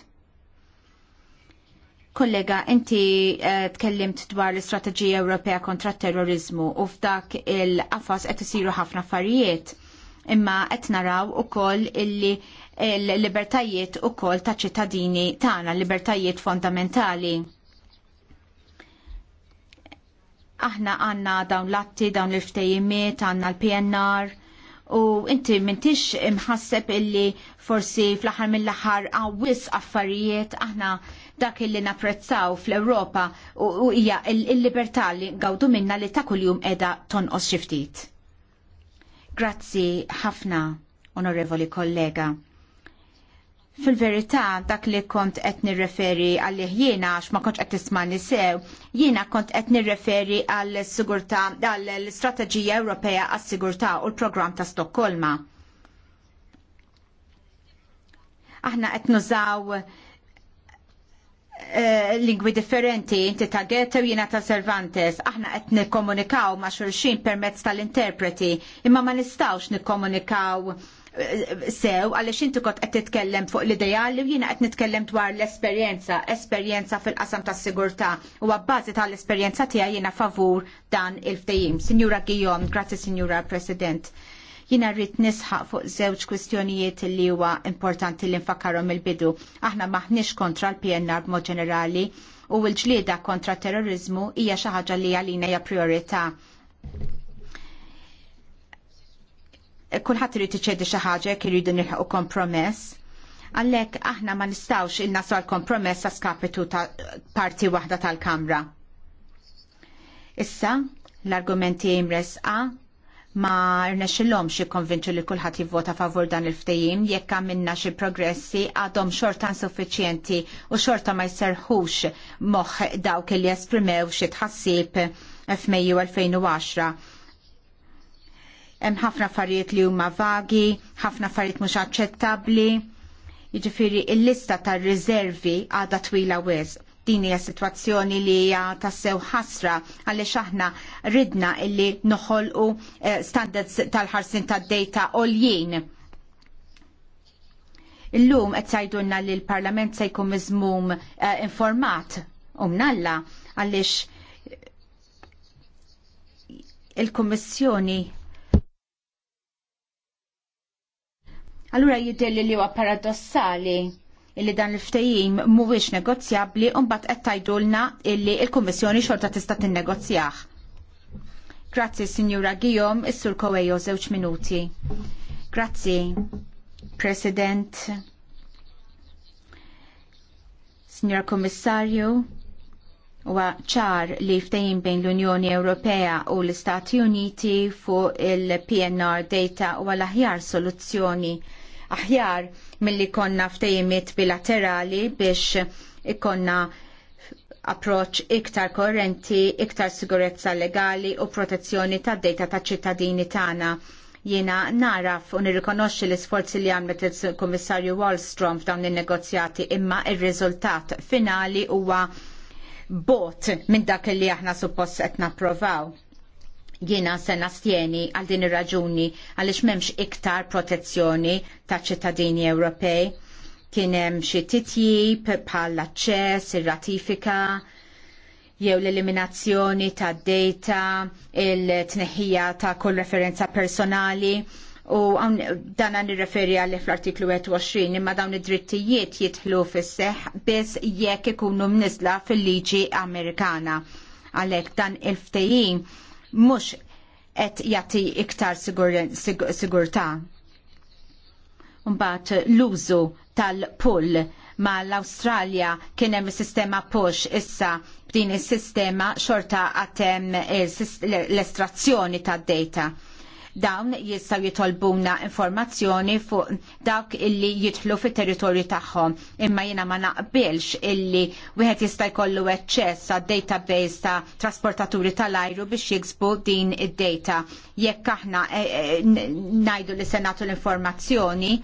Kollega, inti eh, tkellimt dwar l-Istrateġija Ewropea kontra t terrorizmu u f'dak il-qafas qed isiru ħafna affarijiet. Imma qed naraw ukoll illi l-libertajiet ukoll ta' ċittadini tagħna, libertajiet fondamentali aħna għanna dawn l-atti, dawn l-ftejimiet, għanna l-PNR, u inti mintix imħasseb illi forsi fl aħħar mill-axar għawis affarijiet aħna dak illi napprezzaw fl-Ewropa u hija l-libertà li gawdu minna li ta' kuljum edha tonqos xi ftit. Grazzi ħafna, onorevoli kollega. Fil-verità, dak li kont qed nirreferi għal jiena għax ma kontx qed tisma' sew, jiena kont qed nirreferi għall sigurtà għall-Istrateġija Ewropea għas-Sigurtà u l-Programm ta' Stokkolma. Aħna qed nużaw Eh, lingwi differenti, inti ta' Goethe u jiena ta' Cervantes, aħna qed nikkomunikaw ma' xulxin permezz tal-interpreti, imma ma nistgħux nikkomunikaw eh, sew għaliex inti kot qed titkellem fuq l-ideali u jiena qed nitkellem dwar l-esperjenza, esperjenza fil-qasam tas-sigurtà u għabbażi tal-esperjenza tiegħi jiena favur dan il ftejim Sinjura Gijom, grazie, Signora President. Jina rrit nisħaq fuq żewġ kwistjonijiet li huwa importanti li nfakkarhom il-bidu. Aħna maħniex kontra l-PNR b'mod ġenerali u l-ġlieda kontra terrorizmu hija xi ħaġa li għalina hija priorità. Kulħadd irid iċedi xi ħaġa jekk iridu nilħaqu kompromess għallek aħna ma nistawx il-nasu għal-kompromess ta' skapitu ta' parti wahda tal-Kamra. Issa, l-argumenti jimres A ma rnexxilhom xi konvinċu li kulħadd jivvota favur dan il-ftehim jekk għamilna xi progressi għadhom xorta insuffiċjenti u xorta ma jserħux moħħ dawk li esprimew xi tħassib f'Mejju 2010. Hemm ħafna affarijiet li huma vagi, ħafna affarijiet mhux aċċettabbli. Jiġifieri l-lista tar-riservi għadha twila wisq Din hija sitwazzjoni li hija tassew ħasra għaliex aħna ridna illi noħolqu eh, standards tal-ħarsin tad-data għoljien. Illum qed sajdunna li l-Parlament se jkun miżmum eh, informat u mnalla għaliex il-Kommissjoni Allura jidher li huwa paradossali illi dan il-ftejim mhuwiex negozjabbli u mbagħad qed tgħidulna illi il kummissjoni xorta tista' tinnegozjah. Grazzi Sinjura Gijom, is-Sur Kowejo żewġ minuti. Grazzi, President, Signor Kommissarju, huwa ċar li ftehim bejn l-Unjoni Ewropea u l-Istati Uniti fuq il-PNR data huwa l-aħjar soluzzjoni aħjar milli konna ftejimiet bilaterali biex ikonna approċ iktar korrenti, iktar sigurezza legali u protezzjoni ta' data ta' ċittadini tagħna. Jiena naraf u nirrikonoxxi l-isforzi li għamlet il-Kummissarju Wallstrom f'dawn in-negozjati imma ir-riżultat finali huwa bot minn dak li aħna suppost qed napprovaw. Jiena se nastieni għal din ir-raġuni għaliex m'hemmx iktar protezzjoni ta' ċittadini Ewropej. Kien hemm xi titjib bħal l-aċċess, ir-ratifika, jew l-eliminazzjoni ta' data, il-tneħħija ta' kull referenza personali. U dan għan nirreferi għalli fl-artiklu 21 imma dawn id-drittijiet jitħlu fis-seħ biss jekk ikunu mnisla fil-liġi Amerikana. Għalhekk dan il-ftejjim mhux qed jagħti iktar sigurtà. Sigur Mbagħad l-użu tal-pull ma l-Awstralja kien hemm sistema push issa b'din is-sistema xorta għad hemm l-estrazzjoni tad-data Dawn jistgħu jitolbuna informazzjoni fuq dawk illi jidħlu fit territorju tagħhom. Imma jiena ma naqbilx illi wieħed jista' jkollu eċċess għad database ta' trasportaturi tal-ajru biex jiksbu din id-data. Jekk aħna eh, eh, ngħidu li se nagħtu l-informazzjoni,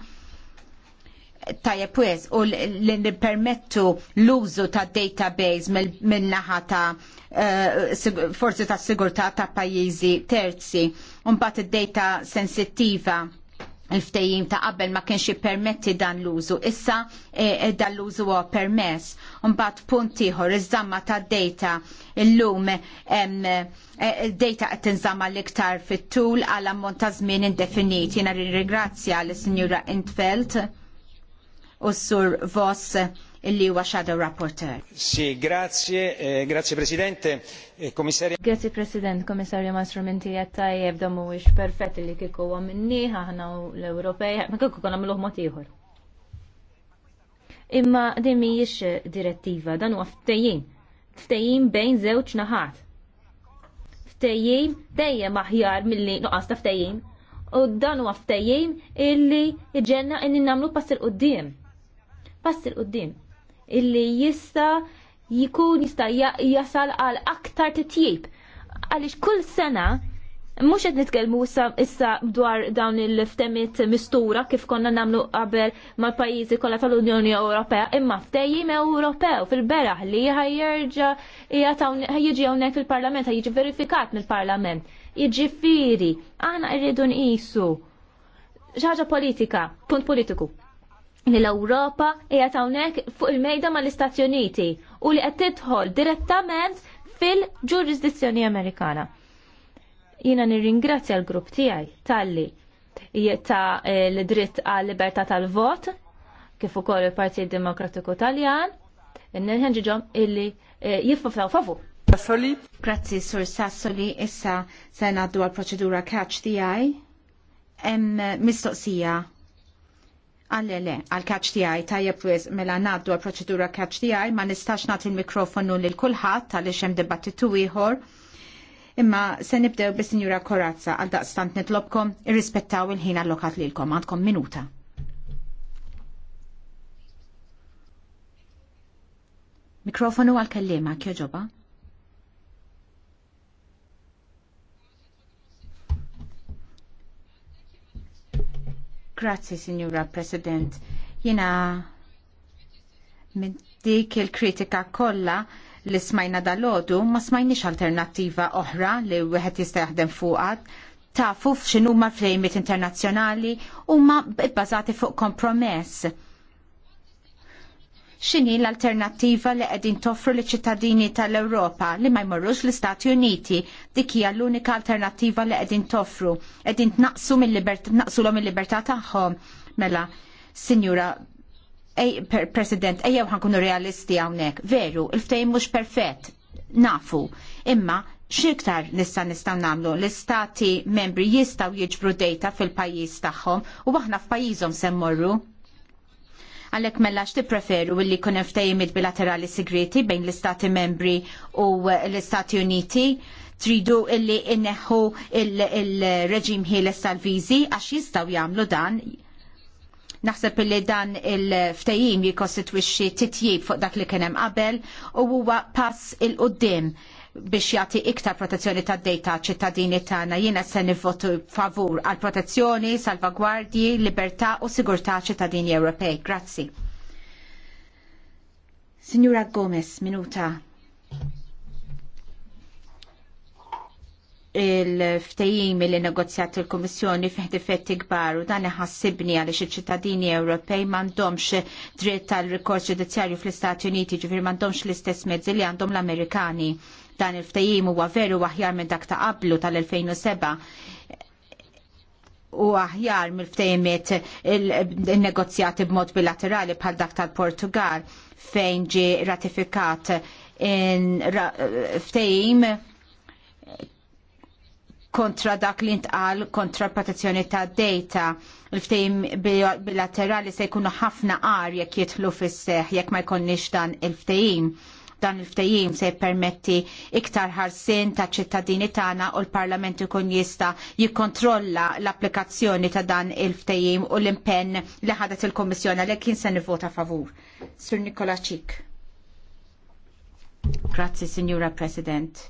tajjeb wis u li nippermettu l-użu ta' database mill-naħa ta' eh, forzi ta' sigurtà ta' pajjiżi terzi. Mbagħad id-data sensittiva il-ftejjim ta' qabel ma kienx jippermetti dan l-użu. Issa e, dan l-użu huwa permess. Mbagħad punt ieħor iż-żamma tad data illum eh, data qed tinżamma l-iktar fit-tul għal ammont ta' żmien indefinit. Jiena ringrazzja lis sinjura Intfeld u s sur Voss illi huwa Shadow Rapporteur. Si, grazie, eh, grazie Presidente, eh, Komissarja. Grazie President, Komissarja ma strumenti għattajjeb da mhuwiex perfett li kieku huwa minni aħna l-Ewropej, ma kieku konna mill mod ieħor. Imma din mhijiex direttiva, dan huwa ftejjin. Ftejjin bejn żewġ naħat. Ftejjin dejjem aħjar milli nuqqas ta' ftejjin. U dan huwa ftejjin illi ġenna inni nagħmlu pass il qudiem pass il-qoddim illi jista jikun jista jasal għal aktar titjib. Għalix kull sena mux għed nitkelmu issa dwar dawn il-ftemit mistura kif konna namlu qabel mal pajizi kolla tal-Unjoni Ewropea imma ftejjim Ewropew fil-beraħ li ħajjerġa ħajjġi hawnhekk fil-Parlament ħajjġi verifikat mill-Parlament. Jiġifieri, aħna rridu nqisu ħaġa politika, punt politiku li l-Ewropa hija hawnhekk fuq il-mejda mal-Istati Uniti u li qed tidħol direttament fil-ġurisdizzjoni Amerikana. Jiena nirringrazzja l-grupp tiegħi talli ta' l-dritt għal libertà tal-vot kif ukoll il-Partit Demokratiku Taljan n-niħen nħenġiġom illi eh, jiffafaw favu. Sassoli. Grazzi, Sur Sassoli. Issa se ngħaddu għal proċedura catch DI. Em mistoqsija Għallele, ah, għal kaċ tijaj, tajjeb wiz, mela naddu għal proċedura kaċ tijaj, ma nistax nagħti l-mikrofonu lil kulħadd għaliex hemm dibattitu ieħor. Imma se nibdew bis sinjura Korazza għal daqstant nitlobkom irrispettaw il-ħin allokat lilkom għandkom minuta. Mikrofonu għal kellima, kjoġoba? Grazzi, Signora President. Jina minn dik il-kritika kollha li smajna dal-ħodu ma smajniex alternattiva oħra li wieħed jista' jaħdem fuqat tafu f'x'inhuma frejmiet internazzjonali huma bbażati fuq kompromess x'inhi l-alternattiva li qegħdin toffru li ċittadini tal-Ewropa li ma jmorrux l-Istati Uniti dik hija l-unika alternattiva li qegħdin toffru. Qegħdin tnaqsu l-om libertà libertà tagħhom. Mela, Sinjura ej, President, ejjew ħankunu realisti hawnhekk. Veru, il-ftehim mhux perfett, nafu, imma xiktar nista nistaw namlu l-istati membri jistaw jiġbru data fil-pajis tagħhom u aħna f'pajjiżhom mmorru. Għalhekk mela tippreferu li jkun hemm ftehimiet bilaterali segreti bejn l-Istati membri u l-Istati Uniti tridu illi inneħħu il-reġim ħieles tal-viżi għax jistgħu jagħmlu dan naħseb illi dan il-ftajim jikostitwixxi titjib fuq dak li kien hemm qabel u huwa pass il qudiem biex jagħti iktar protezzjoni tad dejta ċittadini tagħna. Jiena se nivvotu favur għal protezzjoni, salvagwardji, libertà u sigurtà ċittadini Ewropej. Grazzi. Signora Gomez, minuta. il-ftejim li negozjat il-Komissjoni fetti gbar u dan iħassibni għaliex iċ-ċittadini Ewropej m'għandhomx dritt tal-rikors ġudizzjarju fl-Istati Uniti, ġifier m'għandhomx l-istess mezzi li għandhom l-Amerikani Dan il-ftajim huwa veru aħjar minn dak ta' qablu tal-2007 u aħjar mill ftajimiet il-negozjati b'mod bilaterali bħal dak tal-Portugal fejn ġi ratifikat ftajim kontra dak li ntqal kontra protezzjoni ta' data. Il-ftejim bilaterali se jkunu ħafna għar jekk jidħlu fis seħħ jekk ma jkonniex dan il-ftejim. il ftehim Dan il-ftejjim se jippermetti iktar ħarsien ta' ċittadini tagħna u l-Parlament ikun jista jikkontrolla l-applikazzjoni ta' dan il ftehim u l-impenn li ħadet il-Kommissjoni għalhekk jien se nivvota favur. Sur Nikola Ċik. Grazzi, Signora President.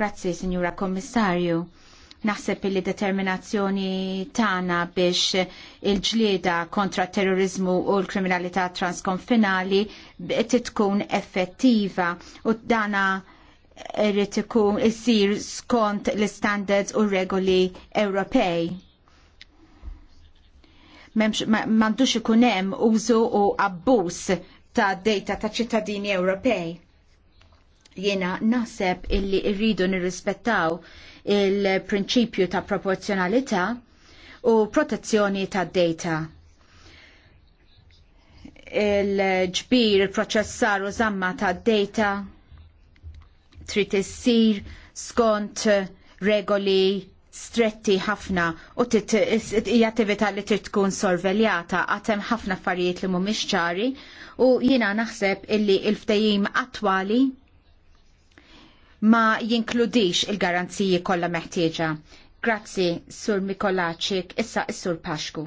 Grazzi, Signora Kommissarju Naħseb li determinazzjoni tagħna biex il-ġlieda kontra terrorizmu u l-kriminalità transkonfinali tkun effettiva u dana irrid ikun issir skont l-standards u regoli Ewropej M'għandux ikun hemm użu u abbuż ta' data ta' ċittadini Ewropej. Jiena naħseb illi rridu nirrispettaw il-prinċipju ta' proporzjonalità u protezzjoni ta' data il-ġbir, il-proċessar u zamma ta' data trid issir skont regoli stretti ħafna u hija attività li trid tkun sorveljata għad hemm ħafna affarijiet li mhumiex ċari u jiena naħseb illi l-ftehim attwali ma jinkludix il-garanziji kollha meħtieġa. Grazzi, Sur Mikolaċik, issa is-Sur Paxku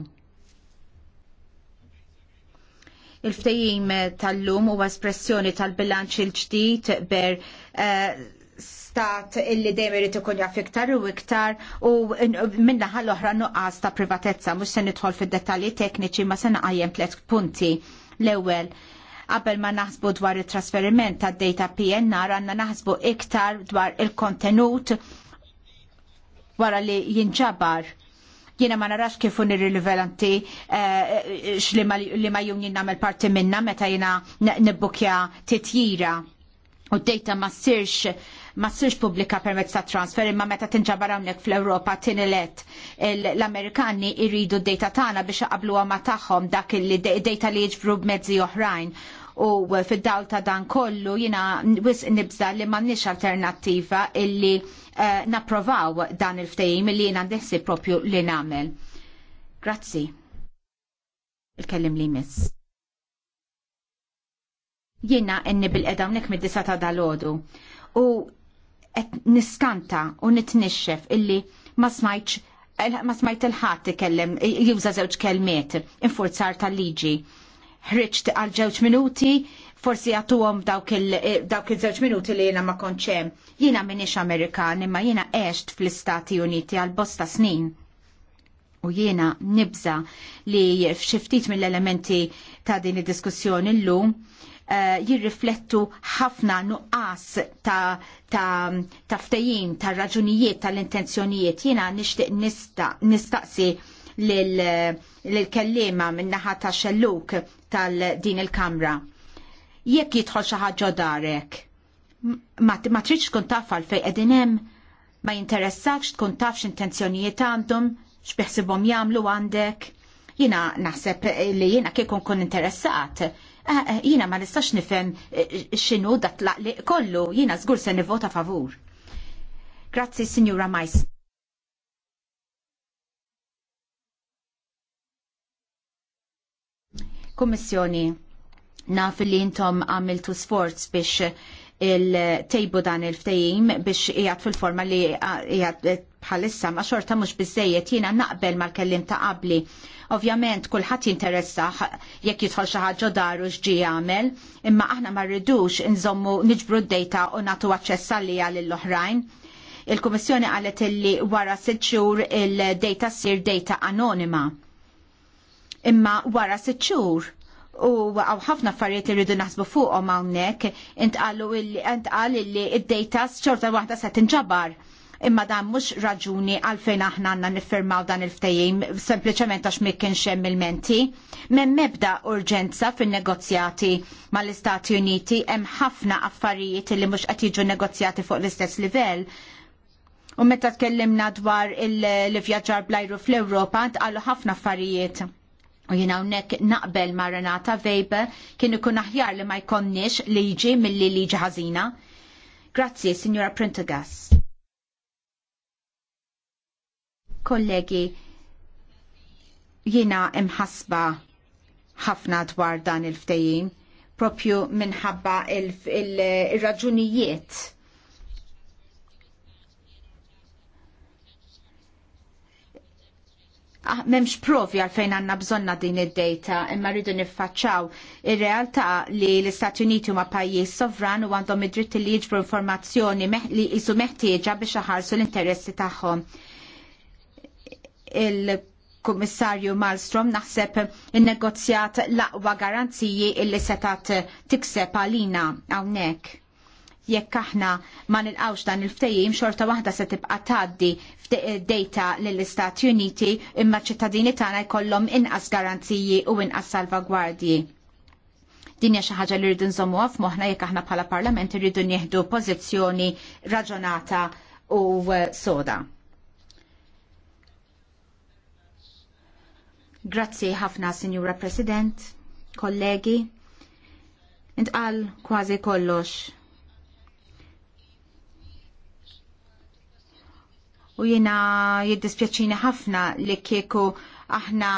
il-ftejim tal-lum u espressjoni tal-bilanċ il-ġdid ber eh, stat illi dejjem irid ikun jaf iktar u iktar u minnaħa l-oħra nuqqas ta' privatezza mhux se nidħol fid-dettalji tekniċi ma se naqajjem tliet punti. L-ewwel Qabel ma naħsbu dwar it trasferiment tad data PNR għandna naħsbu iktar dwar il-kontenut wara li jinġabar. Jiena ma narax kif hu irrilevanti eh, eh, li ma jinnam nagħmel parti minna meta jiena nibbukja titjira u d-data ma ssirx ma ssirx pubblika permezz ta' transfer imma meta tinġabar hawnhekk fl-Ewropa tinilet l-Amerikani jridu d-data tagħna biex jaqabluha ma tagħhom dak il-data li jiġbru b'mezzi oħrajn u fid-dawl ta' dan kollu jina wis nibza li nix alternativa illi uh, napprovaw dan il-ftejim illi jina ndessi propju li namel. Grazzi. Il-kellim li miss. Jina enni bil-edam nek mid-disa ta' dal-ħodu. U et niskanta u nitnixxef illi ma smajtx ma smajt il-ħat ikellem juża żewġ kelmiet infurzar tal-liġi. Ħriġt għal ġewġ minuti, forsi għatuhom dawk il-żewġ minuti li jiena ma konċem. Jiena minix Amerikan imma jiena għext fl-Istati Uniti għal bosta snin. U jiena nibża li fxiftit mill-elementi ta' din id-diskussjoni l-lum Eh, jirriflettu ħafna nuqqas ta' ta' ftejim, ta' raġunijiet, tal-intenzjonijiet. Jiena nixtieq nistaqsi lill-kellima min-naħa ta' xelluk tal-din il-kamra. Jekk jidħol xi ħaġa darek, ma tridx tkun taf għal fejn qegħdin hemm, ma jinteressakx tkun taf x'intenzjonijiet għandhom, x'biħsibhom jagħmlu għandek. Jiena naħseb li jiena kieku nkun interessat Eh, eh, jina ma nistax nifem eh, xinu dat li kollu, jina zgur se nivota favur. Grazzi, Signora Mais. Kommissjoni, naf li intom għamiltu sforz biex il-tejbu dan il-ftejim biex jgħat fil-forma li jgħat bħalissa ma xorta mux bizzejiet jina naqbel mal-kellim ta' qabli Ovvjament kulħadd jinteressa jekk jidħol xi ħaġa daru x'ġi jagħmel, imma aħna ma rridux inżommu niġbru d-dejta u nagħtu aċċess għalija lill-oħrajn. Il-Kummissjoni qalet illi wara sitt xhur il-data ssir data anonima. Imma wara sitt xhur u għaw ħafna affarijiet li rridu naħsbu fuqhom hawnhekk intqalu intqal li d-data xorta waħda se tinġabar imma dan mhux raġuni għalfejn aħna għandna niffirmaw dan il-ftejim sempliċement għax ma kienx hemm il-menti. Mem mebda urġenza fin-negozjati mal-Istati Uniti hemm ħafna affarijiet li mhux qed jiġu negozjati fuq l-istess livell. U meta tkellimna dwar il-vjaġġar blajru fl-Ewropa għallu ħafna affarijiet. U jina unnek naqbel ma' Renata Vejbe kien ikun aħjar li ma' jkonniex liġi mill liġi ħażina. Grazzi, Signora Prendergast. Kollegi, jina imħasba ħafna dwar dan il-ftejjin, propju minħabba il-raġunijiet. Ah, memx provi għalfejn għanna bżonna din id-data imma rridu niffaċċaw ir-realtà li l-Istati Uniti huma pajjiż sovran u għandhom id-dritt li jiġbru informazzjoni li jisu meħtieġa biex jaħarsu l-interessi tagħhom il-Kummissarju Malmstrom naħseb il-negozjat l-aqwa garanziji illi setat tikseb għalina hawnhekk. Jekk aħna ma nilqawx dan il-ftejjim xorta waħda se tibqa' tgħaddi data lill-Istati Uniti imma ċittadini tagħna jkollhom inqas garanziji u inqas salvagwardji. Dinja xi ħaġa li rridu nżommu f'moħħna jekk aħna bħala Parlament irridu nieħdu pożizzjoni raġonata u soda. Grazzi ħafna, Signora President, kollegi. Intqal kważi kollox. U jiena jiddispjaċini ħafna li kieku aħna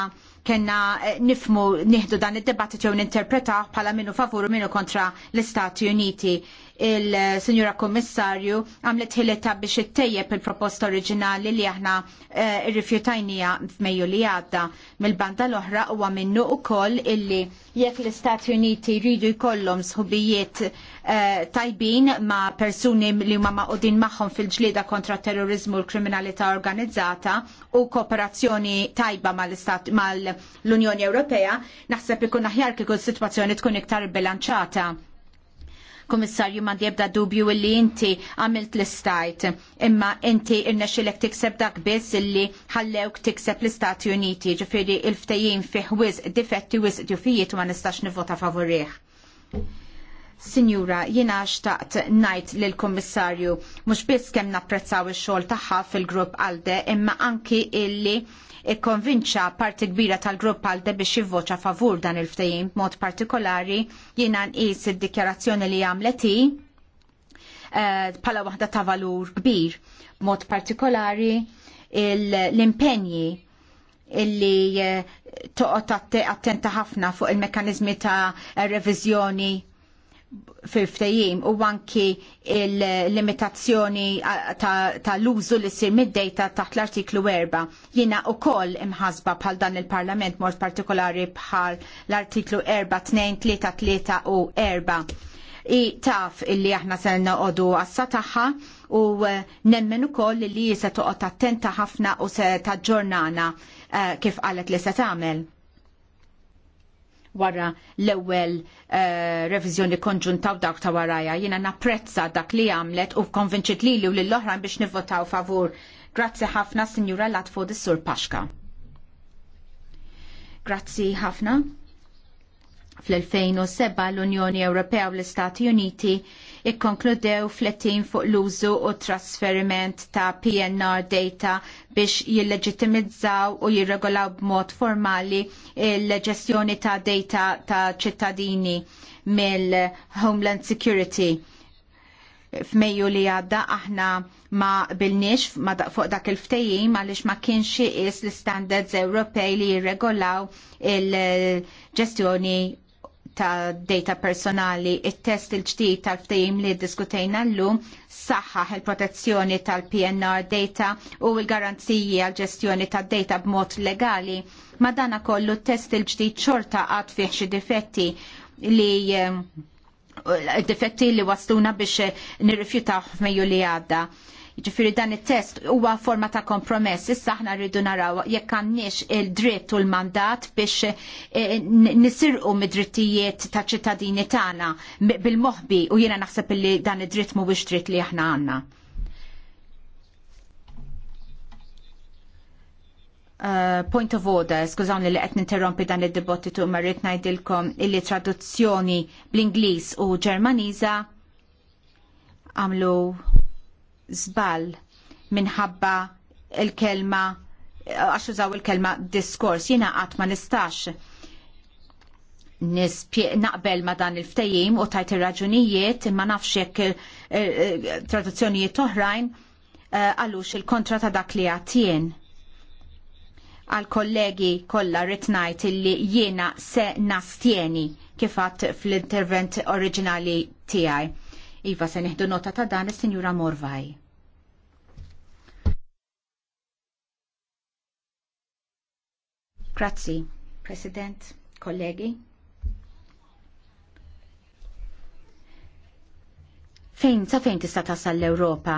kena eh, nifmu nieħdu dan id-debattit jew ninterpretaw bħala minnu favur u minnu kontra l-Istati Uniti il-Sinjura Kommissarju għamlet ħileta biex ittejjeb il-proposta oriġinali li aħna uh, eh, rifjutajnija f'Mejju li għadda mill-banda l-oħra huwa minnu wkoll illi jekk l-Istati Uniti jridu jkollhom sħubijiet eh, tajbin ma' persuni li huma maqudin magħhom fil-ġlieda kontra terrorizmu u l-kriminalità organizzata u kooperazzjoni tajba mal-Unjoni Ewropea, naħseb ikun aħjar kieku s-sitwazzjoni tkun iktar bilanċata Komissarju ma jibda dubju illi inti għamilt l-istajt, imma inti irnexilek tikseb dak biss illi ħallewk tikseb l-Istati Uniti, ġifiri il-ftajin fiħ wiz difetti wiz djufijiet ma nistax nivvota favorih. Sinjura, jiena xtaqt najt lill-Kummissarju mhux biss kemm napprezzaw ix-xogħol tagħha fil-grupp għalde imma anki illi ikkonvinċa parti kbira tal-grupp għal biex jivvoċa favur dan il-ftehim b'mod partikolari jiena nqis id-dikjarazzjoni li għamlet hi eh, bħala waħda ta' valur kbir b'mod partikolari l-impenji illi eh, toqgħod attenta ħafna fuq il-mekkaniżmi ta' reviżjoni fil ftajim u anki il-limitazzjoni tal-użu ta li sir mid-dejta taħt l-artiklu 4. Jina u koll imħazba bħal dan il-parlament mort partikolari bħal l-artiklu 4, 2, 3, 3 u 4 i taf illi aħna se noqogħdu għassa taħħa u eh, nemmen u ukoll li jisa toqgħod attenta ħafna u se taġġornana uh, kif għalet li se tagħmel wara l-ewwel uh, reviżjoni konġunta u dawk ta' waraja. Jiena napprezza dak li għamlet u konvinċit li li u l-oħrajn biex nivvotaw favur. Grazzi ħafna, Sinjura Latfod Sur Paxka. Grazzi ħafna. Fl-2007 l-Unjoni Ewropea u l-Istati Uniti ikkonkludew flettin fuq l-użu u trasferiment ta' PNR data biex jilleġitimizzaw u jirregolaw b'mod formali il-ġestjoni ta' data ta' ċittadini mill-Homeland Security f'Mejju li għadda aħna ma bilniex ma da, fuq dak il ftejim għaliex ma kienx is l-standards Ewropej li jirregolaw il-ġestjoni ta' data personali, il-test il-ġdid tal-ftehim li diskutejna l lu saħħaħ il-protezzjoni tal-PNR data u l-garanziji għal-ġestjoni tad data b'mod legali. Ma dana kollu test il-ġdid xorta għad fih xi difetti li eh, difetti li wasluna biex nirrifjutaw f'mejju li għadda Ġifiri dan it-test huwa forma ta' kompromess. Issa aħna rridu naraw jekk għandniex il-dritt u l-mandat biex eh, nisirqu mid-drittijiet ta' ċittadini tagħna bil-moħbi u jiena naħseb li dan id-dritt mhuwiex dritt li aħna għandna. Uh, point of order, skużawni li qed ninterrompi dan id-dibattitu ma rrid ngħidilkom illi traduzzjoni bl-Ingliż u Ġermaniża għamlu żball minħabba il-kelma għax użaw il-kelma diskors jiena qatt ma nistax naqbel ma dan il-ftejim u tajt ir-raġunijiet imma nafx eh, eh, traduzzjonijiet oħrajn eh, għalux il-kontra ta' dak li għatien. Għal kollegi kollha rrid ngħid jiena se nastjeni kif kifat fl-intervent oriġinali tiegħi Iva se neħdu nota ta' dan is-Sinjura Morvaj. Grazzi, President, kollegi. Fejn sa fejn tista' tasal l-Ewropa?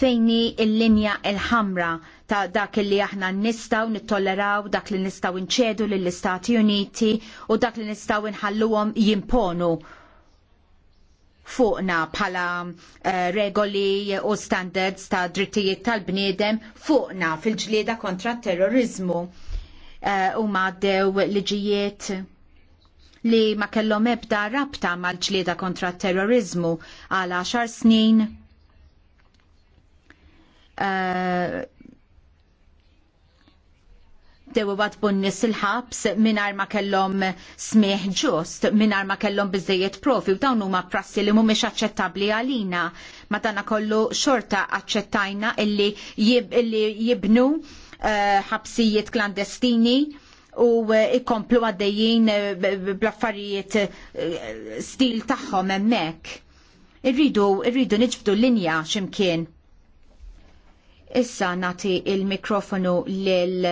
fejni il-linja il-ħamra ta' dak li aħna nistaw nittolleraw, dak li nistaw nċedu lill-Istati Uniti u dak li nistaw nħalluhom jimponu fuqna bħala uh, regoli u standards ta' drittijiet tal-bniedem fuqna fil-ġlieda kontra t terrorizmu uh, eh, u maddew liġijiet li ma kellhom ebda rabta mal-ġlieda kontra t terrorizmu għal 10 snin. Uh, bdew iwadbu n il-ħabs mingħajr ma kellhom smieħ ġust, mingħajr ma kellhom bizzejiet profi u dawn huma prassi li mhumiex aċċettabbli għalina. Ma kollu xorta aċċettajna illi, jib, illi jibnu eh, ħabsijiet uh, klandestini u eh, ikomplu għaddejjin eh, blaffarijiet affarijiet stil tagħhom hemmhekk. Irridu, irridu niġbdu linja ximkien. Issa nati il-mikrofonu lil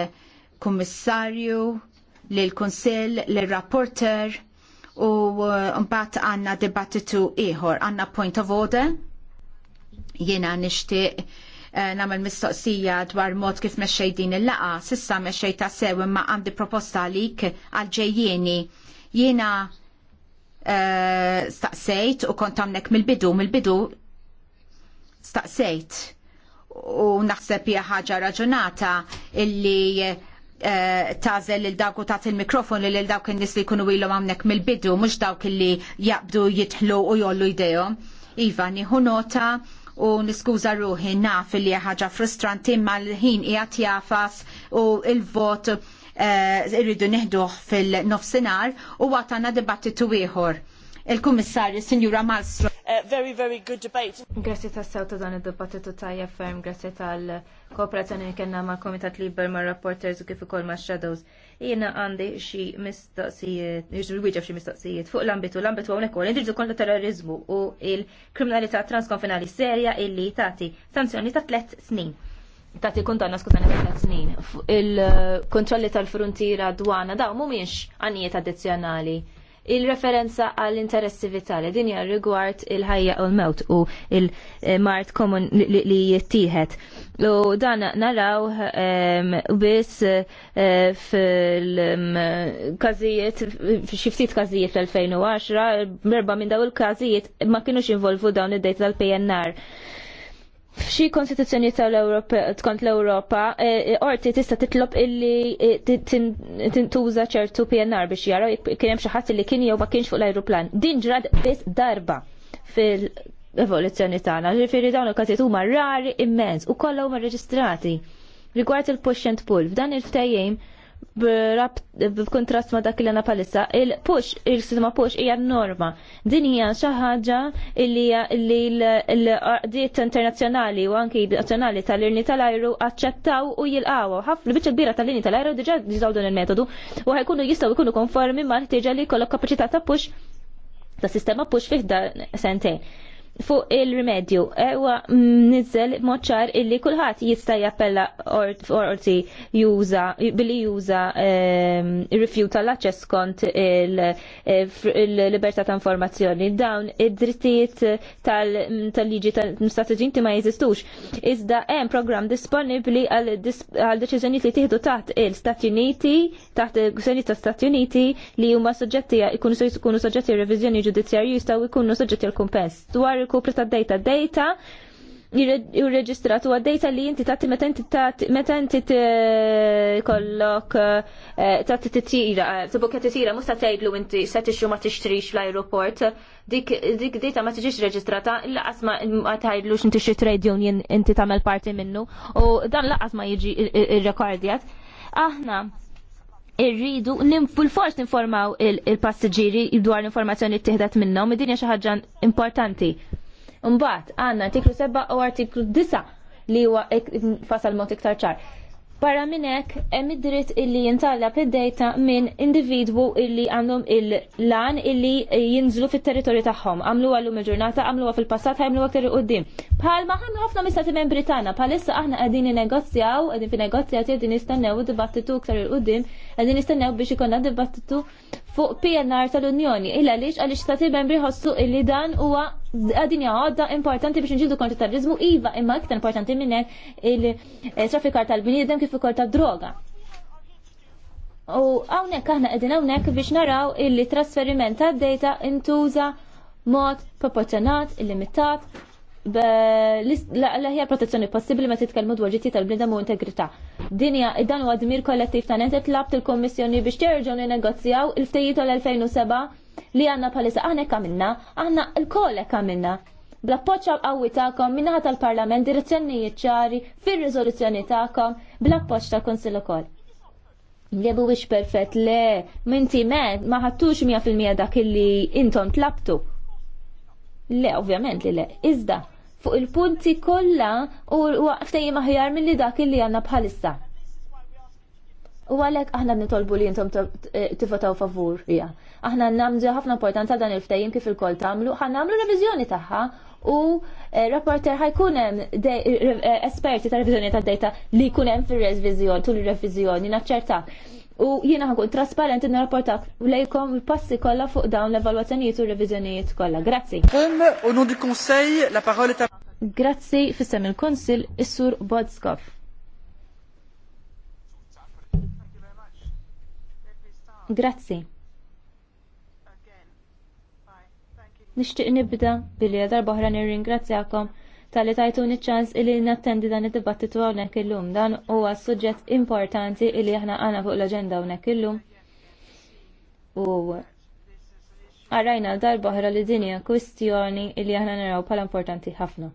kummissarju, lill-Kunsill, lir-rapporter u uh, mbagħad għandna dibattitu ieħor. Għandna point of order. Jiena nixtieq uh, nagħmel mistoqsija dwar mod kif mexxej din il-laqa, sissa mexxej ta' sew imma għandi proposta għalik ġejjieni. Jiena uh, staqsejt u kont għamnek mill-bidu, mill-bidu staqsejt u naħseb hija ħaġa raġunata illi Eh, tażel lil dawk u tagħti il-mikrofon lil dawk in-nies li jkunu ilhom hawnhekk mill-bidu mhux dawk li jaqbdu jitħlu u jollu jdejhom. Iva, nieħu nota u niskuża ruħi naf li ħaġa frustranti imma l-ħin qiegħed jafas u il-vot eh, irridu nieħduh fil-nofsinhar u għatana dibattitu ieħor il-Kummissarju Sinjura Malmström. Uh, very, very good debate. Grazie ta' sew ta' dan id-dibattitu tajja ferm, grazie tal-kooperazzjoni li kena ma' Komitat Liber ma' Reporters u kif ukoll ma' Shadows. Jiena għandi xi mistoqsijiet, jirġu xi mistoqsijiet fuq l-ambitu, l-ambitu hawnhekk ukoll indirizzu kontra terrorizmu u il-kriminalità transkonfinali serja illi tagħti sanzjoni ta' tliet snin tati kundanna skużani ta' tliet snin. Il-kontrolli tal-frontiera dwana da mhumiex għanijiet addizzjonali il-referenza għall-interessi vitali din hija rigward il-ħajja u l-mewt u il-mart komun li jittieħed. U dan naraw biss eh, fil-każijiet f'xi ftit każijiet l-2010 berba minn daw il-każijiet ma kienux involvu dawn id-dejt tal-PNR f'xi konstituzzjoni tal kont l-Ewropa, e, e, orti tista' titlob illi e, tintuża ċertu PNR biex jaraw kien hemm xi ħadd li kien jew ma kienx fuq l-ajruplan. Din ġrad biss darba fil-evoluzzjoni tagħna. Ġifieri dawn il-każijiet huma rari immens u kollha huma rreġistrati. Rigward il-push and pull, f'dan il-ftejjejm b'kontrast ma dak li għana palissa. Il-push, il-sistema push hija norma. Din hija xi ħaġa li l-qdiet internazzjonali u anki nazzjonali tal-irni tal-ajru aċċettaw u jilqaw. Ħafna biċċa kbira tal-irni tal-ajru diġà jiżaw dan il-metodu u ħajkunu jistgħu jkunu konformi ma' ħtieġa li jkollok kapaċità ta' push ta' sistema push fih da fuq il-rimedju. Ewa mm, nizzel moċar illi kullħat jista' jappella orti juża billi juża ehm, rifjuta l-aċċess kont il-libertà ta' informazzjoni. Dawn id-drittijiet tal-liġi tal ti ma jeżistux. Iżda hemm programm disponibbli għal deċiżjonijiet li tieħdu taħt il-Stati Uniti, taħt il-Gżenijiet ta' Stati Uniti li huma soġġetti jkunu soġġetti revizjoni ġudizzjarju jistgħu jkunu soġġetti l-kumpens. Dwar il-kupri ta' data. Data jirreġistratu għad-data li inti tagħti meta inti tagħti meta inti eh, kollok eh, tagħti titira, eh, tibukja tira mhux ta' tgħidlu inti se tixtru ma tixtrix l ajruport Dik dik data ma tiġix reġistrata, laqas ma tgħidlux inti xi trade union inti tagħmel parti minnu u dan laqas ma jiġi irrekordjat. Aħna irridu fil forst informaw il-passiġġieri dwar l-informazzjoni li tieħdet minnhom, id-dinja xi ħaġa importanti Mbagħad għandna artiklu 7 u artiklu 9 li huwa fasal mod iktar ċar. Barra minn hekk hemm id-dritt illi jintallab id-dejta minn individwu illi għandhom il-lan illi jinżlu fit-territorju tagħhom. Għamlu llum il-ġurnata, għamluha fil-passat, ħajmluha aktar qudiem. Bħalma ħamlu ħafna mistati minn Britanna, bħalissa aħna qegħdin innegozjaw, qegħdin fi negozjati qegħdin nistennew dibattitu aktar il-qudiem għedin nistennew biex ikonna dibattitu fuq PNR tal-Unjoni. Illa għaliex għaliex stati membri ħossu illi dan huwa għadin għodda importanti biex nġildu kontra terrorizmu iva imma iktar importanti minnek il-traffikar eh, tal-bniedem kif ukoll tad-droga. U għawnek aħna għedin għawnek biex naraw illi trasferiment tad data intuża mod proporzjonat, illimitat l hija protezzjoni possibbli ma titkellmu dwar ġitti tal-bnidem u integrità. Dinja, dan huwa dmir kollettiv ta' nentet lab il-Kommissjoni biex terġgħu negozjaw il-ftejji tal-2007 li għandna bħalissa aħna għamilna, aħna l hekk għamilna. Bla poċċa qawwi tagħkom minnaħa tal-Parlament direzzjonijiet ċari fir-riżoluzzjoni tagħkom bla poċċ tal-Kunsill ukoll. Li biex perfett le, minti men, ma ħattux 100% dak illi intom tlabtu. Le, ovvjament li le, iżda fuq il-punti kollha u ftejjem aħjar milli dak li għandna bħalissa. U għalek aħna nitolbu li jintom tifotaw favur hija. Aħna namġu ħafna importanza dan il-ftajim kif il-kol tamlu, ħan namlu revizjoni taħħa u eh, rapporter ħajkun hemm eh, esperti ta' revizjoni ta' data li jkun hemm fir-revizjoni tul ir-revizjoni naċċerta. U jiena ħankun trasparenti nirrapportak lejkom il-passi kollha fuq dawn l-evalwazzjonijiet u reviżjonijiet kollha. Grazzi. Au nom du la Grazzi fissem il-Konsil is-Sur Bodskov. Grazzi. Nixtieq nibda billi darba oħra nirringrazzjakom tal-li tajtuni ċans illi nattendi dan id-dibattitu hawnhekk illum. Dan huwa suġġett importanti illi aħna għana fuq l-aġenda hawnhekk illum. U għarajna darba oħra li din hija kwistjoni illi aħna naraw bħala importanti ħafna.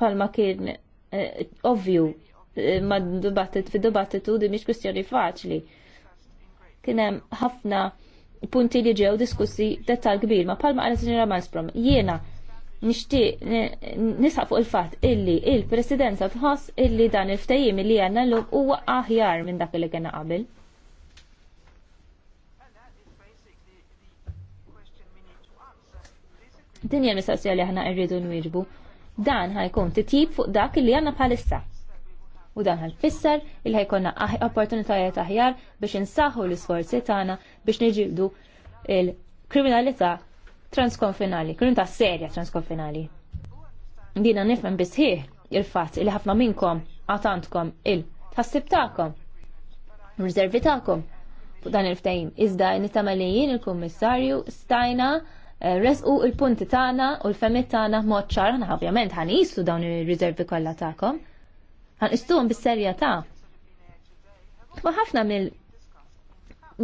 Palma kien eh, ovvju eh, ma' dibattit fi dibattitu di miex kwistjoni faċli. Kien hemm ħafna punti li ġew diskussi dettal kbir, ma palma għalet Sinjora Malmstrom, jiena nishti nisa fuq il-fatt illi il-presidenza tħoss illi dan il-ftajim illi għanna l huwa aħjar minn dak li għanna qabel. Dinja l mistaqsija li aħna n nwieġbu. Dan ħajkun titjib fuq dak li għanna bħalissa u dan fisser il ħajkonna opportunitajiet aħjar biex insaħħu l-isforzi tagħna biex niġildu il-kriminalità transkonfinali, kriminalità serja transkonfinali. Dina nifhem bisħieħ il-fatt li ħafna minnkom għatantkom il-tħassib tagħkom, riservi tagħkom fuq dan il-ftehim. Iżda nittamalijin il-kummissarju stajna eh, resqu il-punti tagħna u l-femmit tagħna mod ċar, ovvjament ħanisu dawn ir-riservi kollha tagħkom għan istum bis-serjetà. Ma ħafna mill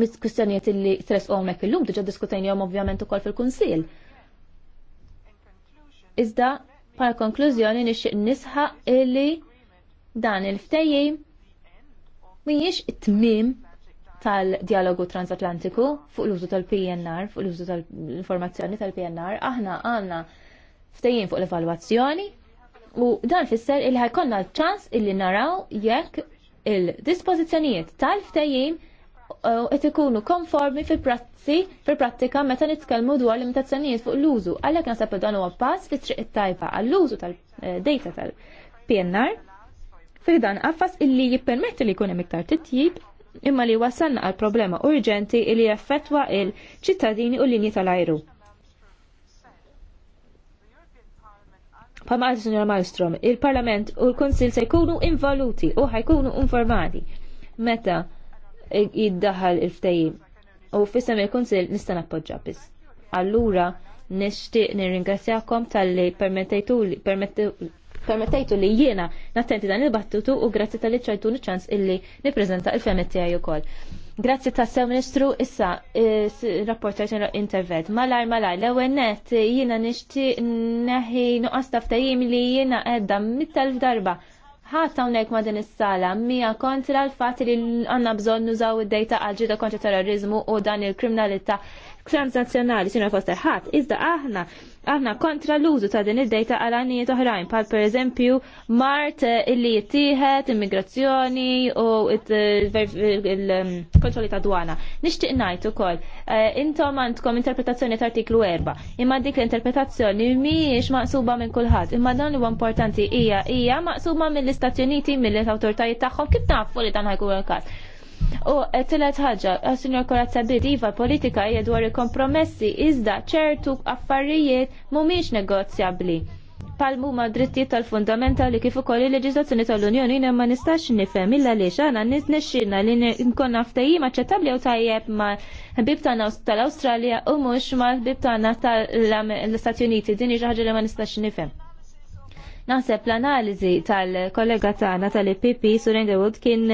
mis-kustjonijiet li tres għomek il-lum diskutajni għom ovvjament ukoll fil-Kunsil. Iżda, pal konklużjoni nixi nisħa illi dan il-ftejjim mhijiex it-tmim tal-dialogu transatlantiku fuq l-użu tal-PNR, fuq l-użu tal-informazzjoni tal-PNR, aħna għanna ftejjim fuq l-evalwazzjoni, U dan fisser il ħajkonna ċans illi naraw jekk il dispozizjonijiet tal-ftejjim uh, qed ikunu konformi fil-prazzi fil-prattika meta nitkellmu dwar limitazzjonijiet fuq l-użu. Għalhekk naħseb dan huwa pass fi triq it-tajba għall-użu tal-data eh, tal-PNR fi dan qaffas illi jippermetti li jkun hemm iktar titjib imma li wasalna għal problema urġenti li jaffetwa il-ċittadini u l-linji tal-ajru. Pa' għad Sinjora Malmstrom, il-Parlament u l-Konsil se jkunu involuti u ħajkunu informati meta jiddaħal il-ftajim u fissam il-Konsil nista' nappoġġa biss. Allura nixtieq nirringrazzjakom tal-li permettejtu li jiena nattenti dan il-battutu u grazzi tal-li ċajtuni ċans illi nippreżenta il-femmet tiegħi Grazzi ta' sew ministru issa eh, rapporter ġenra interved. Malar malar l-ewwel net eh, jiena nishti neħi nuqqas taftajim li jiena qiegħda mittelf darba. Ħadd hawnhekk ma' din is-sala mija kontra l-fatt li għandna bżonn nużaw id-dejta għal ġida kontra terrorizmu u dan il-kriminalità transnazzjonali xina foster ħadd. Iżda aħna aħna kontra l-użu ta' din id-dejta għal għannijiet oħrajn, pal per eżempju mart eh, illi jittieħed, immigrazzjoni u eh, il-kontrolli ehm, ta' dwana. Nixtieq ngħid ukoll, eh, intom għandkom interpretazzjoni ta' artiklu 4, imma dik l-interpretazzjoni mhijiex maqsuba minn kulħadd, imma dan huwa importanti hija hija maqsuba mill-Istati Uniti mill-awtoritajiet tagħhom kif nafu li dan ħajkun każ U t eh, tillet ħagġa, eh, għas Korazza Bid, iva politika hija dwar il-kompromessi, iżda ċertu affarijiet mhumiex negozjabbli palmu ma drittijiet tal-fundamentali kif ukoll il-leġiżlazzjoni tal-Unjoni jien ma nistax nifhem illa li xana nixxirna li nkun ftehim aċċettabbli u tajjeb ma ħbib tagħna tal-Awstralja u mhux ma ħbib tagħna tal-Istati Uniti. Din hija ħaġa li ma nistax nifhem. Naħseb l-analiżi tal-kollega tagħna tal-IPP Surengewood kien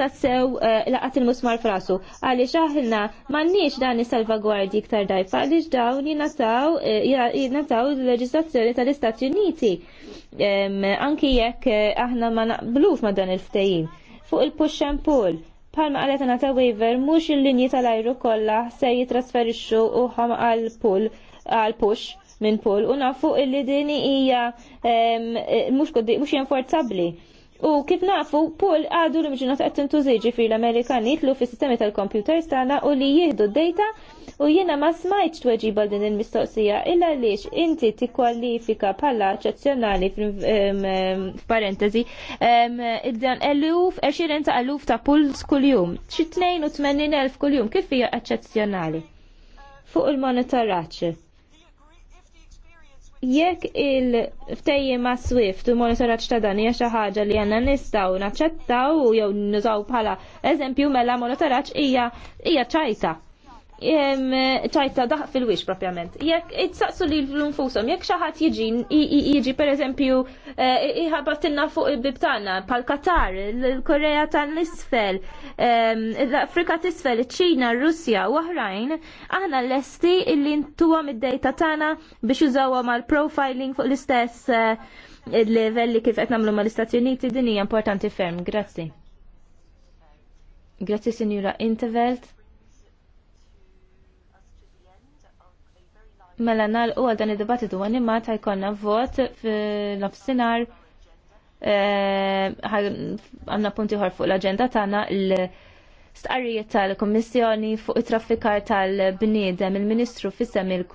tassew eh, laqat il-musmar frasu. Għaliex aħna m'għandniex dan is-salvagwardji iktar dajfa għaliex dawn jingħataw eh, l-leġislazzjoni tal-Istati Uniti. Anki jekk eh, aħna ma naqblux ma dan il-ftehim. Fuq il-push and pull, palma għalet għana ta' waiver mux il-linji tal-ajru kolla se jitrasferixxu uħam għal pull għal push minn Pol u nafu illi din hija eh, mhux jinforzabbli. U kif nafu, Pol għadu li mġinat għed tintużiġi fil l-Amerikan jitlu fi sistemi tal-kompjuters stana u li jieħdu d-data u jiena ma smajtx tweġiba din il-mistoqsija illa għaliex inti tikkwalifika bħala eccezzjonali f'parentesi id-dan eluf, 20 ta' eluf ta' puls kuljum, xi 82 elf kuljum, kif hija eccezzjonali? Fuq il-monitoraċċ jekk il-ftejje ma' Swift u monitoraċ ta' dan hija xi ħaġa li għandna nistgħu naċċettaw jew nużaw bħala eżempju mela monitoraċ hija hija ċajsa ċajta daħ fil-wix propjament. Jek, it-saqsu li l-nfusom, jek xaħat jiġi, jieġi per eżempju, eh, iħabatilna fuq il-bibtana, pal-Katar, l-Korea tal-Isfel, l-Afrika t'isfel, isfel ċina, Russja, u oħrajn, aħna l-esti illi ntuwa mid-dejta tana biex użawa mal-profiling fuq l-istess il-level eh, li kif qed nagħmlu mal-Istati Uniti din hija importanti ferm. Grazzi. Grazzi Sinjura Intervelt. mela nal għal dan id-dibattitu ta' jkonna vot f'nofsinhar eh, għandna punti ħor fuq l-aġenda tagħna l-stqarrijiet tal-Kummissjoni fuq it-traffikar tal-bniedem il-Ministru fis il